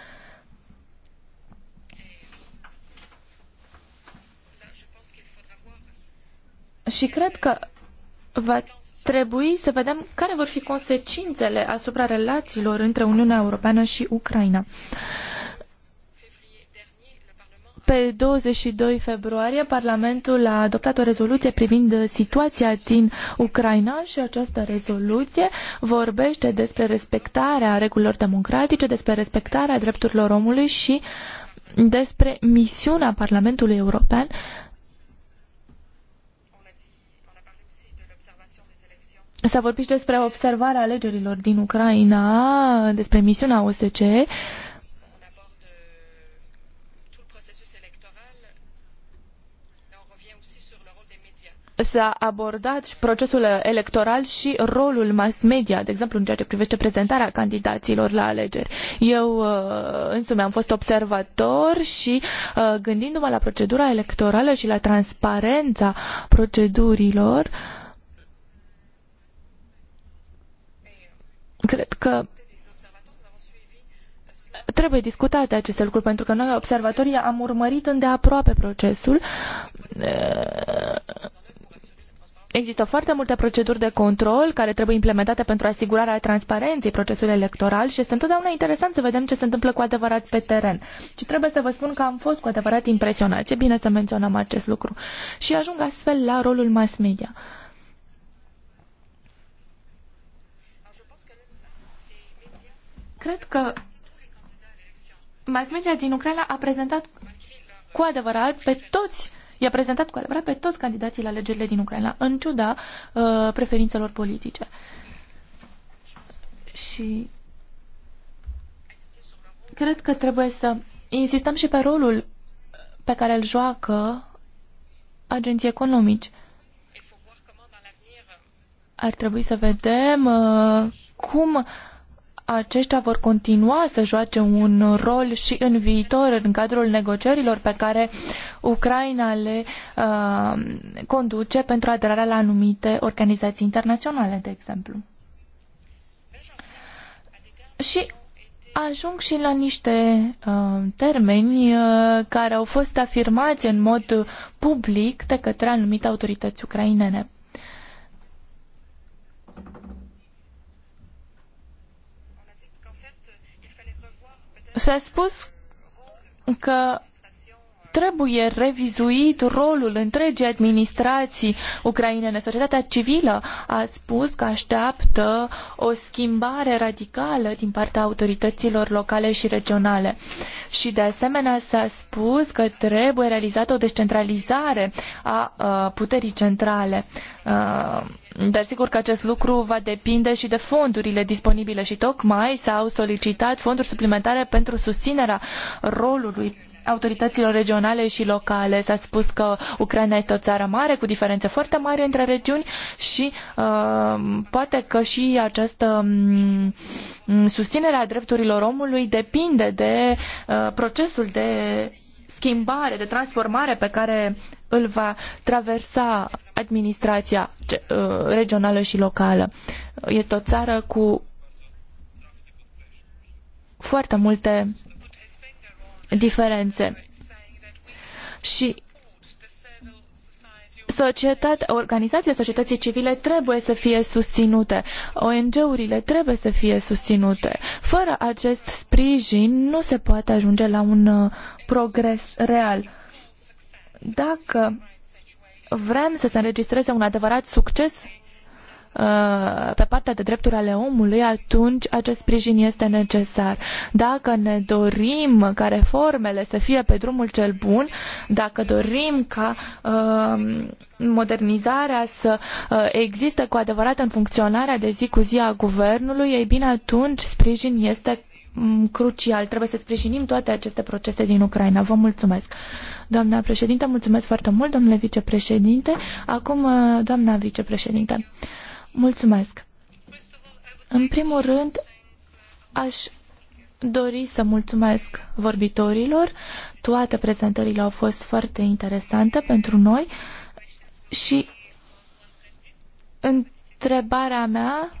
Și cred că va trebui să vedem care vor fi consecințele asupra relațiilor între Uniunea Europeană și Ucraina. Pe 22 februarie, Parlamentul a adoptat o rezoluție privind situația din Ucraina și această rezoluție vorbește despre respectarea regulilor democratice, despre respectarea drepturilor omului și despre misiunea Parlamentului European S-a vorbit și despre observarea alegerilor din Ucraina, despre misiunea OSCE. S-a abordat și procesul electoral și rolul mass media, de exemplu, în ceea ce privește prezentarea candidaților la alegeri. Eu uh, însumi am fost observator și uh, gândindu-mă la procedura electorală și la transparența procedurilor, Cred că trebuie discutate aceste lucruri, pentru că noi, observatorii, am urmărit îndeaproape procesul. Există foarte multe proceduri de control care trebuie implementate pentru asigurarea transparenței procesului electoral și este întotdeauna interesant să vedem ce se întâmplă cu adevărat pe teren. Și trebuie să vă spun că am fost cu adevărat impresionați. E bine să menționăm acest lucru. Și ajung astfel la rolul mass media. Uh, cred că mass media din Ucraina a prezentat cu adevărat pe toți i-a prezentat cu adevărat pe toți candidații la alegerile din Ucraina, în ciuda uh, preferințelor politice. Și cred că trebuie să insistăm și pe rolul pe care îl joacă agenții economici. Ar trebui să vedem uh, cum aceștia vor continua să joace un rol și în viitor, în cadrul negocierilor pe care Ucraina le uh, conduce pentru aderarea la anumite organizații internaționale, de exemplu. Și ajung și la niște uh, termeni uh, care au fost afirmați în mod public de către anumite autorități ucrainene. S-a spus că trebuie revizuit rolul întregii administrații ucrainene. Societatea civilă a spus că așteaptă o schimbare radicală din partea autorităților locale și regionale. Și de asemenea s-a spus că trebuie realizată o descentralizare a, a puterii centrale. A, dar sigur că acest lucru va depinde și de fondurile disponibile și tocmai s-au solicitat fonduri suplimentare pentru susținerea rolului autorităților regionale și locale. S-a spus că Ucraina este o țară mare, cu diferențe foarte mari între regiuni și uh, poate că și această um, mm, susținere a drepturilor omului depinde de uh, procesul de schimbare, de transformare pe care îl va traversa administrația uh, regională și locală. Este o țară cu foarte multe diferențe. Și societate, organizația societății civile trebuie să fie susținute, ONG-urile trebuie să fie susținute. Fără acest sprijin nu se poate ajunge la un uh, progres real. Dacă vrem să se înregistreze un adevărat succes uh, pe partea de drepturi ale omului, atunci acest sprijin este necesar. Dacă ne dorim ca reformele să fie pe drumul cel bun, dacă dorim ca uh, modernizarea să uh, existe cu adevărat în funcționarea de zi cu zi a guvernului, ei bine, atunci sprijin este um, crucial. Trebuie să sprijinim toate aceste procese din Ucraina. Vă mulțumesc! Doamna președinte, mulțumesc foarte mult, domnule vicepreședinte. Acum, uh, doamna vicepreședinte, mulțumesc. În primul rând, aș dori să mulțumesc vorbitorilor. Toate prezentările au fost foarte interesante pentru noi și întrebarea mea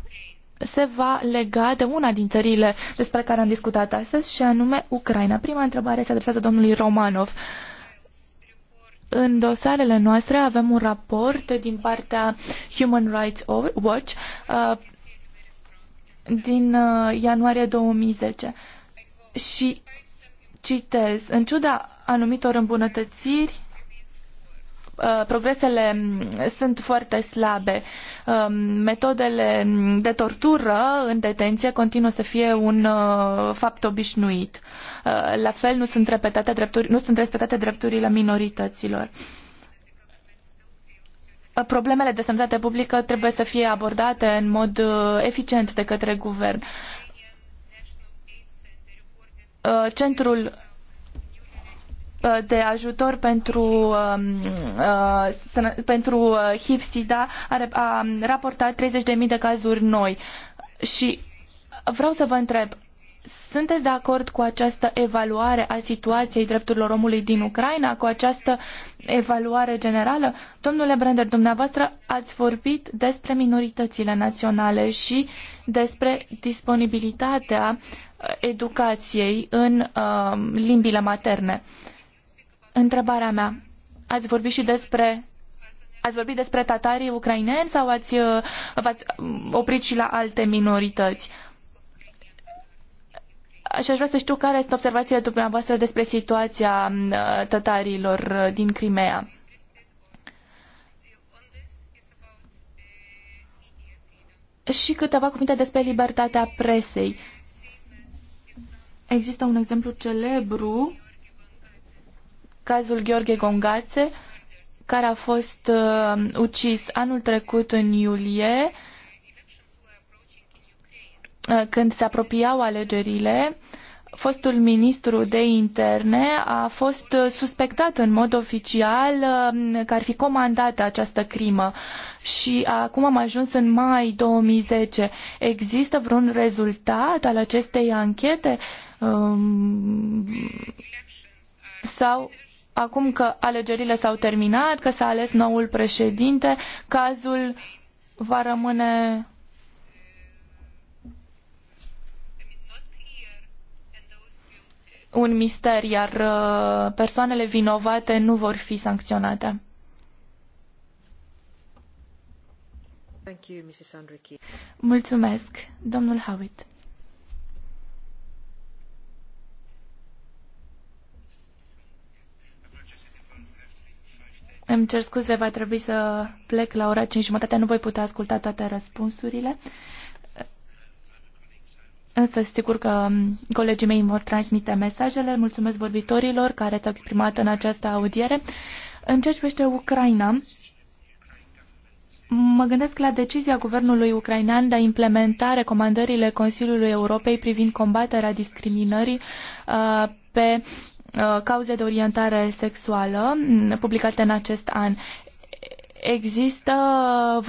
se va lega de una din țările despre care am discutat astăzi și anume Ucraina. Prima întrebare se adresează domnului Romanov. Uh, în dosarele noastre avem un raport din partea Human Rights Watch uh, din uh, ianuarie 2010 și citez, în ciuda anumitor îmbunătățiri Uh, progresele mm, sunt foarte slabe. Um, metodele mm, de tortură în detenție continuă să fie un uh, fapt obișnuit. Uh, la fel nu sunt, repetate drepturi, nu sunt respectate drepturile minorităților problemele de sănătate publică trebuie să fie abordate în mod eficient de către guvern. Centrul Uh, de ajutor pentru, um, uh, pentru uh, HIV-SIDA a raportat 30.000 de cazuri noi. Și vreau să vă întreb, sunteți de acord cu această evaluare a situației drepturilor omului din Ucraina, cu această evaluare generală? Domnule Brander, dumneavoastră ați vorbit despre minoritățile naționale și despre disponibilitatea educației în uh, limbile materne. Uh, Întrebarea mea. Ați vorbit și despre ați vorbit despre tatarii ucraineni sau ați, uh, v-ați uh, oprit și la alte minorități? Și aș vrea să știu care este observația dumneavoastră despre situația uh, tătarilor din Crimea. Și câteva cuvinte despre libertatea presei. Există un exemplu celebru cazul Gheorghe Gongațe, care a fost uh, ucis anul trecut în iulie, uh, când se apropiau alegerile, fostul ministru de interne a fost uh, suspectat în mod oficial uh, că ar fi comandat această crimă și acum am ajuns în mai 2010. Există vreun rezultat al acestei anchete um, sau acum că alegerile s-au terminat, că s-a ales noul președinte, cazul va rămâne un mister, iar uh, persoanele vinovate nu vor fi sancționate. Mulțumesc, domnul Howitt. Îmi cer scuze, va trebui să plec la ora 5 jumătate, nu voi putea asculta toate răspunsurile. Însă sigur că colegii mei vor transmite mesajele. Mulțumesc vorbitorilor care s-au exprimat în această audiere. În ce privește Ucraina, mă gândesc la decizia guvernului ucrainean de a implementa recomandările Consiliului Europei privind combaterea discriminării uh, pe Uh, cauze de orientare sexuală mm, publicate în acest an. Există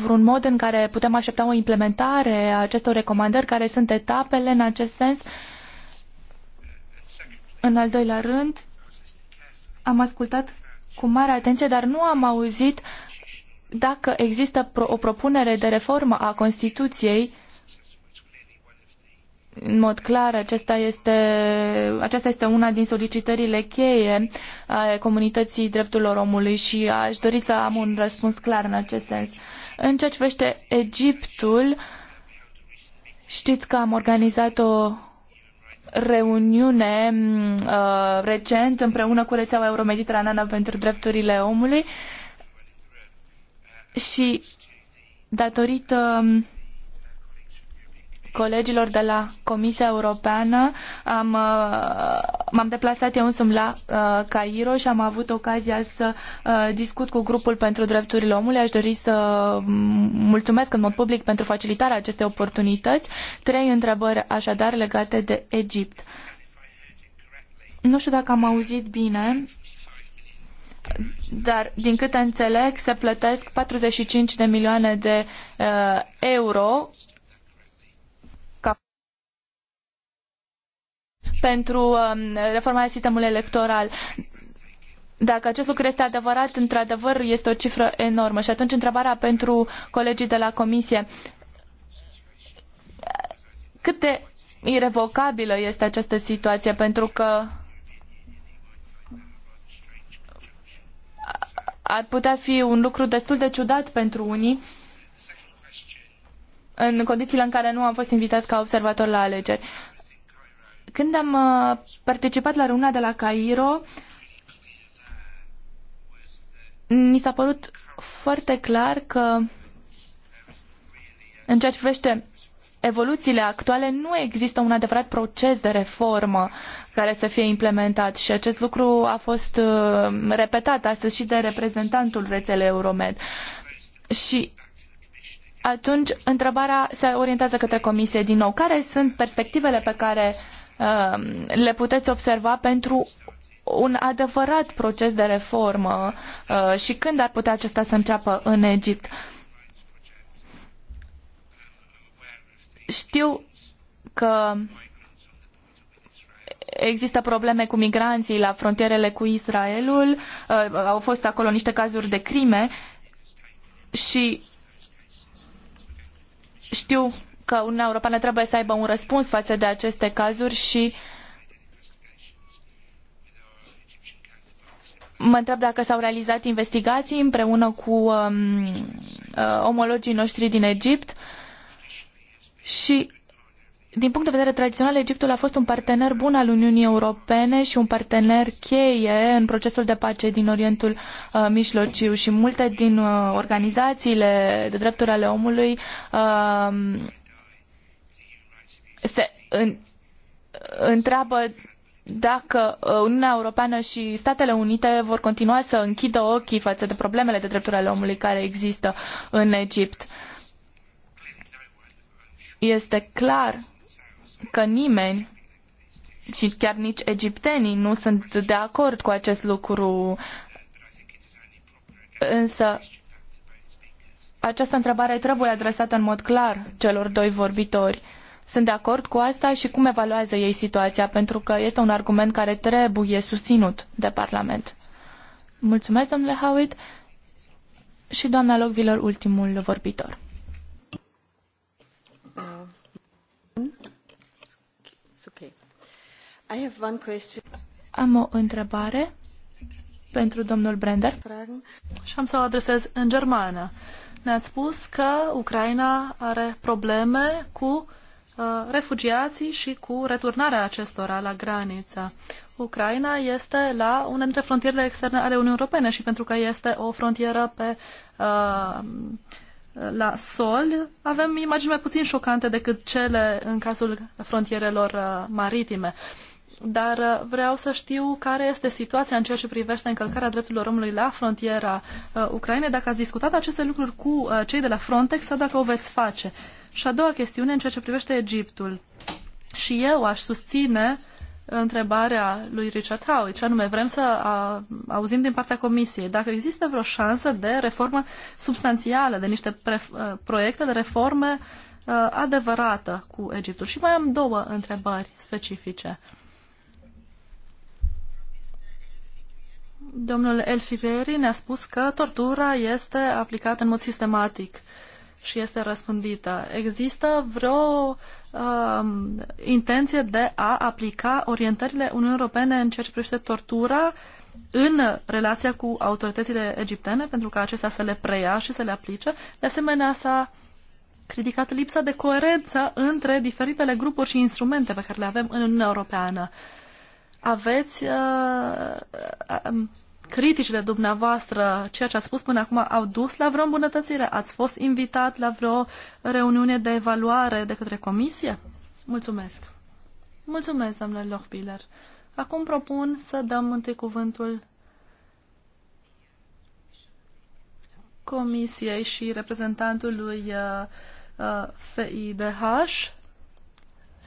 vreun mod în care putem aștepta o implementare a acestor recomandări? Care sunt etapele în acest sens? În al doilea rând, am ascultat cu mare atenție, dar nu am auzit dacă există o propunere de reformă a Constituției în mod clar, acesta este, aceasta este una din solicitările cheie a comunității drepturilor omului și aș dori să am un răspuns clar în acest sens. În ceea ce privește Egiptul, știți că am organizat o reuniune mm, uh, recent împreună cu rețeaua Euromediteranana pentru drepturile omului și datorită uh, colegilor de la Comisia Europeană. Am, uh, m-am deplasat eu însumi la uh, Cairo și am avut ocazia să uh, discut cu grupul pentru drepturile omului. Aș dori să mm, mulțumesc în mod public pentru facilitarea acestei oportunități. Trei întrebări așadar legate de Egipt. Nu știu dacă am auzit bine, dar din câte înțeleg se plătesc 45 de milioane de uh, euro pentru um, reformarea sistemului electoral. Dacă acest lucru este adevărat, într-adevăr este o cifră enormă. Și atunci întrebarea pentru colegii de la comisie. Cât de irevocabilă este această situație? Pentru că ar putea fi un lucru destul de ciudat pentru unii în condițiile în care nu am fost invitați ca observator la alegeri. Când am uh, participat la reuniunea de la Cairo, mi s-a părut foarte clar că în ceea ce privește evoluțiile actuale, nu există un adevărat proces de reformă care să fie implementat și acest lucru a fost uh, repetat astăzi și de reprezentantul rețelei Euromed. Și atunci întrebarea se orientează către Comisie din nou. Care sunt perspectivele pe care Um, le puteți observa pentru un adevărat proces de reformă uh, și când ar putea acesta să înceapă în Egipt. Știu că există probleme cu migranții la frontierele cu Israelul, uh, au fost acolo niște cazuri de crime și știu că Uniunea Europeană trebuie să aibă un răspuns față de aceste cazuri și mă întreb dacă s-au realizat investigații împreună cu um, uh, omologii noștri din Egipt și din punct de vedere tradițional, Egiptul a fost un partener bun al Uniunii Europene și un partener cheie în procesul de pace din Orientul uh, Mijlociu și multe din uh, organizațiile de drepturi ale omului uh, se în, întreabă dacă uh, Uniunea Europeană și Statele Unite vor continua să închidă ochii față de problemele de drepturi ale omului care există în Egipt. Este clar că nimeni și chiar nici egiptenii nu sunt de acord cu acest lucru. Însă această întrebare trebuie adresată în mod clar celor doi vorbitori. Sunt de acord cu asta și cum evaluează ei situația, pentru că este un argument care trebuie susținut de Parlament. Mulțumesc, domnule Howitt, și doamna Locvilor, ultimul vorbitor. Am o întrebare pentru domnul Brender. Și am să o adresez în germană. Ne-ați spus că Ucraina are probleme cu Uh, refugiații și cu returnarea acestora la graniță. Ucraina este la una dintre frontierele externe ale Uniunii Europene și pentru că este o frontieră pe uh, la sol, avem imagini mai puțin șocante decât cele în cazul frontierelor uh, maritime. Dar uh, vreau să știu care este situația în ceea ce privește încălcarea drepturilor omului la frontiera uh, Ucrainei, dacă ați discutat aceste lucruri cu uh, cei de la Frontex sau dacă o veți face. Și a doua chestiune, în ceea ce privește Egiptul. Și eu aș susține întrebarea lui Richard Howe, ce anume vrem să a, auzim din partea Comisiei, dacă există vreo șansă de reformă substanțială, de niște pre, proiecte de reforme a, adevărată cu Egiptul. Și mai am două întrebări specifice. Domnul Elfigeri ne-a spus că tortura este aplicată în mod sistematic și este răspândită. Există vreo uh, intenție de a aplica orientările Uniunii Europene în ceea ce privește tortura în relația cu autoritățile egiptene, pentru ca acestea să le preia și să le aplice. De asemenea, s-a criticat lipsa de coerență între diferitele grupuri și instrumente pe care le avem în Uniunea Europeană. Aveți uh, uh, criticile dumneavoastră, ceea ce ați spus până acum, au dus la vreo îmbunătățire? Ați fost invitat la vreo reuniune de evaluare de către comisie? Mulțumesc. Mulțumesc, doamnă Lochbiller. Acum propun să dăm întâi cuvântul comisiei și reprezentantului uh, uh, FIDH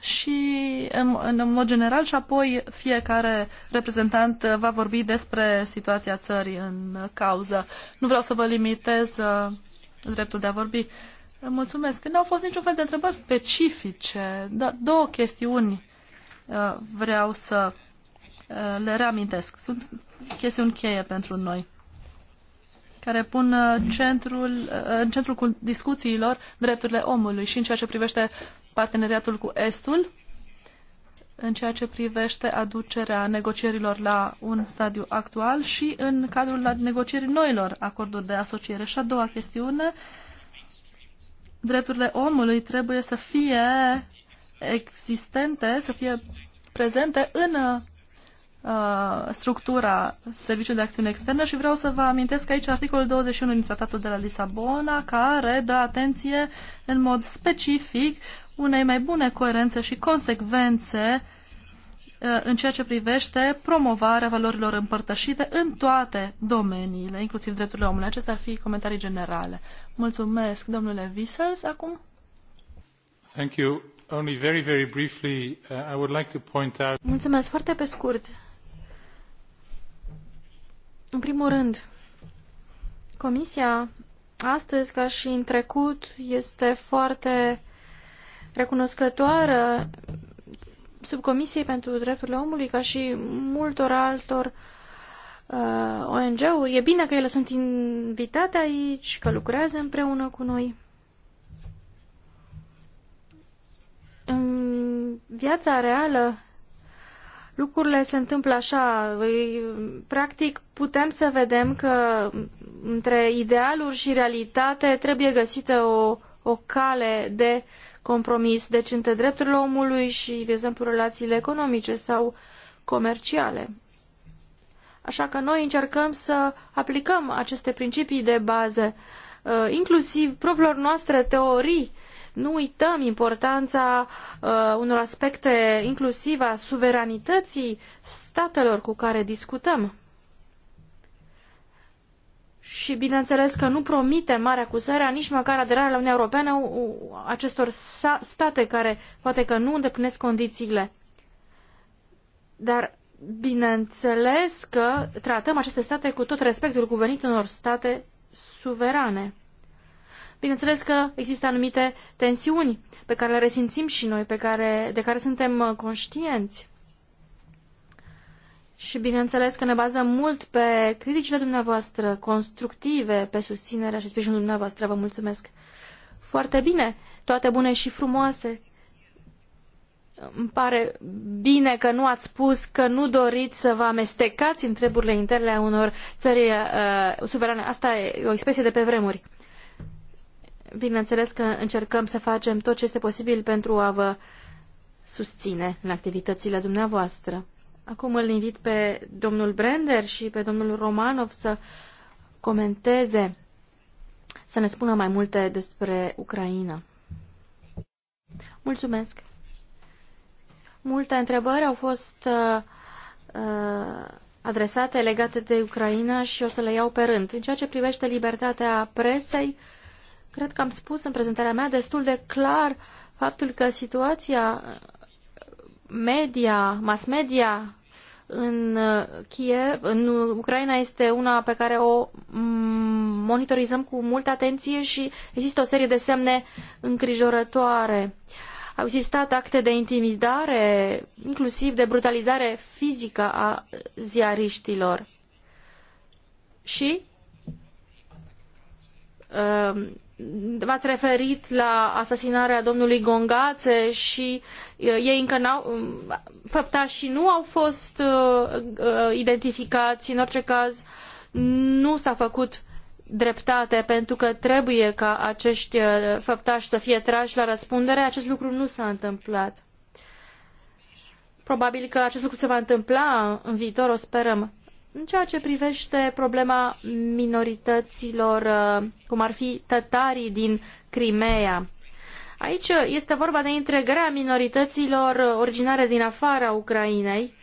și în, în mod general și apoi fiecare reprezentant uh, va vorbi despre situația țării în cauză. Nu vreau să vă limitez uh, dreptul de a vorbi. Mulțumesc. Nu au fost niciun fel de întrebări specifice, dar două chestiuni uh, vreau să le reamintesc. Sunt chestiuni cheie pentru noi care pun centrul, în centrul discuțiilor drepturile omului și în ceea ce privește parteneriatul cu Estul în ceea ce privește aducerea negocierilor la un stadiu actual și în cadrul negocierii noilor acorduri de asociere. Și a doua chestiune, drepturile omului trebuie să fie existente, să fie prezente în uh, structura Serviciului de Acțiune Externă și vreau să vă amintesc aici articolul 21 din Tratatul de la Lisabona, care dă atenție în mod specific unei mai bune coerențe și consecvențe uh, în ceea ce privește promovarea valorilor împărtășite în toate domeniile, inclusiv drepturile omului. Acestea ar fi comentarii generale. Mulțumesc, domnule Visels, acum. Thank you. Only very, very briefly, uh, I would like to point out... Mulțumesc, foarte pe scurt. În primul rând, Comisia astăzi, ca și în trecut, este foarte recunoscătoară subcomisiei pentru drepturile omului ca și multor altor uh, ONG-uri. E bine că ele sunt invitate aici, că lucrează împreună cu noi. În viața reală lucrurile se întâmplă așa. Practic, putem să vedem că între idealuri și realitate trebuie găsită o o cale de compromis, deci între drepturile omului și, de exemplu, relațiile economice sau comerciale. Așa că noi încercăm să aplicăm aceste principii de bază, uh, inclusiv propriilor noastre teorii. Nu uităm importanța uh, unor aspecte, inclusiv a suveranității statelor cu care discutăm și bineînțeles că nu promite Marea cu nici măcar aderarea la Uniunea Europeană acestor state care poate că nu îndeplinesc condițiile. Dar bineînțeles că tratăm aceste state cu tot respectul cuvenit unor state suverane. Bineînțeles că există anumite tensiuni pe care le resimțim și noi, pe care, de care suntem conștienți. Și bineînțeles că ne bazăm mult pe criticile dumneavoastră constructive, pe susținerea și sprijinul dumneavoastră. Vă mulțumesc. Foarte bine, toate bune și frumoase. Îmi pare bine că nu ați spus că nu doriți să vă amestecați în treburile interne a unor țări uh, suverane. Asta e o expresie de pe vremuri. Bineînțeles că încercăm să facem tot ce este posibil pentru a vă susține în activitățile dumneavoastră. Acum îl invit pe domnul Brender și pe domnul Romanov să comenteze, să ne spună mai multe despre Ucraina. Mulțumesc! Multe întrebări au fost uh, uh, adresate legate de Ucraina și o să le iau pe rând. În ceea ce privește libertatea presei, cred că am spus în prezentarea mea destul de clar faptul că situația media, mass media în uh, Kiev, în Ucraina este una pe care o mm, monitorizăm cu multă atenție și există o serie de semne îngrijorătoare. Au existat acte de intimidare, inclusiv de brutalizare fizică a ziariștilor. Și uh, V-ați referit la asasinarea domnului Gongațe și uh, ei încă n-au, um, și nu au fost uh, uh, identificați. În orice caz, nu s-a făcut dreptate pentru că trebuie ca acești uh, făptași să fie trași la răspundere. Acest lucru nu s-a întâmplat. Probabil că acest lucru se va întâmpla în viitor, o sperăm. În ceea ce privește problema minorităților, uh, cum ar fi tătarii din Crimea, aici este vorba de integrarea minorităților uh, originare din afara Ucrainei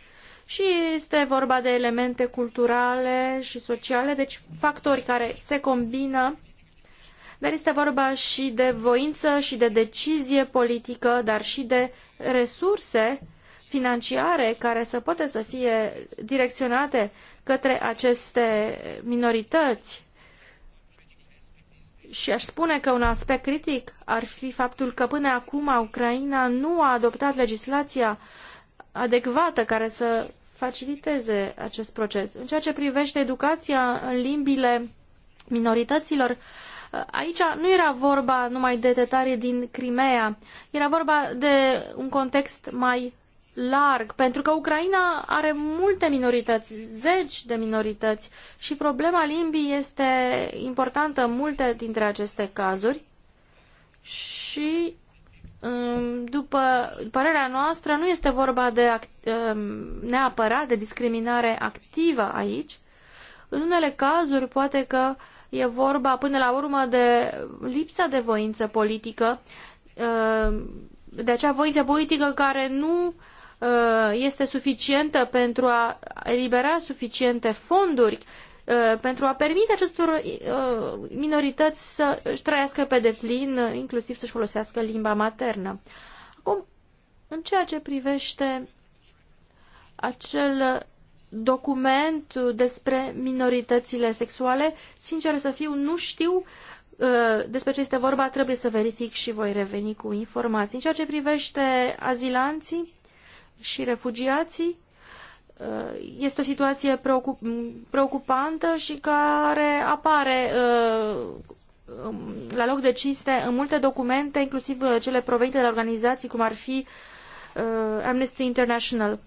și este vorba de elemente culturale și sociale, deci factori care se combină, dar este vorba și de voință și de decizie politică, dar și de resurse financiare care să poată să fie direcționate către aceste minorități. Și aș spune că un aspect critic ar fi faptul că până acum Ucraina nu a adoptat legislația adecvată care să faciliteze acest proces. În ceea ce privește educația în limbile minorităților, aici nu era vorba numai de tătarii din Crimea, era vorba de un context mai larg, pentru că Ucraina are multe minorități, zeci de minorități și problema limbii este importantă în multe dintre aceste cazuri și um, după părerea noastră nu este vorba de um, neapărat de discriminare activă aici. În unele cazuri poate că e vorba până la urmă de lipsa de voință politică um, de acea voință politică care nu Uh, este suficientă pentru a elibera suficiente fonduri uh, pentru a permite acestor uh, minorități să își trăiască pe deplin, inclusiv să-și folosească limba maternă. Acum, în ceea ce privește acel document despre minoritățile sexuale, sincer să fiu, nu știu despre ce este vorba, trebuie să verific și voi reveni cu informații. În ceea ce privește azilanții, și refugiații. Uh, este o situație preocupantă și care apare uh, la loc de cinste în multe documente, inclusiv uh, cele provenite de la organizații, cum ar fi Amnesty International.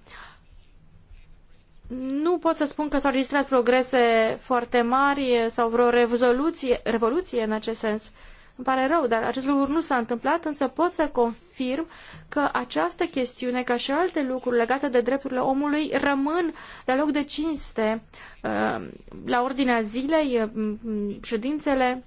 Nu pot să spun că s-au registrat progrese foarte mari sau vreo revoluție, revoluție în acest sens. Îmi pare rău, dar acest lucru nu s-a întâmplat, însă pot să confirm că această chestiune, ca și alte lucruri legate de drepturile omului, rămân la loc de cinste uh, la ordinea zilei, uh, ședințele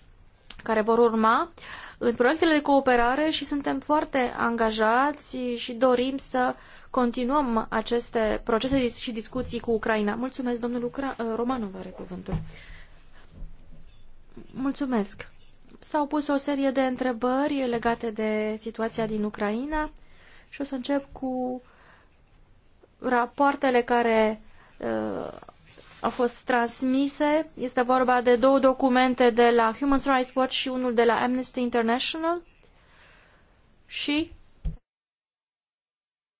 care vor urma în proiectele de cooperare și suntem foarte angajați și dorim să continuăm aceste procese și discuții cu Ucraina. Mulțumesc, domnul Ucra- uh, Romanov are cuvântul. Mulțumesc. S-au pus o serie de întrebări legate de situația din Ucraina și o să încep cu rapoartele care uh, au fost transmise. Este vorba de două documente de la Human Rights Watch și unul de la Amnesty International și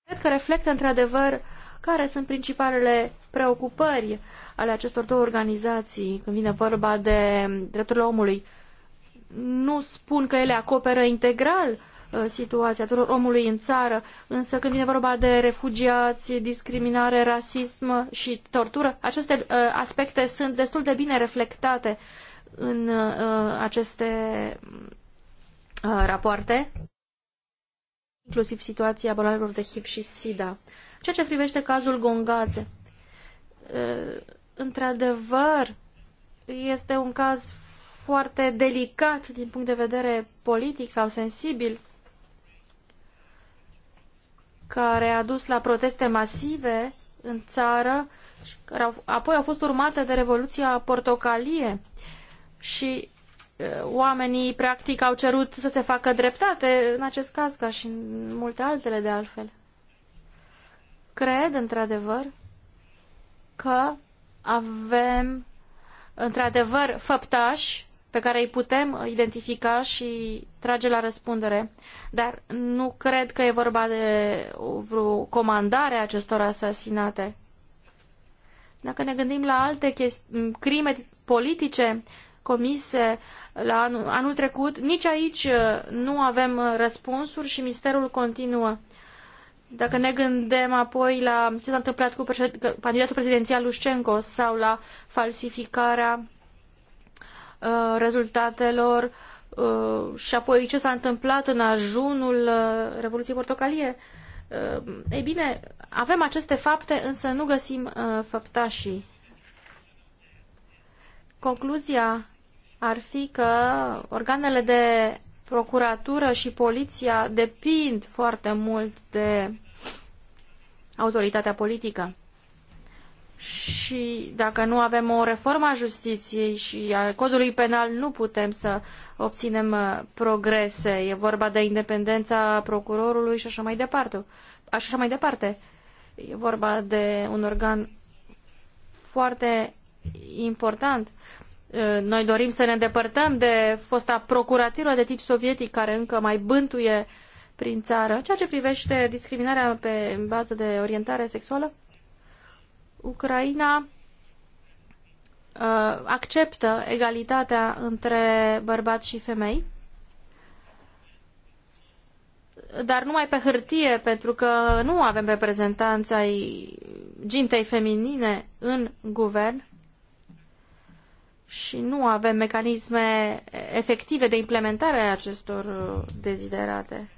cred că reflectă într-adevăr care sunt principalele preocupări ale acestor două organizații când vine vorba de drepturile omului nu spun că ele acoperă integral uh, situația tuturor omului în țară, însă când vine vorba de refugiați, discriminare, rasism și tortură, aceste uh, aspecte sunt destul de bine reflectate în uh, aceste rapoarte, inclusiv situația bolnavilor de HIV și SIDA. Ceea ce privește cazul Gongaze, într-adevăr, este un caz foarte delicat din punct de vedere politic sau sensibil, care a dus la proteste masive în țară, care au, apoi au fost urmate de Revoluția Portocalie și e, oamenii practic au cerut să se facă dreptate, în acest caz ca și în multe altele de altfel. Cred, într-adevăr, că avem într-adevăr făptași pe care îi putem identifica și trage la răspundere. Dar nu cred că e vorba de vreo comandare a acestor asasinate. Dacă ne gândim la alte crime politice comise la anul, anul trecut, nici aici uh, nu avem uh, răspunsuri și misterul continuă. Dacă ne gândim apoi la ce s-a întâmplat cu candidatul prezidențial Lușcenco sau la falsificarea Uh, rezultatelor uh, și apoi ce s-a întâmplat în ajunul uh, Revoluției Portocalie. Ei bine, avem aceste fapte, însă nu găsim făptașii. Concluzia ar fi că organele de procuratură și poliția depind foarte mult de autoritatea politică și dacă nu avem o reformă a justiției și a codului penal, nu putem să obținem uh, progrese. E vorba de independența procurorului și așa mai departe. Așa mai departe. E vorba de un organ foarte important. Uh, noi dorim să ne îndepărtăm de fosta procuratură de tip sovietic care încă mai bântuie prin țară. Ceea ce privește discriminarea pe bază de orientare sexuală, Ucraina uh, acceptă egalitatea între bărbați și femei, dar numai pe hârtie, pentru că nu avem reprezentanța ai gintei feminine în guvern și nu avem mecanisme efective de implementare a acestor uh, deziderate.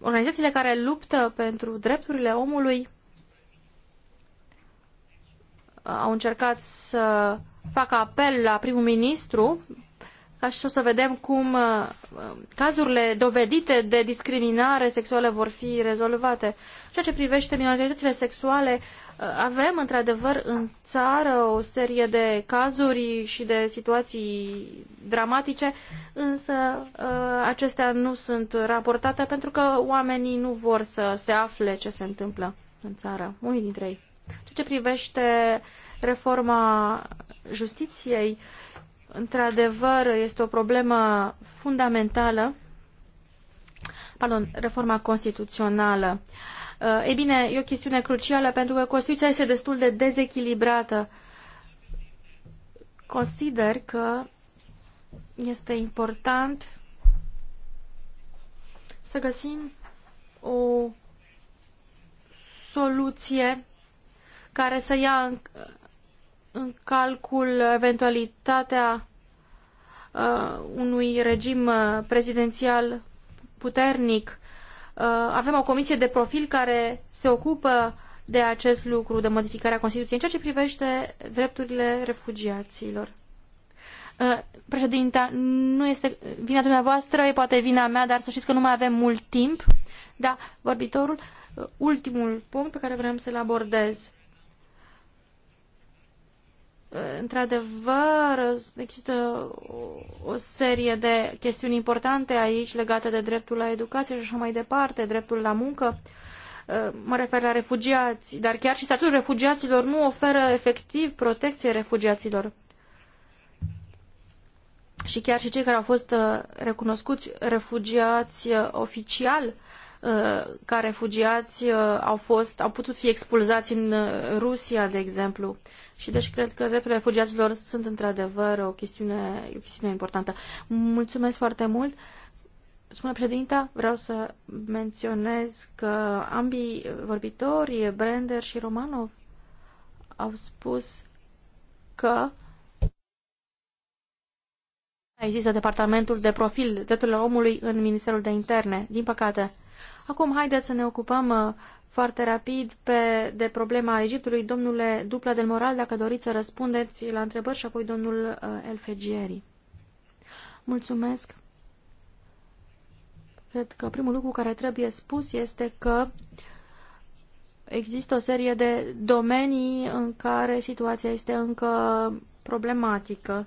Organizațiile care luptă pentru drepturile omului Uh, au încercat să facă apel la primul ministru ca și o să vedem cum uh, cazurile dovedite de discriminare sexuală vor fi rezolvate. Ceea ce privește minoritățile sexuale, uh, avem într-adevăr în țară o serie de cazuri și de situații dramatice, însă acestea nu sunt raportate pentru că oamenii nu vor să se afle ce se întâmplă în țară, unii dintre ei. Ceea ce privește reforma justiției, într-adevăr, este o problemă fundamentală, pardon, reforma constituțională. Uh, ei bine, e o chestiune crucială pentru că Constituția este destul de dezechilibrată. Consider că este important să găsim o soluție care să ia în, în calcul eventualitatea uh, unui regim uh, prezidențial puternic. Uh, avem o comisie de profil care se ocupă de acest lucru, de modificarea Constituției, în ceea ce privește drepturile refugiaților. Uh, Președinte, nu este vina dumneavoastră, e poate vina mea, dar să știți că nu mai avem mult timp. Da, vorbitorul, uh, ultimul punct pe care vrem să-l abordez Într-adevăr, există o serie de chestiuni importante aici legate de dreptul la educație și așa mai departe, dreptul la muncă. Mă refer la refugiați, dar chiar și statutul refugiaților nu oferă efectiv protecție refugiaților. Și chiar și cei care au fost uh, recunoscuți refugiați uh, oficial uh, Uh, ca refugiați uh, au, fost, au putut fi expulzați în uh, Rusia, de exemplu. Și deci cred că drepturile refugiaților sunt într-adevăr o chestiune, o chestiune importantă. Mulțumesc foarte mult! Spune președinta, vreau să menționez că ambii vorbitori, Brender și Romanov, au spus că există departamentul de profil drepturilor omului în Ministerul de Interne. Din păcate, Acum, haideți să ne ocupăm uh, foarte rapid pe, de problema Egiptului. Domnule Dupla del Moral, dacă doriți să răspundeți la întrebări și apoi domnul uh, Elfegieri. Mulțumesc. Cred că primul lucru care trebuie spus este că există o serie de domenii în care situația este încă problematică.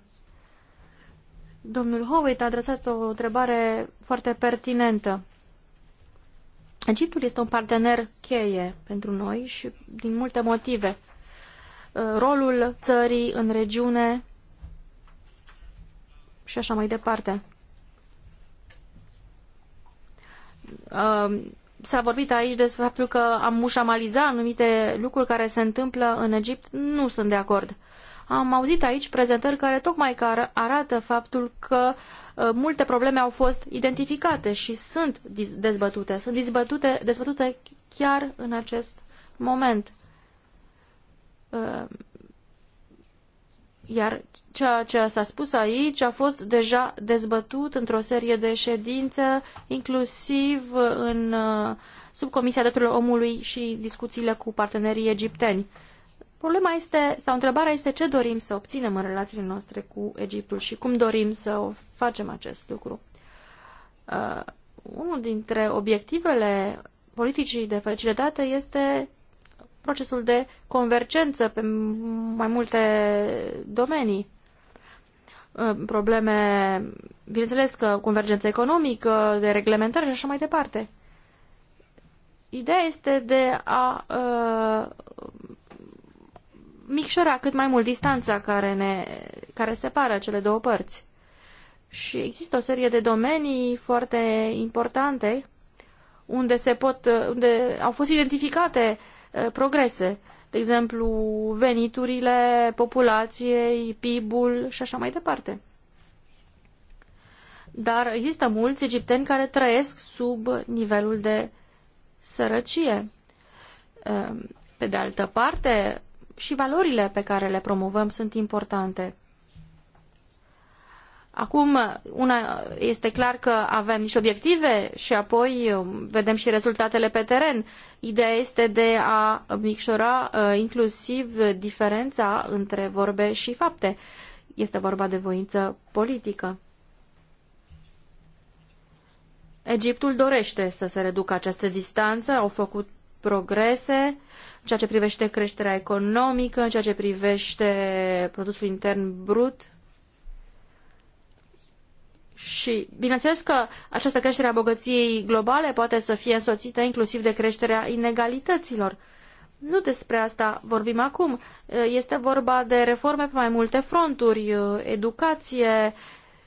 Domnul Howitt a adresat o întrebare foarte pertinentă. Egiptul este un partener cheie pentru noi și din multe motive. Uh, rolul țării în regiune și așa mai departe. Uh, s-a vorbit aici despre faptul că am mușamaliza anumite lucruri care se întâmplă în Egipt. Nu sunt de acord. Am auzit aici prezentări care tocmai că arată faptul că uh, multe probleme au fost identificate și sunt dezbătute. Sunt dezbătute, dezbătute chiar în acest moment. Uh, iar ceea ce s-a spus aici a fost deja dezbătut într-o serie de ședințe, inclusiv în uh, subcomisia drepturilor omului și discuțiile cu partenerii egipteni. Problema este, sau întrebarea este ce dorim să obținem în relațiile noastre cu Egiptul și cum dorim să facem acest lucru. Uh, unul dintre obiectivele politicii de facilitate este procesul de convergență pe mai multe domenii. Uh, probleme, bineînțeles că convergență economică, de reglementare și așa mai departe. Ideea este de a uh, micșora cât mai mult distanța care, ne, care separă cele două părți. Și există o serie de domenii foarte importante unde, se pot, unde au fost identificate uh, progrese, de exemplu veniturile populației, PIB-ul și așa mai departe. Dar există mulți egipteni care trăiesc sub nivelul de sărăcie. Uh, pe de altă parte, și valorile pe care le promovăm sunt importante. Acum, una este clar că avem și obiective și apoi um, vedem și rezultatele pe teren. Ideea este de a micșora uh, inclusiv diferența între vorbe și fapte. Este vorba de voință politică. Egiptul dorește să se reducă această distanță, au făcut progrese în ceea ce privește creșterea economică, în ceea ce privește produsul intern brut. Și bineînțeles că această creștere a bogăției globale poate să fie însoțită inclusiv de creșterea inegalităților. Nu despre asta vorbim acum. Este vorba de reforme pe mai multe fronturi, educație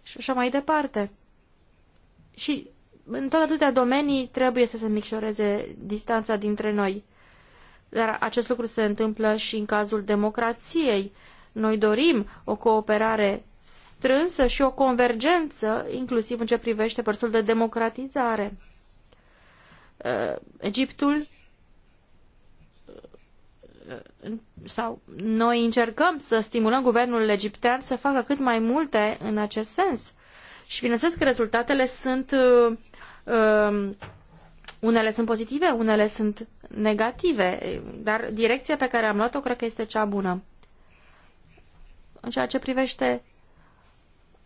și așa mai departe. Și în toate atâtea domenii trebuie să se micșoreze distanța dintre noi. Dar acest lucru se întâmplă și în cazul democrației. Noi dorim o cooperare strânsă și o convergență, inclusiv în ce privește părțul de democratizare. Uh, Egiptul uh, sau noi încercăm să stimulăm guvernul egiptean să facă cât mai multe în acest sens. Și bineînțeles că rezultatele sunt uh, Um, unele sunt pozitive, unele sunt negative, dar direcția pe care am luat-o cred că este cea bună. În ceea ce privește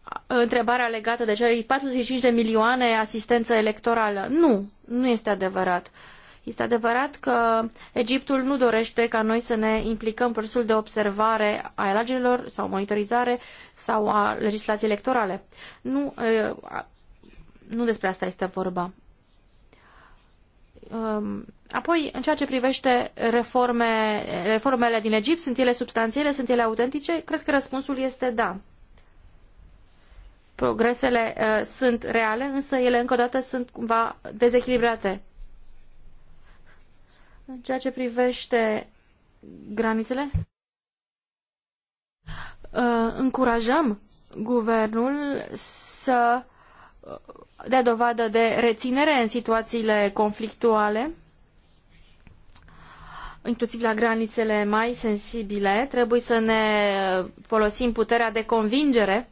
uh, întrebarea legată de cei 45 de milioane asistență electorală, nu, nu este adevărat. Este adevărat că Egiptul nu dorește ca noi să ne implicăm procesul de observare a alegerilor sau monitorizare sau a legislației electorale. Nu uh, nu despre asta este vorba. Um, apoi, în ceea ce privește reforme, reformele din Egipt, sunt ele substanțiale, sunt ele autentice? Cred că răspunsul este da. Progresele uh, sunt reale, însă ele încă o dată sunt cumva dezechilibrate. În ceea ce privește granițele, uh, încurajăm guvernul să uh, dea dovadă de reținere în situațiile conflictuale, inclusiv la granițele mai sensibile. Trebuie să ne folosim puterea de convingere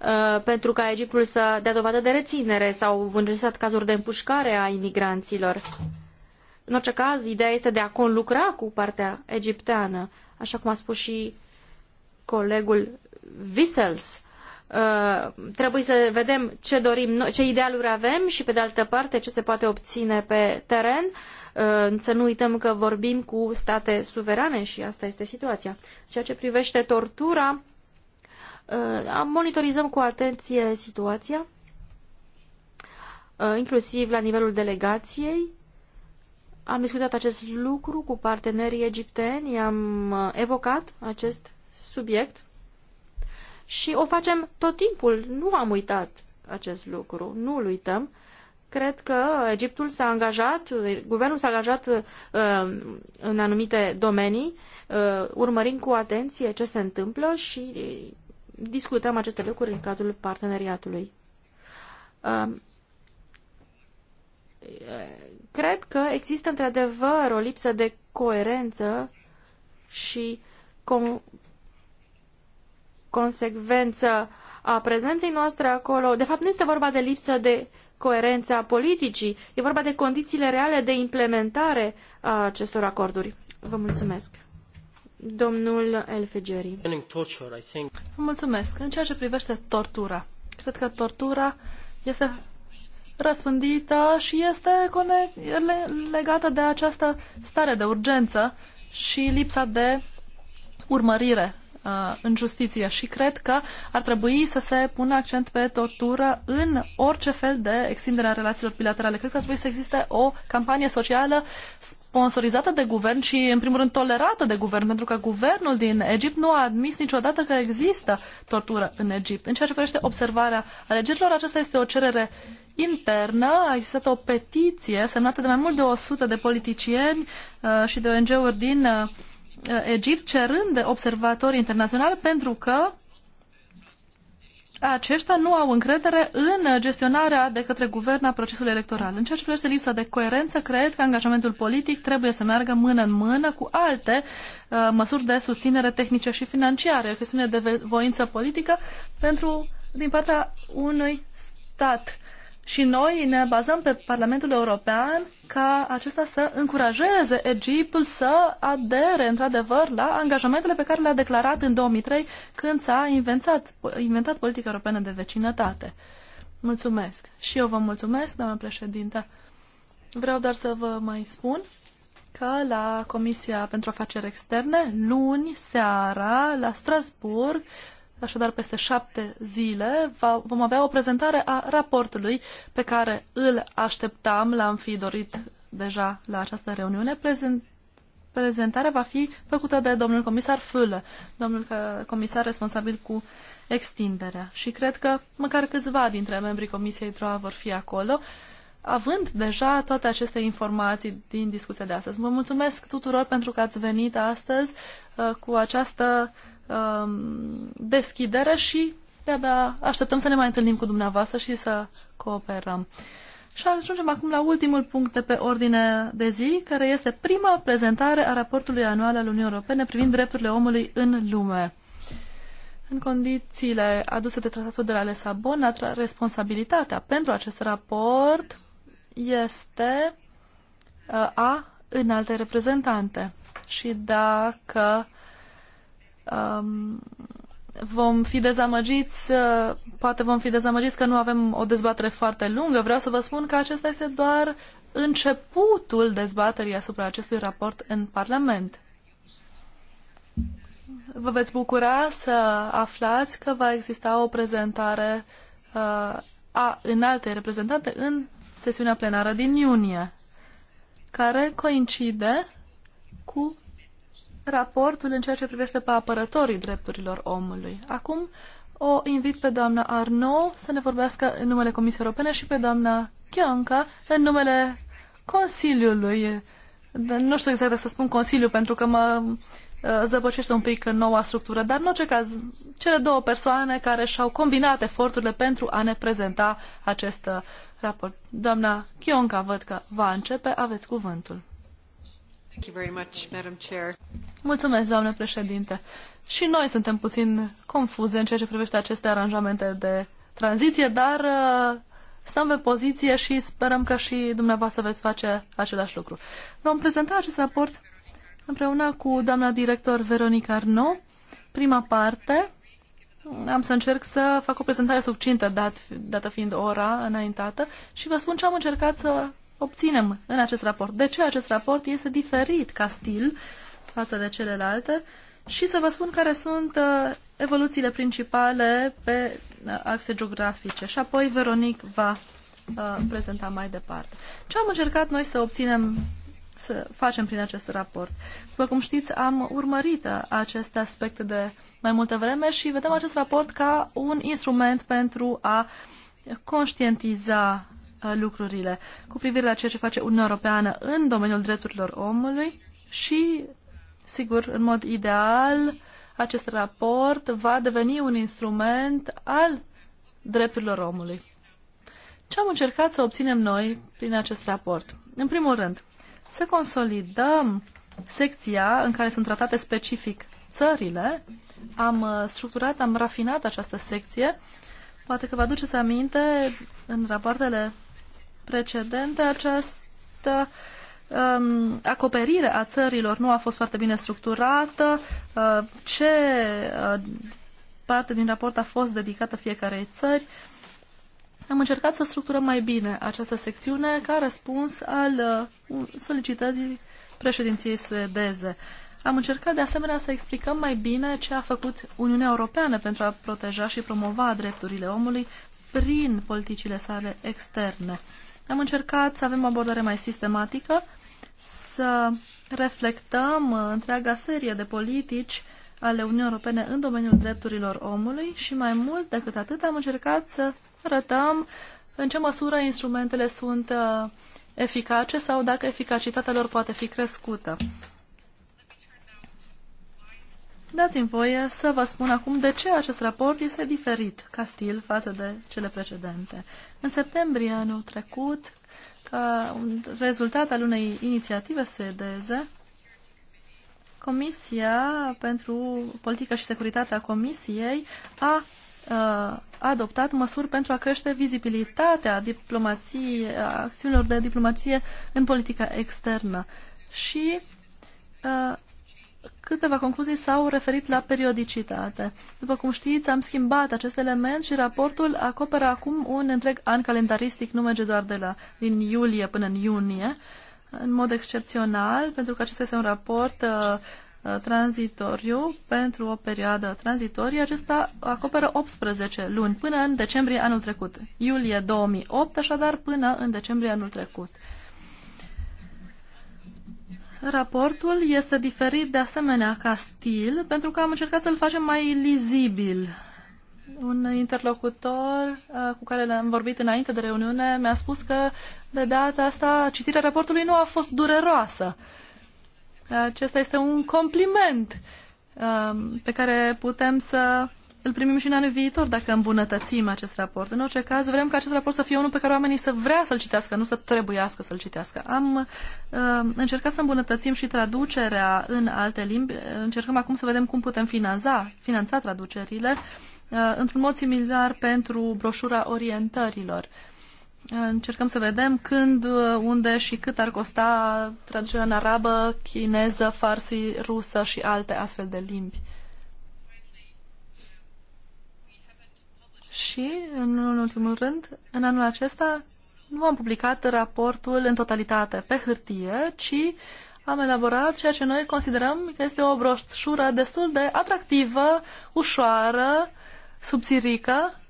uh, pentru ca Egiptul să dea dovadă de reținere sau înregistrat cazuri de împușcare a imigranților. În orice caz, ideea este de a conlucra cu partea egipteană, așa cum a spus și colegul Vissels. Uh, trebuie să vedem ce dorim, ce idealuri avem și pe de altă parte ce se poate obține pe teren. Uh, să nu uităm că vorbim cu state suverane și asta este situația. Ceea ce privește tortura, uh, monitorizăm cu atenție situația, inclusiv la nivelul delegației. Am discutat acest lucru cu partenerii egipteni, am evocat acest subiect și o facem tot timpul. Nu am uitat acest lucru, nu-l uităm. Cred că Egiptul s-a angajat, guvernul s-a angajat uh, în anumite domenii, uh, urmărind cu atenție ce se întâmplă și discutăm aceste lucruri în cadrul parteneriatului. Uh, cred că există într-adevăr o lipsă de coerență și consecvență a prezenței noastre acolo. De fapt, nu este vorba de lipsă de coerență a politicii, e vorba de condițiile reale de implementare a acestor acorduri. Vă mulțumesc. Domnul Elfegeri. Mulțumesc. În ceea ce privește tortura, cred că tortura este răspândită și este legată de această stare de urgență și lipsa de urmărire în justiție și cred că ar trebui să se pună accent pe tortură în orice fel de extindere a relațiilor bilaterale. Cred că ar trebui să existe o campanie socială sponsorizată de guvern și, în primul rând, tolerată de guvern, pentru că guvernul din Egipt nu a admis niciodată că există tortură în Egipt. În ceea ce privește observarea alegerilor, aceasta este o cerere internă a existat o petiție semnată de mai mult de 100 de politicieni uh, și de ONG-uri din uh, Uh, Egipt cerând observatori internaționali pentru că aceștia nu au încredere în gestionarea de către guvern a procesului electoral. În ceea ce privește lipsa de coerență, cred că angajamentul politic trebuie să meargă mână în mână cu alte uh, măsuri de susținere tehnice și financiare, o chestiune de voință politică pentru din partea unui stat. Și noi ne bazăm pe Parlamentul European ca acesta să încurajeze Egiptul să adere, într-adevăr, la angajamentele pe care le-a declarat în 2003 când s-a inventat, inventat politica europeană de vecinătate. Mulțumesc. Și eu vă mulțumesc, doamnă președinte. Vreau doar să vă mai spun că la Comisia pentru Afaceri Externe, luni seara, la Strasburg, așadar peste șapte zile, va, vom avea o prezentare a raportului pe care îl așteptam, l-am fi dorit deja la această reuniune. Prezent, prezentarea va fi făcută de domnul comisar Fâlă, domnul comisar responsabil cu extinderea. Și cred că măcar câțiva dintre membrii Comisiei Troa vor fi acolo, având deja toate aceste informații din discuția de astăzi. Vă mulțumesc tuturor pentru că ați venit astăzi uh, cu această uh, Um, deschidere și de-abia așteptăm să ne mai întâlnim cu dumneavoastră și să cooperăm. Și ajungem acum la ultimul punct de pe ordine de zi, care este prima prezentare a raportului anual al Uniunii Europene privind drepturile omului în lume. În condițiile aduse de tratatul de la Lisabona, responsabilitatea pentru acest raport este uh, a înalte reprezentante. Și dacă um, vom fi dezamăgiți, uh, poate vom fi dezamăgiți că nu avem o dezbatere foarte lungă. Vreau să vă spun că acesta este doar începutul dezbaterii asupra acestui raport în Parlament. Vă veți bucura să aflați că va exista o prezentare uh, a înaltei reprezentante în sesiunea plenară din iunie, care coincide cu raportul în ceea ce privește pe apărătorii drepturilor omului. Acum o invit pe doamna Arnaud să ne vorbească în numele Comisiei Europene și pe doamna Chionca în numele Consiliului. Nu știu exact dacă să spun Consiliu, pentru că mă uh, zăbăcește un pic noua structură, dar în orice caz, cele două persoane care și-au combinat eforturile pentru a ne prezenta acest uh, raport. Doamna Chionca, văd că va începe, aveți cuvântul. Mulțumesc, doamnă președinte. Și noi suntem puțin confuze în ceea ce privește aceste aranjamente de tranziție, dar uh, stăm pe poziție și sperăm că și dumneavoastră veți face același lucru. Vom prezenta acest raport împreună cu doamna director Veronica Arno. Prima parte, am să încerc să fac o prezentare succintă, dat, dată fiind ora înaintată, și vă spun ce am încercat să obținem în acest raport. De ce acest raport este diferit ca stil față de celelalte și să vă spun care sunt uh, evoluțiile principale pe uh, axe geografice. Și apoi Veronic va uh, prezenta mai departe. Ce am încercat noi să obținem, să facem prin acest raport? După cum știți, am urmărit uh, acest aspect de mai multă vreme și vedem acest raport ca un instrument pentru a conștientiza Uh, lucrurile cu privire la ceea ce face Uniunea Europeană în domeniul drepturilor omului și, sigur, în mod ideal, acest raport va deveni un instrument al drepturilor omului. Ce am încercat să obținem noi prin acest raport? În primul rând, să consolidăm secția în care sunt tratate specific țările. Am uh, structurat, am rafinat această secție. Poate că vă aduceți aminte în rapoartele precedente, această um, acoperire a țărilor nu a fost foarte bine structurată. Uh, ce uh, parte din raport a fost dedicată fiecarei țări? Am încercat să structurăm mai bine această secțiune ca răspuns al uh, solicitării președinției suedeze. Am încercat de asemenea să explicăm mai bine ce a făcut Uniunea Europeană pentru a proteja și promova drepturile omului prin politicile sale externe. Am încercat să avem o abordare mai sistematică, să reflectăm uh, întreaga serie de politici ale Uniunii Europene în domeniul drepturilor omului și mai mult decât atât am încercat să arătăm în ce măsură instrumentele sunt uh, eficace sau dacă eficacitatea lor poate fi crescută. Dați-mi voie să vă spun acum de ce acest raport este diferit ca stil față de cele precedente. În septembrie anul trecut, ca un rezultat al unei inițiative suedeze, Comisia pentru Politică și Securitate a Comisiei a, uh, a adoptat măsuri pentru a crește vizibilitatea acțiunilor de diplomație în politica externă. Și uh, câteva concluzii s-au referit la periodicitate. După cum știți, am schimbat acest element și raportul acoperă acum un întreg an calendaristic, nu merge doar de la din iulie până în iunie, în mod excepțional, pentru că acesta este un raport uh, uh tranzitoriu pentru o perioadă tranzitorie. Acesta acoperă 18 luni până în decembrie anul trecut. Iulie 2008, așadar, până în decembrie anul trecut. Raportul este diferit de asemenea ca stil, pentru că am încercat să-l facem mai lizibil. Un interlocutor uh, cu care am vorbit înainte de reuniune mi-a spus că de data asta citirea raportului nu a fost dureroasă. Acesta este un compliment uh, pe care putem să îl primim și în anul viitor dacă îmbunătățim acest raport. În orice caz, vrem ca acest raport să fie unul pe care oamenii să vrea să-l citească, nu să trebuiască să-l citească. Am uh, încercat să îmbunătățim și traducerea în alte limbi. Încercăm acum să vedem cum putem finanța, finanța traducerile uh, într-un mod similar pentru broșura orientărilor. Uh, încercăm să vedem când, uh, unde și cât ar costa traducerea în arabă, chineză, farsi, rusă și alte astfel de limbi. Și, în ultimul rând, în anul acesta nu am publicat raportul în totalitate pe hârtie, ci am elaborat ceea ce noi considerăm că este o broșură destul de atractivă, ușoară, subțirică,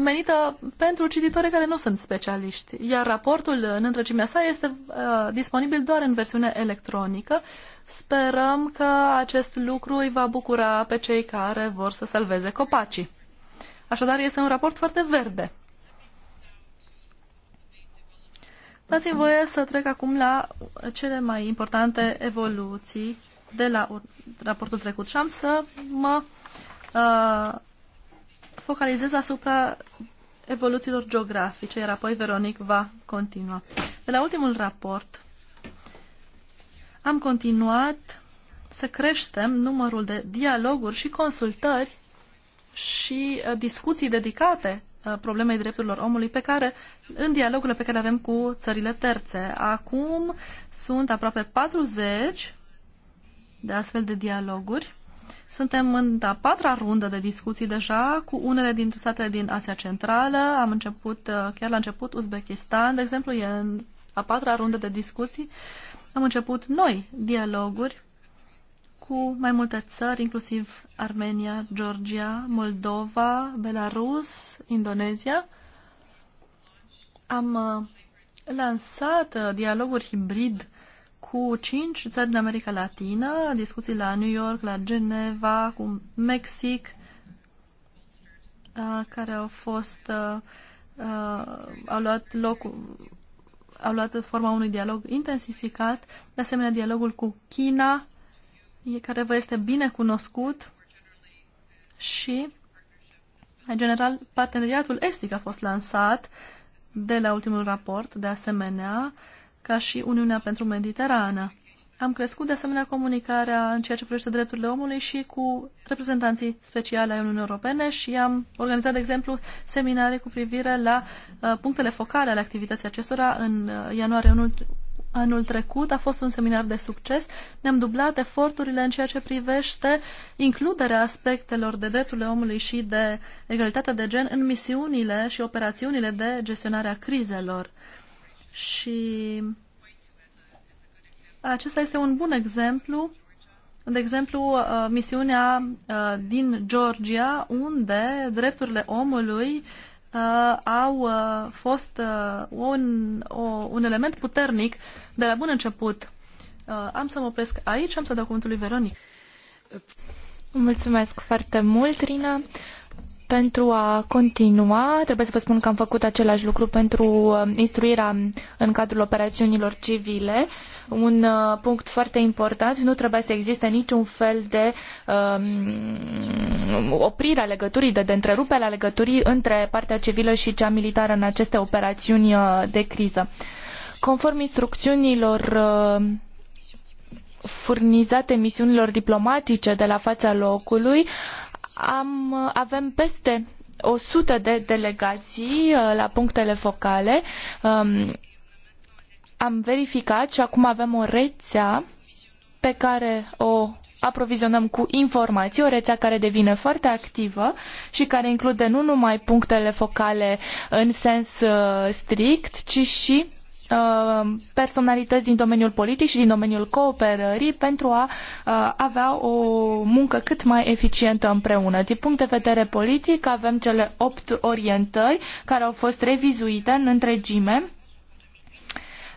menită pentru cititorii care nu sunt specialiști. Iar raportul în întregimea sa este uh, disponibil doar în versiune electronică Sperăm că acest lucru îi va bucura pe cei care vor să salveze copacii. Așadar, este un raport foarte verde. Dați-mi voie să trec acum la cele mai importante evoluții de la raportul trecut și am să mă uh, focalizez asupra evoluțiilor geografice, iar apoi Veronic va continua. De la ultimul raport am continuat să creștem numărul de dialoguri și consultări și uh, discuții dedicate uh, problemei drepturilor omului pe care, în dialogurile pe care le avem cu țările terțe. Acum sunt aproape 40 de astfel de dialoguri. Suntem în a patra rundă de discuții deja cu unele dintre statele din Asia Centrală. Am început, uh, chiar la început, Uzbekistan, de exemplu, e în a patra rundă de discuții. Am început noi dialoguri cu mai multe țări, inclusiv Armenia, Georgia, Moldova, Belarus, Indonezia. Am uh, lansat uh, dialoguri hibrid cu cinci țări din America Latină, discuții la New York, la Geneva, cu Mexic, uh, care au fost au luat loc au luat forma unui dialog intensificat, de asemenea dialogul cu China, care vă este bine cunoscut și, în general, parteneriatul estic a fost lansat de la ultimul raport, de asemenea, ca și Uniunea pentru Mediterană. Am crescut de asemenea comunicarea în ceea ce privește drepturile omului și cu reprezentanții speciale ai Uniunii Europene și am organizat, de exemplu, seminare cu privire la uh, punctele focale ale activității acestora în uh, ianuarie anul, anul trecut. A fost un seminar de succes. Ne-am dublat eforturile în ceea ce privește includerea aspectelor de drepturile omului și de egalitatea de gen în misiunile și operațiunile de gestionare a crizelor. Și acesta este un bun exemplu, de exemplu, uh, misiunea uh, din Georgia, unde drepturile omului uh, au fost un, un element puternic de la bun început. Am să mă opresc aici, am să dau cuvântul lui Veronic. Mulțumesc foarte mult, Rina. Pentru a continua, trebuie să vă spun că am făcut același lucru pentru um, instruirea în cadrul operațiunilor civile. Un uh, punct foarte important, nu trebuie să existe niciun fel de um, oprire a legăturii, de, de întrerupere a legăturii între partea civilă și cea militară în aceste operațiuni uh, de criză. Conform instrucțiunilor uh, furnizate misiunilor diplomatice de la fața locului, am, avem peste 100 de delegații uh, la punctele focale. Um, am verificat și acum avem o rețea pe care o aprovizionăm cu informații, o rețea care devine foarte activă și care include nu numai punctele focale în sens uh, strict, ci și Uh, personalități din domeniul politic și din domeniul cooperării pentru a uh, avea o muncă cât mai eficientă împreună. Din punct de vedere politic avem cele opt orientări care au fost revizuite în întregime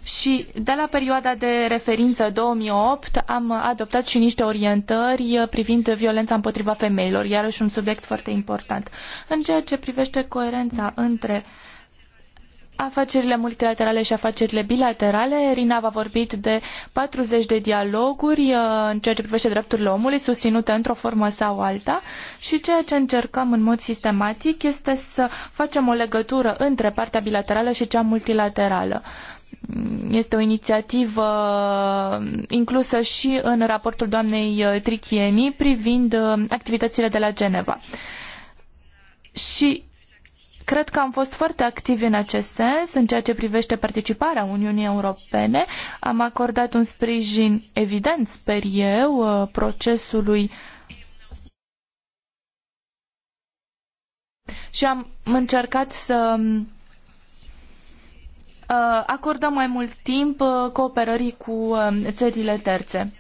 și de la perioada de referință 2008 am adoptat și niște orientări privind violența împotriva femeilor, iarăși un subiect foarte important. În ceea ce privește coerența între uh, afacerile multilaterale și afacerile bilaterale. Rinava a vorbit de 40 de dialoguri uh, în ceea ce privește drepturile omului, susținute într-o formă sau alta. Și ceea ce încercăm în mod sistematic este să facem o legătură între partea bilaterală și cea multilaterală. Mm, este o inițiativă uh, inclusă și în raportul doamnei uh, Trichieni privind activitățile de la Geneva. Și Cred că am fost foarte activi în acest sens, în ceea ce privește participarea Uniunii Europene. Am acordat un sprijin evident, sper eu, uh, procesului și am încercat să um, uh, acordăm mai mult timp uh, cooperării cu um, țările terțe.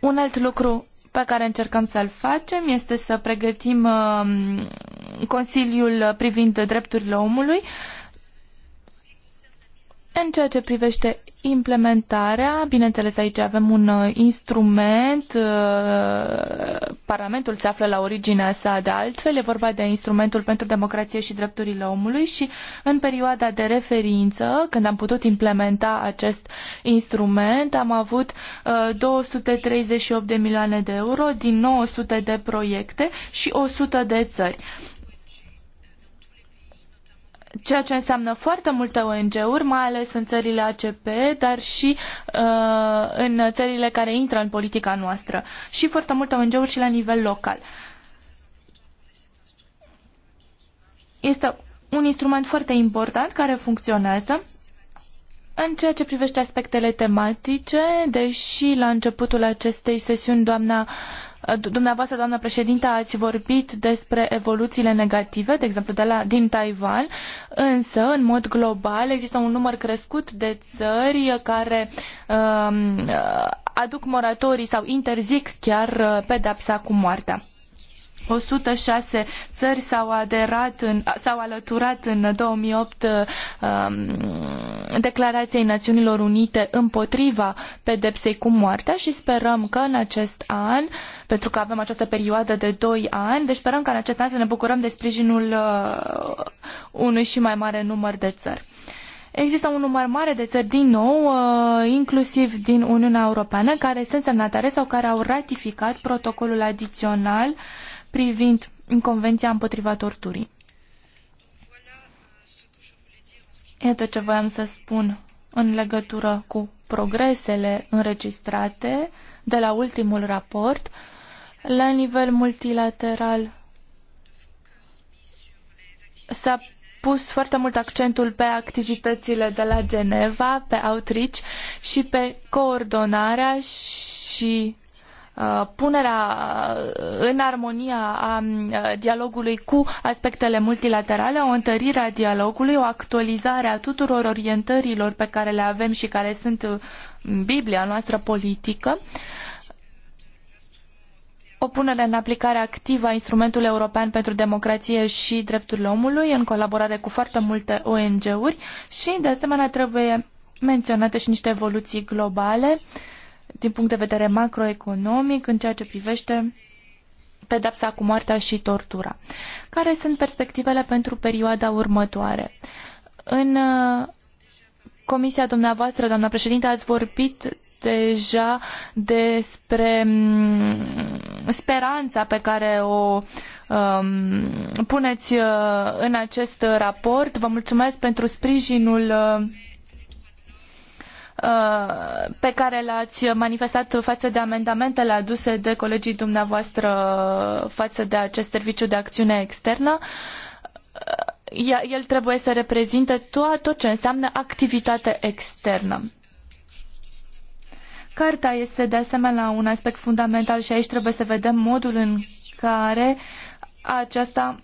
Un alt lucru pe care încercăm să-l facem este să pregătim um, Consiliul privind drepturile omului în ceea ce privește implementarea, bineînțeles aici avem un uh, instrument, uh, Parlamentul se află la originea sa, de altfel e vorba de instrumentul pentru democrație și drepturile omului și în perioada de referință, când am putut implementa acest instrument, am avut 238 uh, de milioane de euro din 900 de proiecte și 100 de țări ceea ce înseamnă foarte multe ONG-uri, mai ales în țările ACP, dar și uh, în țările care intră în politica noastră și foarte multe ONG-uri și la nivel local. Este un instrument foarte important care funcționează. În ceea ce privește aspectele tematice, deși la începutul acestei sesiuni doamna Uh, dumneavoastră, doamnă președintă, ați vorbit despre evoluțiile negative, de exemplu de la, din Taiwan, însă, în mod global, există un număr crescut de țări care um, uh, aduc moratorii sau interzic chiar uh, pedepsa cu moartea. 106 țări s-au aderat în, s-au alăturat în 2008 um, declarației Națiunilor Unite împotriva pedepsei cu moartea și sperăm că în acest an uh, pentru că avem această perioadă de 2 ani, deci sperăm ca în acest an să ne bucurăm de sprijinul uh, unui și mai mare număr de țări. Există un număr mare de țări, din nou, uh, inclusiv din Uniunea Europeană, care sunt semnatare sau care au ratificat protocolul adițional privind Convenția împotriva torturii. Iată ce voiam să spun în legătură cu progresele înregistrate de la ultimul raport la nivel multilateral s-a pus foarte mult accentul pe activitățile de la Geneva, pe outreach și pe coordonarea și uh, punerea în armonia a uh, dialogului cu aspectele multilaterale, o întărire a dialogului, o actualizare a tuturor orientărilor pe care le avem și care sunt uh, Biblia noastră politică. Uh, o punere în aplicare activă a instrumentului european pentru democrație și drepturile omului în colaborare cu foarte multe ONG-uri și de asemenea trebuie menționate și niște evoluții globale din punct de vedere macroeconomic în ceea ce privește pedepsa cu moartea și tortura. Care sunt perspectivele pentru perioada următoare? În uh, comisia dumneavoastră, doamna președinte, ați vorbit deja despre mm, speranța pe care o um, puneți uh, în acest raport. Vă mulțumesc pentru sprijinul uh, uh, pe care l-ați manifestat față de amendamentele aduse de colegii dumneavoastră față de acest serviciu de acțiune externă. El trebuie să reprezinte tot, tot ce înseamnă activitate externă. Carta este de asemenea un aspect fundamental și aici trebuie să vedem modul în care aceasta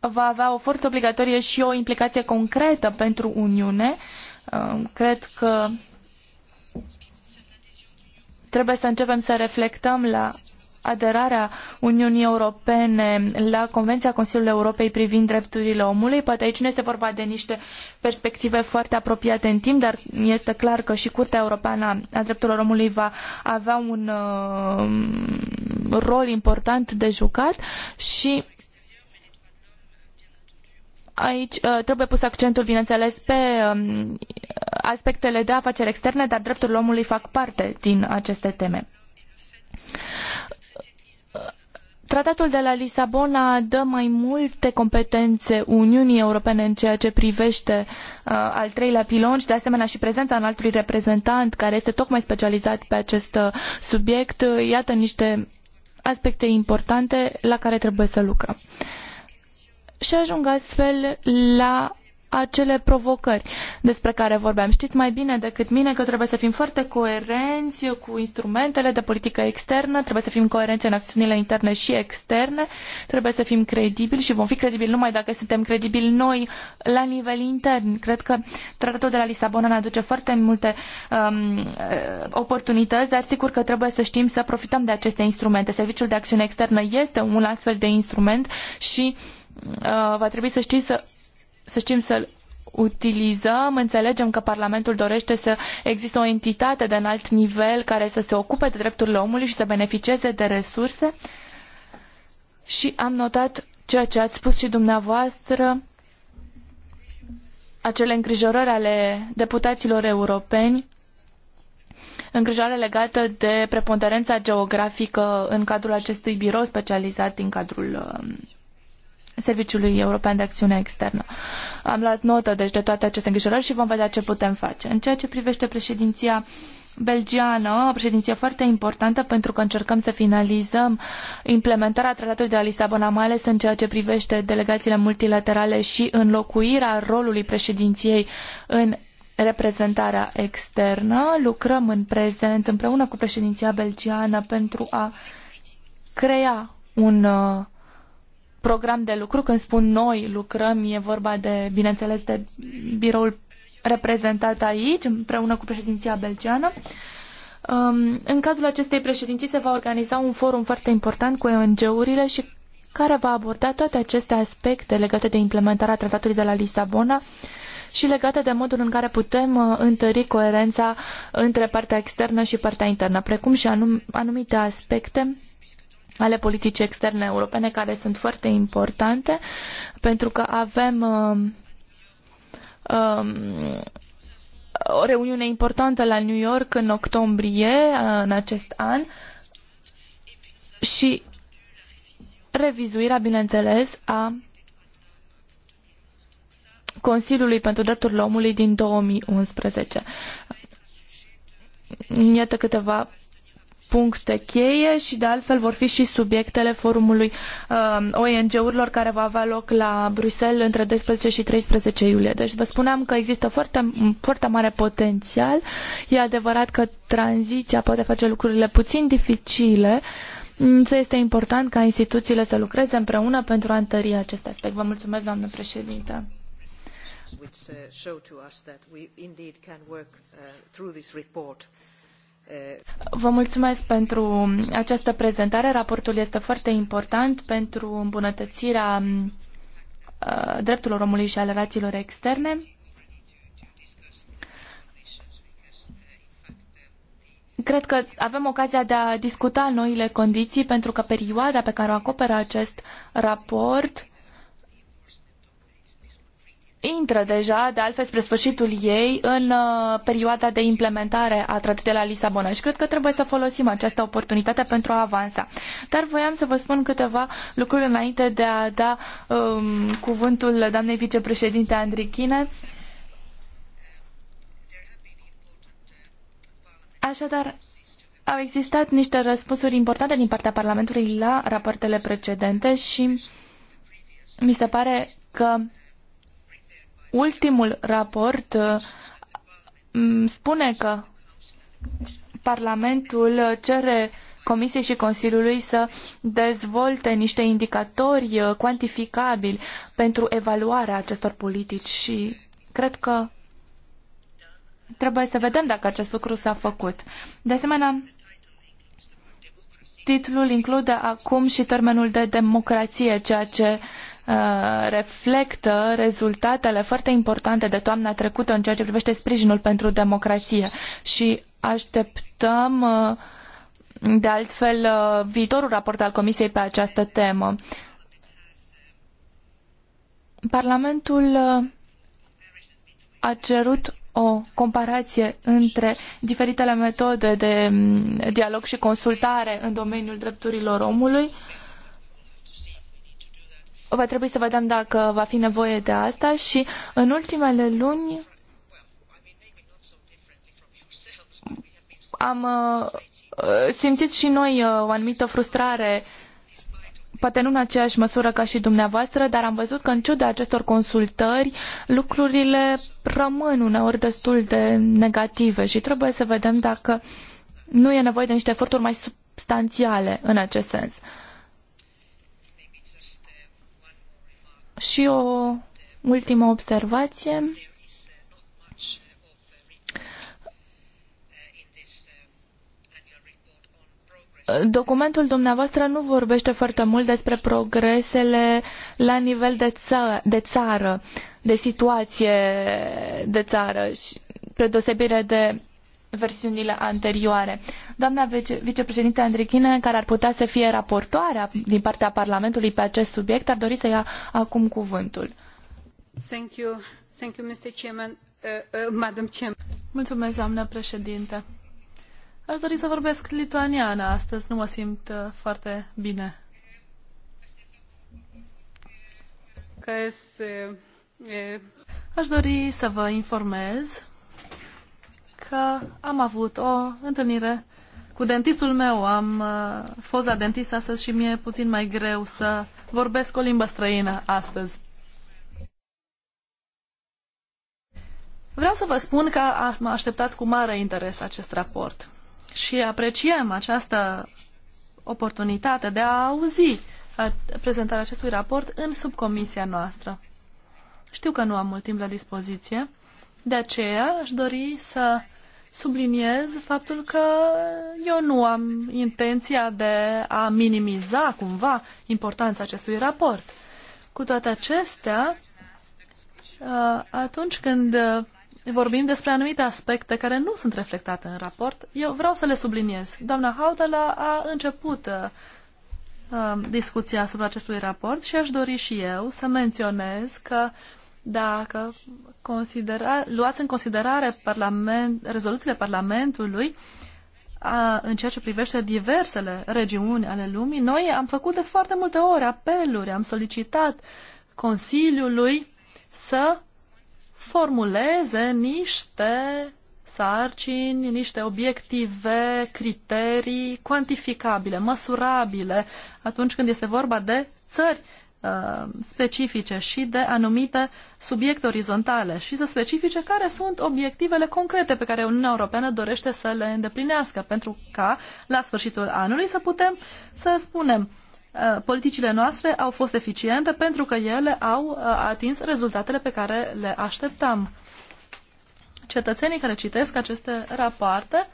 va avea o forță obligatorie și o implicație concretă pentru Uniune. Uh, cred că trebuie să începem să reflectăm la aderarea Uniunii Europene la Convenția Consiliului Europei privind drepturile omului. Poate aici nu este vorba de niște perspective foarte apropiate în timp, dar este clar că și Curtea Europeană a Drepturilor Omului va avea un uh, rol important de jucat și aici uh, trebuie pus accentul, bineînțeles, pe uh, aspectele de afaceri externe, dar drepturile omului fac parte din aceste teme. Tratatul de la Lisabona dă mai multe competențe Uniunii Europene în ceea ce privește uh, al treilea pilon și de asemenea și prezența înaltului reprezentant care este tocmai specializat pe acest uh, subiect. Iată niște aspecte importante la care trebuie să lucrăm. Și ajung astfel la acele provocări despre care vorbeam. Știți mai bine decât mine că trebuie să fim foarte coerenți cu instrumentele de politică externă, trebuie să fim coerenți în acțiunile interne și externe, trebuie să fim credibili și vom fi credibili numai dacă suntem credibili noi la nivel intern. Cred că tratatul de la Lisabona ne aduce foarte multe um, uh, oportunități, dar sigur că trebuie să știm să profităm de aceste instrumente. Serviciul de acțiune externă este un astfel de instrument și uh, va trebui să știți să să știm să-l utilizăm, înțelegem că Parlamentul dorește să existe o entitate de înalt nivel care să se ocupe de drepturile omului și să beneficieze de resurse. Și am notat ceea ce ați spus și dumneavoastră, acele îngrijorări ale deputaților europeni, îngrijorare legată de preponderența geografică în cadrul acestui birou specializat din cadrul um, Serviciului European de Acțiune Externă. Am luat notă deci de toate aceste îngrijorări și vom vedea ce putem face. În ceea ce privește președinția belgiană, o președinție foarte importantă pentru că încercăm să finalizăm implementarea tratatului de la Lisabona, mai ales în ceea ce privește delegațiile multilaterale și înlocuirea rolului președinției în reprezentarea externă. Lucrăm în prezent împreună cu președinția belgiană pentru a crea un uh, program de lucru. Când spun noi lucrăm, e vorba de, bineînțeles, de biroul reprezentat aici, împreună cu președinția belgeană. Um, în cadrul acestei președinții se va organiza un forum foarte important cu ONG-urile și care va aborda toate aceste aspecte legate de implementarea tratatului de la Lisabona și legate de modul în care putem uh, întări coerența între partea externă și partea internă, precum și anum anumite aspecte ale politicii externe europene, care sunt foarte importante, pentru că avem um, um o reuniune importantă la New York în octombrie uh, în acest an și revizuirea, bineînțeles, a Consiliului pentru Drepturile Omului din 2011. Iată câteva puncte cheie și de altfel vor fi și subiectele forumului uh, um, ONG-urilor care va avea loc la Bruxelles între 12 și 13 iulie. Deci vă spuneam că există foarte, foarte mare potențial. E adevărat că tranziția poate face lucrurile puțin dificile, însă este important ca instituțiile să lucreze împreună pentru a întări acest aspect. Vă mulțumesc, doamnă președinte which uh, show to us that we Vă mulțumesc pentru această prezentare. Raportul este foarte important pentru îmbunătățirea uh, drepturilor omului și ale relațiilor externe. Cred că avem ocazia de a discuta noile condiții pentru că perioada pe care o acoperă acest raport intră deja, de altfel spre sfârșitul ei, în uh, perioada de implementare a tratatului de la Lisabona și cred că trebuie să folosim această oportunitate pentru a avansa. Dar voiam să vă spun câteva lucruri înainte de a da um, cuvântul doamnei vicepreședinte Andrichine. Așadar, au existat niște răspunsuri importante din partea Parlamentului la rapoartele precedente și mi se pare că ultimul raport uh, spune că Parlamentul cere Comisiei și Consiliului să dezvolte niște indicatori uh, cuantificabili pentru evaluarea acestor politici și cred că trebuie să vedem dacă acest lucru s-a făcut. De asemenea, titlul include acum și termenul de democrație, ceea ce Uh, reflectă rezultatele foarte importante de toamna trecută în ceea ce privește sprijinul pentru democrație și așteptăm uh, de altfel uh, viitorul raport al Comisiei pe această temă. Parlamentul a cerut o comparație între diferitele metode de mm, dialog și consultare în domeniul drepturilor omului uh, va trebui să vedem dacă va fi nevoie de asta și în ultimele luni am uh, simțit și noi uh, o anumită frustrare poate nu în aceeași măsură ca și dumneavoastră, dar am văzut că în ciuda acestor consultări, lucrurile rămân uneori destul de negative și trebuie să vedem dacă nu e nevoie de niște eforturi mai substanțiale în acest sens. Și o ultimă observație. Documentul dumneavoastră nu vorbește foarte mult despre progresele la nivel de, ță- de țară, de situație de țară, și, spre deosebire de versiunile anterioare. Doamna vice, vicepreședinte Andrichine, care ar putea să fie raportoarea din partea Parlamentului pe acest subiect, ar dori să ia acum cuvântul. Thank you. Thank you, Mr. Chairman. Uh, uh, Madam Chairman. Mulțumesc, doamnă președinte. Aș dori să vorbesc lituaniană astăzi, nu mă simt uh, foarte bine. Uh, uh, Aș dori să vă informez că am avut o întâlnire cu dentistul meu. Am uh, fost la dentist astăzi și mi-e puțin mai greu să vorbesc o limbă străină astăzi. Vreau să vă spun că am așteptat cu mare interes acest raport și apreciem această oportunitate de a auzi prezentarea acestui raport în subcomisia noastră. Știu că nu am mult timp la dispoziție, de aceea aș dori să subliniez faptul că eu nu am intenția de a minimiza cumva importanța acestui raport. Cu toate acestea, uh, atunci când vorbim despre anumite aspecte care nu sunt reflectate în raport, eu vreau să le subliniez. Doamna Hautala a început uh, uh, discuția asupra acestui raport și aș dori și eu să menționez că dacă considera, luați în considerare parlament, rezoluțiile Parlamentului a, în ceea ce privește diversele regiuni ale lumii, noi am făcut de foarte multe ori apeluri, am solicitat Consiliului să formuleze niște sarcini, niște obiective, criterii cuantificabile, măsurabile, atunci când este vorba de țări Uh, specifice și de anumite subiecte orizontale și să specifice care sunt obiectivele concrete pe care Uniunea Europeană dorește să le îndeplinească pentru ca la sfârșitul anului să putem să spunem uh, politicile noastre au fost eficiente pentru că ele au uh, atins rezultatele pe care le așteptam. Cetățenii care citesc aceste rapoarte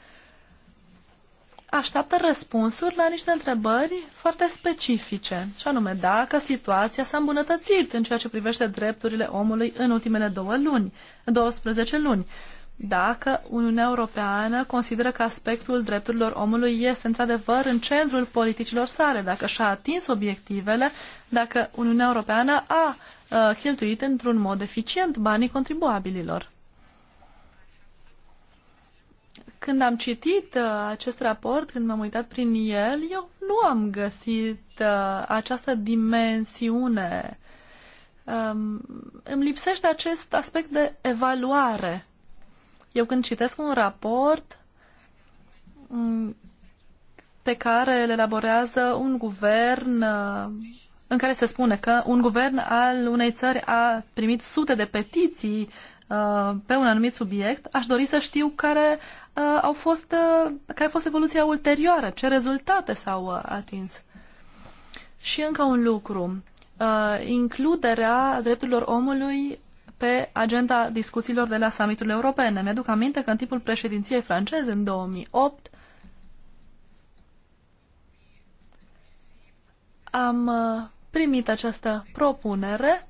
așteaptă răspunsuri la niște întrebări foarte specifice, și anume dacă situația s-a îmbunătățit în ceea ce privește drepturile omului în ultimele două luni, 12 luni. Dacă Uniunea Europeană consideră că aspectul drepturilor omului este într-adevăr în centrul politicilor sale, dacă și-a atins obiectivele, dacă Uniunea Europeană a, uh, cheltuit într-un mod eficient banii contribuabililor. Când am citit uh, acest raport, când m-am uitat prin el, eu nu am găsit uh, această dimensiune. Um, îmi lipsește acest aspect de evaluare. Eu când citesc un raport, mm, pe care îl elaborează un guvern uh, în care se spune că un guvern al unei țări a primit sute de petiții pe un anumit subiect, aș dori să știu care uh, au fost, uh, care a fost evoluția ulterioară, ce rezultate s-au uh, atins. Și încă un lucru, uh, includerea drepturilor omului pe agenda discuțiilor de la summiturile europene. Mi-aduc aminte că în timpul președinției franceze, în 2008, am uh, primit această propunere,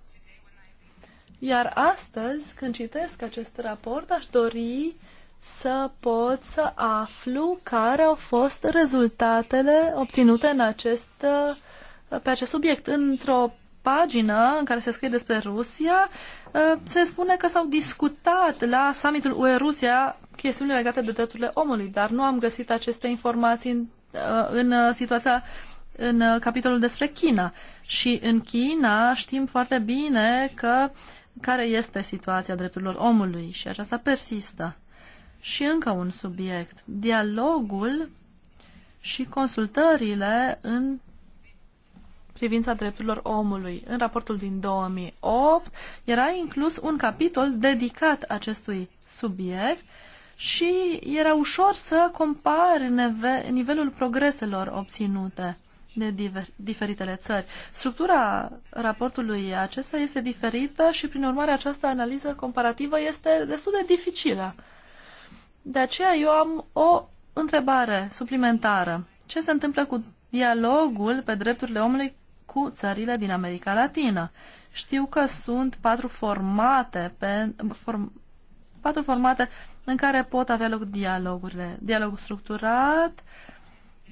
iar astăzi, când citesc acest raport, aș dori să pot să aflu care au fost rezultatele obținute în acest, pe acest subiect. Într-o pagină în care se scrie despre Rusia, se spune că s-au discutat la summitul UE-Rusia chestiuni legate de drepturile omului, dar nu am găsit aceste informații în, în situația în capitolul despre China. Și în China știm foarte bine că care este situația drepturilor omului și aceasta persistă. Și încă un subiect, dialogul și consultările în privința drepturilor omului. În raportul din 2008 era inclus un capitol dedicat acestui subiect și era ușor să compari nivelul progreselor obținute de diferitele țări. Structura raportului acesta este diferită și, prin urmare, această analiză comparativă este destul de dificilă. De aceea eu am o întrebare suplimentară. Ce se întâmplă cu dialogul pe drepturile omului cu țările din America Latină? Știu că sunt patru formate, pe, form, patru formate în care pot avea loc dialogurile. Dialogul structurat,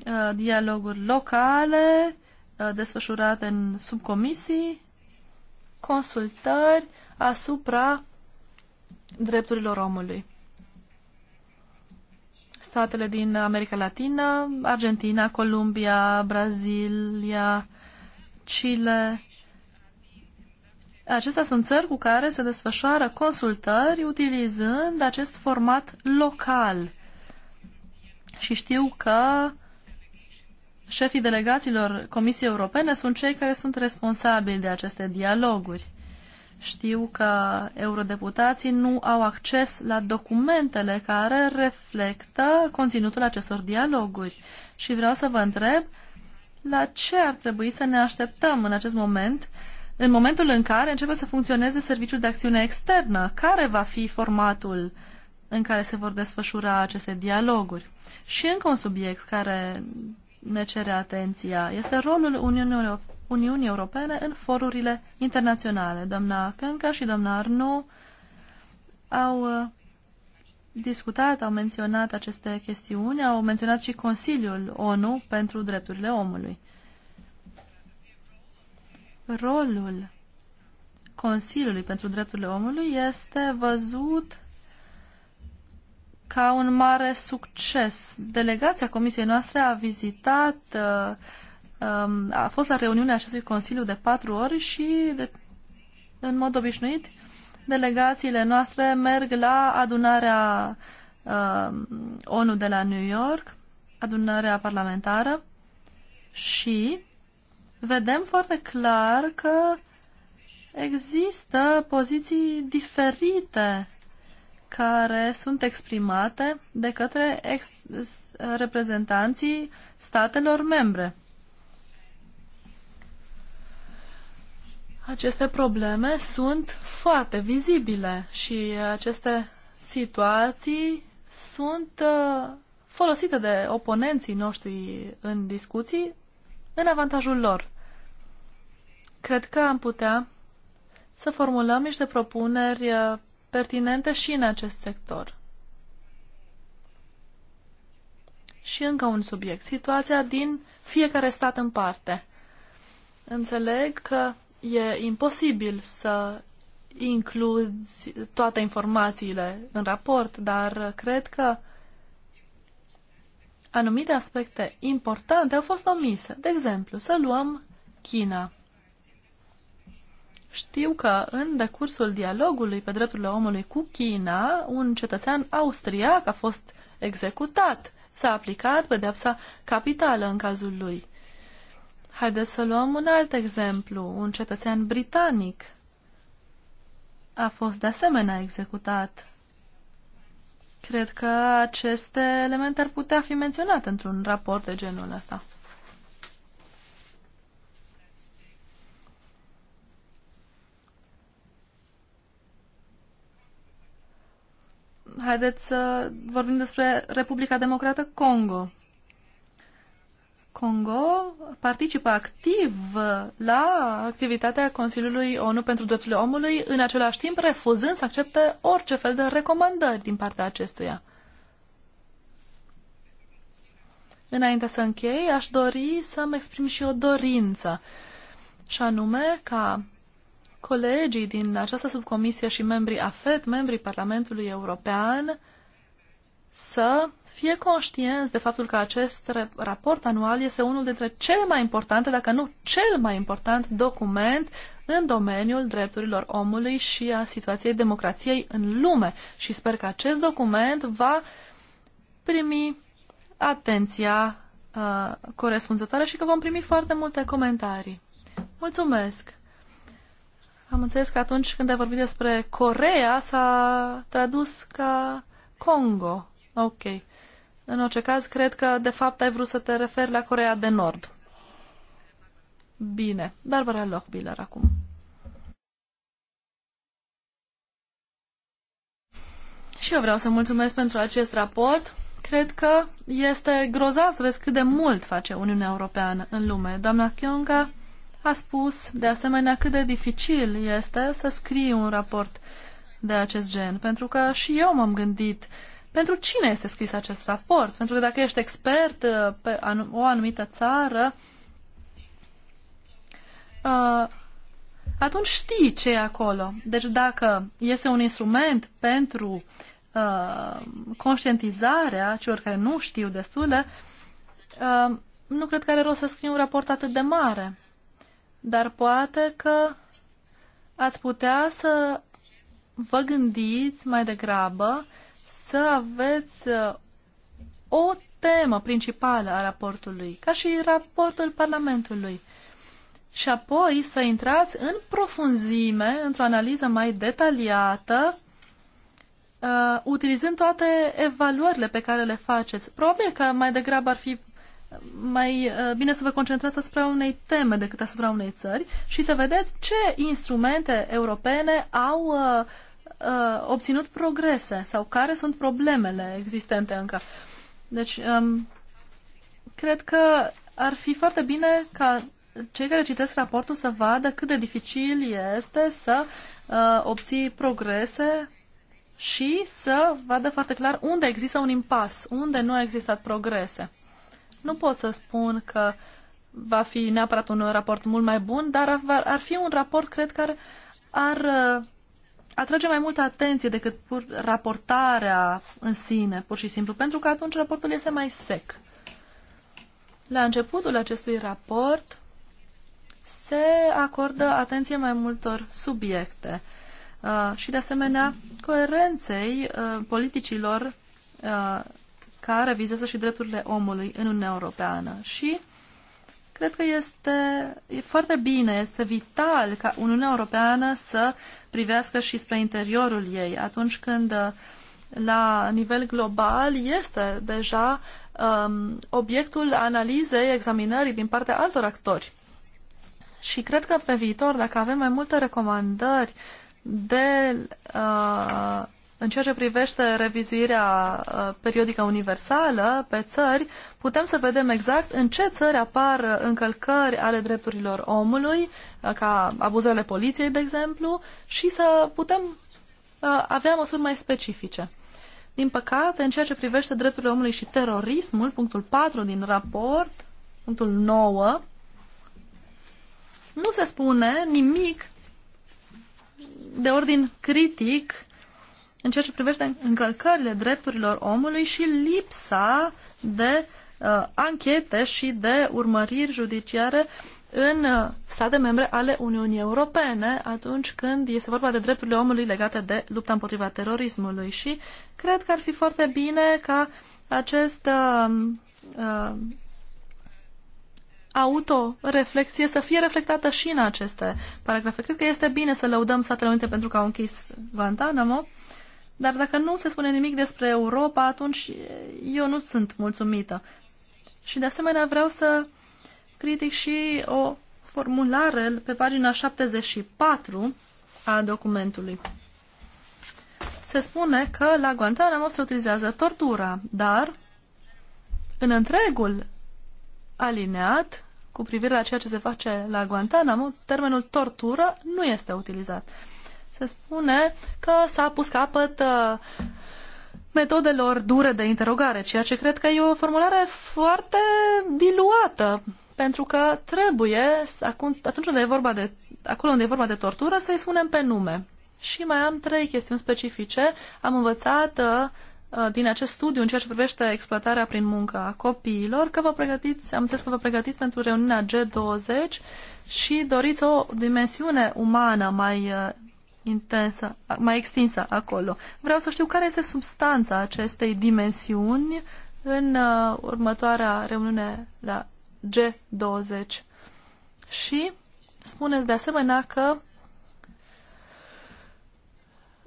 uh, dialoguri locale, uh, desfășurate în subcomisii, consultări asupra drepturilor omului statele din America Latină, Argentina, Columbia, Brazilia, Chile. Acestea sunt țări cu care se desfășoară consultări utilizând acest format local. Și știu că șefii delegațiilor Comisiei Europene sunt cei care sunt responsabili de aceste dialoguri. Știu că eurodeputații nu au acces la documentele care reflectă conținutul acestor dialoguri și vreau să vă întreb la ce ar trebui să ne așteptăm în acest moment, în momentul în care începe să funcționeze serviciul de acțiune externă, care va fi formatul în care se vor desfășura aceste dialoguri. Și încă un subiect care ne cere atenția este rolul Uniunii Uniunii Europene în forurile internaționale. Doamna Cânca și doamna Arnaud au uh, discutat, au menționat aceste chestiuni, au menționat și Consiliul ONU pentru drepturile omului. Rolul Consiliului pentru drepturile omului este văzut ca un mare succes. Delegația comisiei noastre a vizitat uh, Um, a fost la reuniunea acestui Consiliu de patru ori și, de, în mod obișnuit, delegațiile noastre merg la adunarea uh, ONU de la New York, adunarea parlamentară și vedem foarte clar că există poziții diferite care sunt exprimate de către ex- reprezentanții statelor membre. Aceste probleme sunt foarte vizibile și aceste situații sunt uh, folosite de oponenții noștri în discuții în avantajul lor. Cred că am putea să formulăm niște propuneri uh, pertinente și în acest sector. Și încă un subiect. Situația din fiecare stat în parte. Înțeleg că e imposibil să incluzi toate informațiile în raport, dar cred că anumite aspecte importante au fost omise. De exemplu, să luăm China. Știu că în decursul dialogului pe drepturile omului cu China, un cetățean austriac a fost executat. S-a aplicat pedeapsa capitală în cazul lui. Haideți să luăm un alt exemplu. Un cetățean britanic a fost de asemenea executat. Cred că aceste elemente ar putea fi menționate într-un raport de genul ăsta. Haideți să vorbim despre Republica Democrată Congo. Congo participă activ la activitatea Consiliului ONU pentru Drepturile Omului, în același timp refuzând să accepte orice fel de recomandări din partea acestuia. Înainte să închei, aș dori să-mi exprim și o dorință, și anume ca colegii din această subcomisie și membrii AFET, membrii Parlamentului European, să fie conștienți de faptul că acest raport anual este unul dintre cele mai importante, dacă nu cel mai important document în domeniul drepturilor omului și a situației democrației în lume. Și sper că acest document va primi atenția uh, corespunzătoare și că vom primi foarte multe comentarii. Mulțumesc! Am înțeles că atunci când ai vorbit despre Corea s-a tradus ca Congo. Ok. În orice caz, cred că, de fapt, ai vrut să te referi la Corea de Nord. Bine. Barbara Lochbiller acum. Și eu vreau să mulțumesc pentru acest raport. Cred că este grozav să vezi cât de mult face Uniunea Europeană în lume. Doamna Chionga a spus, de asemenea, cât de dificil este să scrii un raport de acest gen, pentru că și eu m-am gândit uh, pentru cine este scris acest raport. Pentru că dacă ești expert uh, pe o anumită țară, uh, atunci știi ce e acolo. Deci dacă este un instrument pentru uh, conștientizarea celor care nu știu destule, nu cred că are rost să scriu un raport atât de mare. Dar poate că ați putea să vă gândiți mai degrabă să aveți uh, o temă principală a raportului, ca și raportul Parlamentului. Și apoi să intrați în profunzime, într-o analiză mai detaliată, uh, utilizând toate evaluările pe care le faceți. Probabil că mai degrabă ar fi uh, mai uh, bine să vă concentrați asupra unei teme decât asupra unei țări și să vedeți ce instrumente europene au uh, uh, obținut progrese sau care sunt problemele existente încă. Deci, um, cred că ar fi foarte bine ca cei care citesc raportul să vadă cât de dificil este să uh, obții progrese și să vadă foarte clar unde există un impas, unde nu a existat progrese. Nu pot să spun că va fi neapărat un raport mult mai bun, dar ar, ar fi un raport, cred, care ar uh, atrage mai multă atenție decât pur raportarea în sine, pur și simplu, pentru că atunci raportul este mai sec. La începutul acestui raport se acordă atenție mai multor subiecte uh, și, de asemenea, coerenței uh, politicilor uh, care vizează și drepturile omului în Uniunea Europeană. Și Cred că este e foarte bine, este vital ca Uniunea Europeană să privească și spre interiorul ei atunci când uh, la nivel global este deja um, obiectul analizei, examinării din partea altor actori. Și cred că pe viitor, dacă avem mai multe recomandări de uh, în ceea ce privește revizuirea uh, periodică universală pe țări, putem să vedem exact în ce țări apar încălcări ale drepturilor omului, uh, ca abuzurile poliției, de exemplu, și să putem uh, avea măsuri mai specifice. Din păcate, în ceea ce privește drepturile omului și terorismul, punctul 4 din raport, punctul 9, nu se spune nimic de ordin critic în ceea ce privește încălcările drepturilor omului și lipsa de uh, anchete și de urmăriri judiciare în uh, state membre ale Uniunii Europene atunci când este vorba de drepturile omului legate de lupta împotriva terorismului. Și cred că ar fi foarte bine ca acest uh, uh, autoreflexie să fie reflectată și în aceste paragrafe. Cred că este bine să lăudăm Statele Unite pentru că au închis Guantanamo, dar dacă nu se spune nimic despre Europa, atunci eu nu sunt mulțumită. Și de asemenea vreau să critic și o formulare pe pagina 74 a documentului. Se spune că la Guantanamo se utilizează tortura, dar în întregul alineat cu privire la ceea ce se face la Guantanamo, termenul tortură nu este utilizat se spune că s-a pus capăt uh, metodelor dure de interogare, ceea ce cred că e o formulare foarte diluată, pentru că trebuie, atunci unde e vorba de, acolo unde e vorba de tortură, să-i spunem pe nume. Și mai am trei chestiuni specifice. Am învățat uh, uh, din acest studiu în ceea ce privește exploatarea prin muncă a copiilor, că vă pregătiți, am înțeles că vă pregătiți pentru reuniunea G20 și doriți o dimensiune umană mai intensă, mai extinsă acolo. Vreau să știu care este substanța acestei dimensiuni în uh, următoarea reuniune la G20. Și spuneți de asemenea că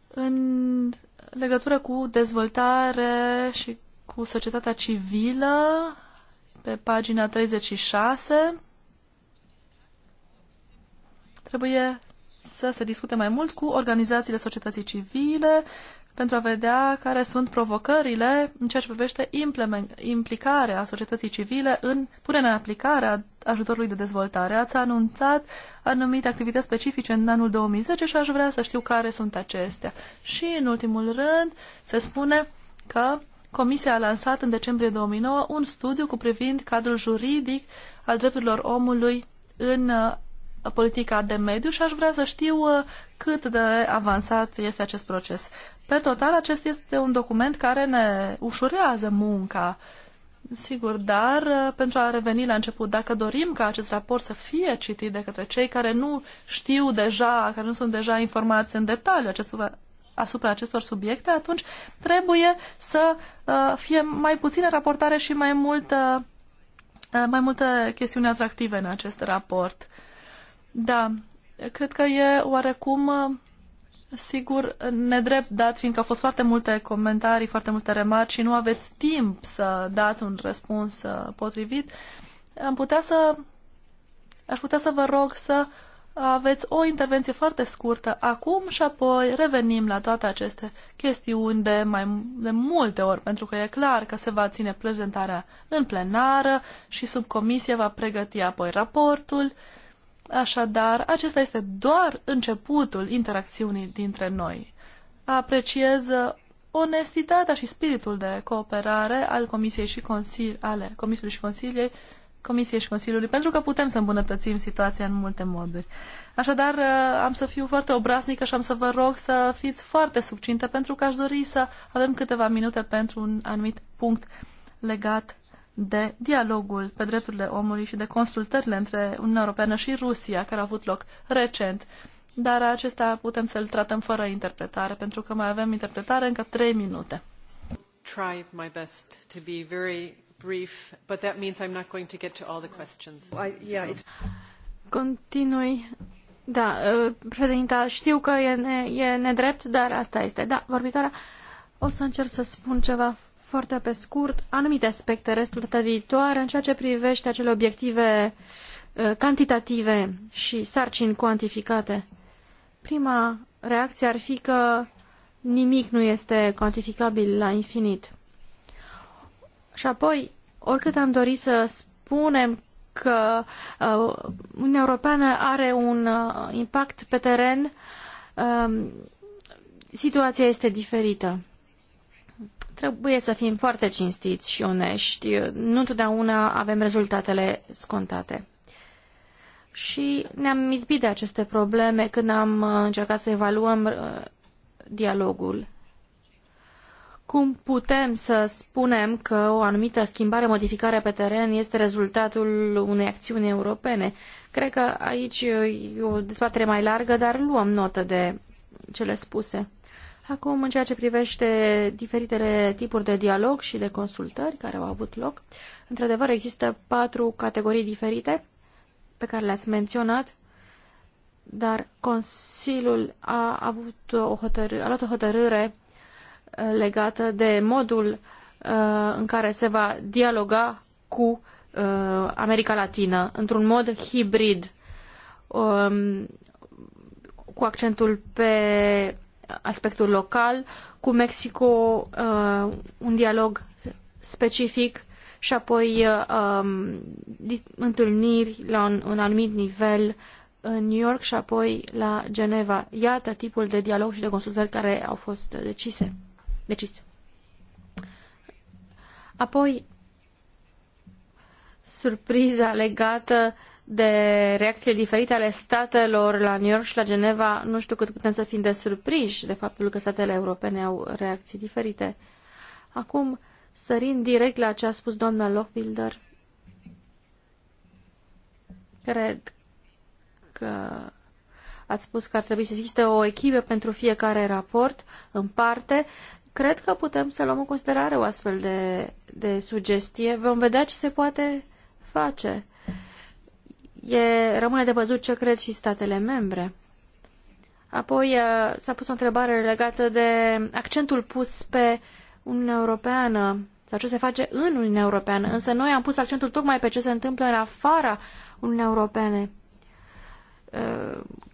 în legătură cu dezvoltare și cu societatea civilă, pe pagina 36, trebuie să se discute mai mult cu organizațiile societății civile pentru a vedea care sunt provocările în ceea ce privește implicarea societății civile în punerea în aplicare a ajutorului de dezvoltare. Ați anunțat anumite activități specifice în anul 2010 și aș vrea să știu care sunt acestea. Și, în ultimul rând, se spune că Comisia a lansat în decembrie 2009 un studiu cu privind cadrul juridic al drepturilor omului în uh, politica de mediu și aș vrea să știu uh, cât de avansat este acest proces. Pe total, acest este un document care ne ușurează munca. Sigur, dar uh, pentru a reveni la început, dacă dorim ca acest raport să fie citit de către cei care nu știu deja, care nu sunt deja informați în detaliu acestor, asupra acestor subiecte, atunci trebuie să uh, fie mai puțină raportare și mai multă uh, mai multe chestiuni atractive în acest raport. Da, cred că e oarecum uh, Sigur, nedrept dat, fiindcă au fost foarte multe comentarii, foarte multe remarci și nu aveți timp să dați un răspuns uh, potrivit, am putea să, aș putea să vă rog să aveți o intervenție foarte scurtă acum și apoi revenim la toate aceste chestiuni de mai de multe ori, pentru că e clar că se va ține prezentarea în plenară și subcomisia va pregăti apoi raportul Așadar, acesta este doar începutul interacțiunii dintre noi. Apreciez onestitatea și spiritul de cooperare al Comisiei și Consili- ale Comisiei și Consiliei Comisiei și Consiliului, pentru că putem să îmbunătățim situația în multe moduri. Așadar, uh, am să fiu foarte obraznică și am să vă rog să fiți foarte succinte, pentru că aș dori să avem câteva minute pentru un anumit punct legat de dialogul pe drepturile omului și de consultările între Uniunea Europeană și Rusia, care a avut loc recent. Dar acesta putem să-l tratăm fără interpretare, pentru că mai avem interpretare încă trei minute. Try my best to be very brief, but that means I'm not going to get to all the questions. I, yeah, it's... Continui. Da, ă, președinta, știu că e, ne, e nedrept, dar asta este. Da, vorbitoarea, o să încerc să spun ceva foarte pe scurt anumite aspecte restul data viitoare în ceea ce privește acele obiective uh, cantitative și sarcini cuantificate. Prima reacție ar fi că nimic nu este cuantificabil la infinit. Și apoi, oricât am dori să spunem că uh, Uniunea Europeană are un uh, impact pe teren, um, situația este diferită trebuie să fim foarte cinstiți și onești. Nu întotdeauna avem rezultatele scontate. Și ne-am izbit de aceste probleme când am uh, încercat să evaluăm uh, dialogul. Cum putem să spunem că o anumită schimbare, modificare pe teren este rezultatul unei acțiuni europene? Cred că aici e o dezbatere mai largă, dar luăm notă de cele spuse. Acum, în ceea ce privește diferitele tipuri de dialog și de consultări care au avut loc, într-adevăr există patru categorii diferite pe care le-ați menționat, dar Consiliul a, avut o a luat o hotărâre uh, legată de modul uh, în care se va dialoga cu uh, America Latină într-un mod hibrid, um, cu accentul pe aspectul local, cu Mexico uh, un dialog specific și apoi uh, um, întâlniri la un, un anumit nivel în New York și apoi la Geneva. Iată tipul de dialog și de consultări care au fost decise. decise. Apoi, surpriza legată de reacție diferite ale statelor la New York și la Geneva, nu știu cât putem să fim de surprinși de faptul că statele europene au reacții diferite. Acum, sărind direct la ce a spus doamna Lofbilder, cred că ați spus că ar trebui să existe o echipă pentru fiecare raport în parte. Cred că putem să luăm în considerare o astfel de, de sugestie. Vom vedea ce se poate face E, rămâne de văzut ce cred și statele membre. Apoi s-a pus o întrebare legată de accentul pus pe Uniunea Europeană sau ce se face în Uniunea Europeană, însă noi am pus accentul tocmai pe ce se întâmplă în afara Uniunii Europene.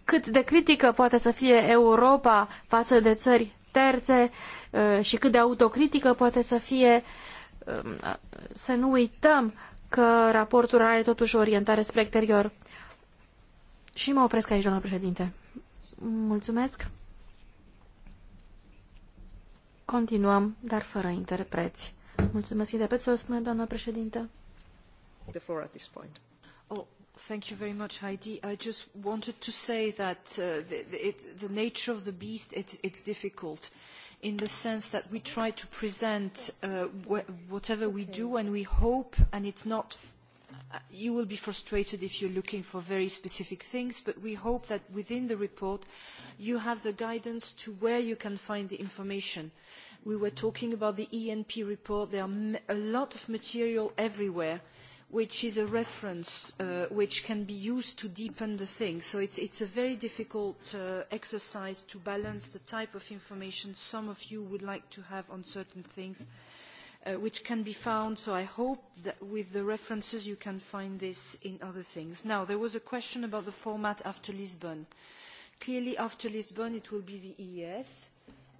Cât de critică poate să fie Europa față de țări terțe și cât de autocritică poate să fie, să nu uităm că raportul are totuși o orientare spre exterior. Și mă opresc aici, doamnă președinte. Mulțumesc. Continuăm, dar fără interpreți. Mulțumesc, interpreților, spune doamna președinte. The floor at this point. Oh, thank you very much, Heidi. I just wanted to say that uh, the, it, the nature of the beast, it's, it's difficult. Uh, in the sense that we try to present uh, wh whatever we do and we hope, and it's not uh, you will be frustrated if you're looking for very specific things, but we hope that within the report you have the guidance to where you can find the information. We were talking about the ENP report. There are a lot of material everywhere which is a reference uh, which can be used to deepen the thing. So it's, it's a very difficult uh, exercise to balance the type of information some of you would like to have on certain things, uh, which can be found. So I hope that with the references you can find this in other things. Now, there was a question about the format after Lisbon. Clearly, after Lisbon, it will be the EES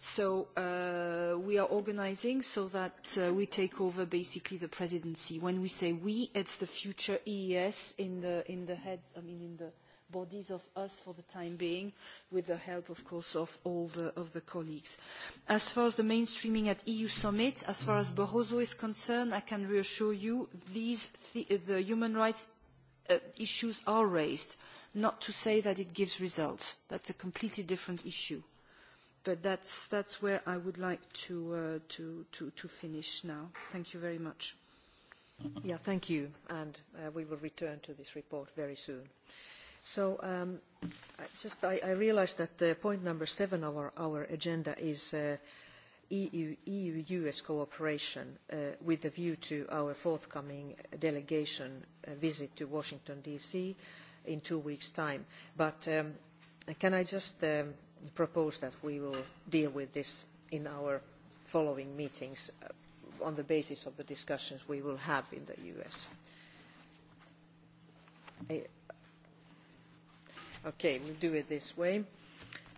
So uh, we are organizing so that uh, we take over basically the presidency. When we say we, it's the future EES in the, in the head, I mean in the bodies of us for the time being, with the help, of course, of all the, of the colleagues. As far as the mainstreaming at EU summit, as far as Barroso is concerned, I can reassure you these th uh, the human rights uh, issues are raised, not to say that it gives results. That's a completely different issue but that's, that's where I would like to, uh, to, to, to finish now. Thank you very much. Yeah, thank you, and uh, we will return to this report very soon. So um, I just I, I realised that uh, point number seven of our, our agenda is uh, EU-US EU cooperation uh, with a view to our forthcoming delegation uh, visit to Washington, D.C. in two weeks' time. But um, can I just um, propose that we will deal with this in our following meetings uh, on the basis of the discussions we will have in the US. Uh, okay, we'll do it this way.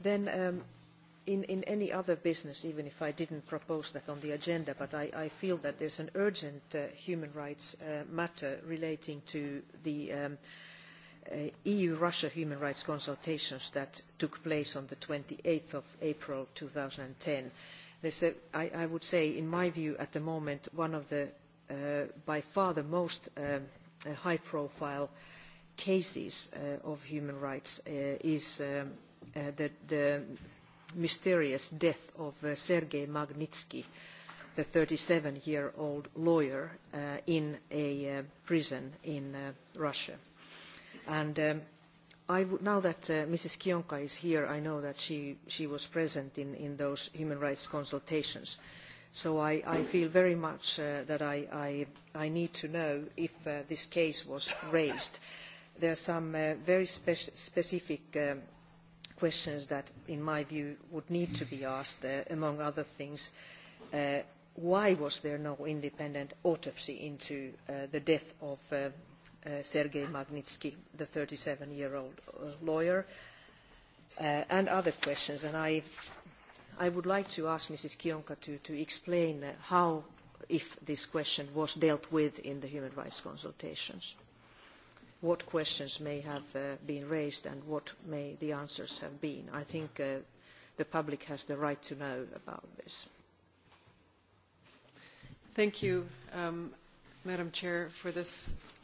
Then um, in, in any other business, even if I didn't propose that on the agenda, but I, I feel that there's an urgent uh, human rights uh, matter relating to the um, Uh, EU-Russia human rights consultations that took place on the 28th of April 2010. thousand and I, I would say, in my view, at the moment, one of the uh, by far the most um, uh, high-profile cases of human rights is um, the, the, mysterious death of Sergei Magnitsky, the 37-year-old lawyer in a prison in Russia. And um, I would, now that uh, Mrs. Kionka is here, I know that she, she was present in, in those human rights consultations. So I, I feel very much uh, that I, I, I need to know if uh, this case was raised. There are some uh, very spe specific um, questions that, in my view, would need to be asked, uh, among other things. Uh, why was there no independent autopsy into uh, the death of uh, Uh, Sergei Magnitsky, the 37-year-old uh, lawyer, uh, and other questions. And I, I would like to ask Mrs. Kionka to, to explain how, if this question was dealt with in the human rights consultations what questions may have uh, been raised and what may the answers have been. I think uh, the public has the right to know about this. Thank you, um, Madam Chair, for this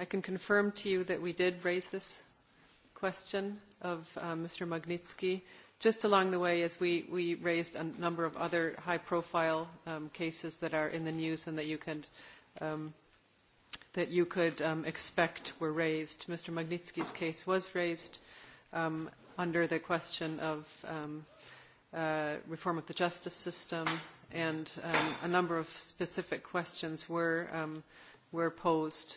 I can confirm to you that we did raise this question of uh, Mr. Magnitsky just along the way as we, we raised a number of other high-profile um, cases that are in the news and that you could, um, that you could um, expect were raised. Mr. Magnitsky's case was raised um, under the question of um, uh, reform of the justice system, and um, a number of specific questions were, um, were posed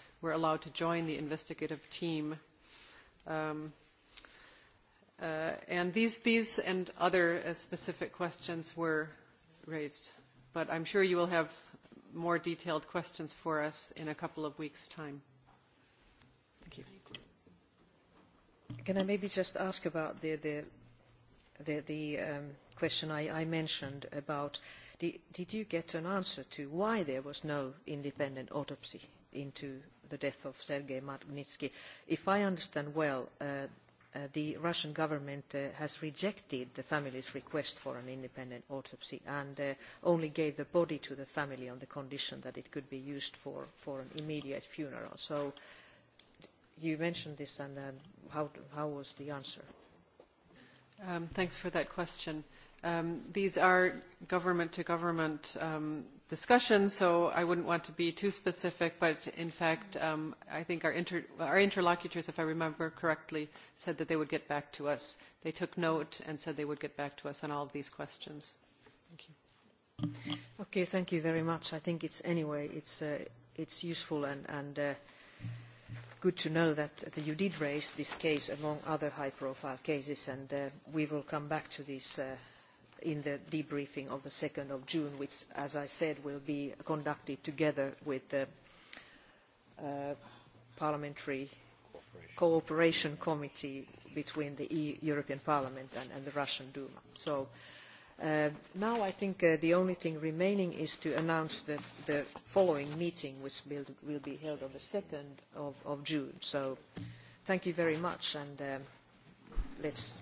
were allowed to join the investigative team. Um, uh, and these, these and other uh, specific questions were raised. But I'm sure you will have more detailed questions for us in a couple of weeks' time. Thank you. Can I maybe just ask about the, the, the, the um, question I, I mentioned about did, did you get an answer to why there was no independent autopsy into the death of Sergei Magnitsky. If I understand well, uh, uh, the Russian government uh, has rejected the family's request for an independent autopsy and uh, only gave the body to the family on the condition that it could be used for, for an immediate funeral. So you mentioned this and um, how, how, was the answer? Um, thanks for that question. Um, these are government-to-government -government, um, discussion, so I wouldn't want to be too specific, but in fact, um, I think our, inter our interlocutors, if I remember correctly, said that they would get back to us. They took note and said they would get back to us on all of these questions. Thank you. Okay, thank you very much. I think it's anyway, it's, uh, it's useful and, and uh, good to know that, that you did raise this case among other high-profile cases, and uh, we will come back to these uh, in the debriefing of the 2nd of June, which, as I said, will be conducted together with the uh, Parliamentary Cooperation. Cooperation. Committee between the e European Parliament and, and, the Russian Duma. So uh, now I think uh, the only thing remaining is to announce the, the following meeting, which will, will, be held on the 2nd of, of June. So thank you very much, and um, let's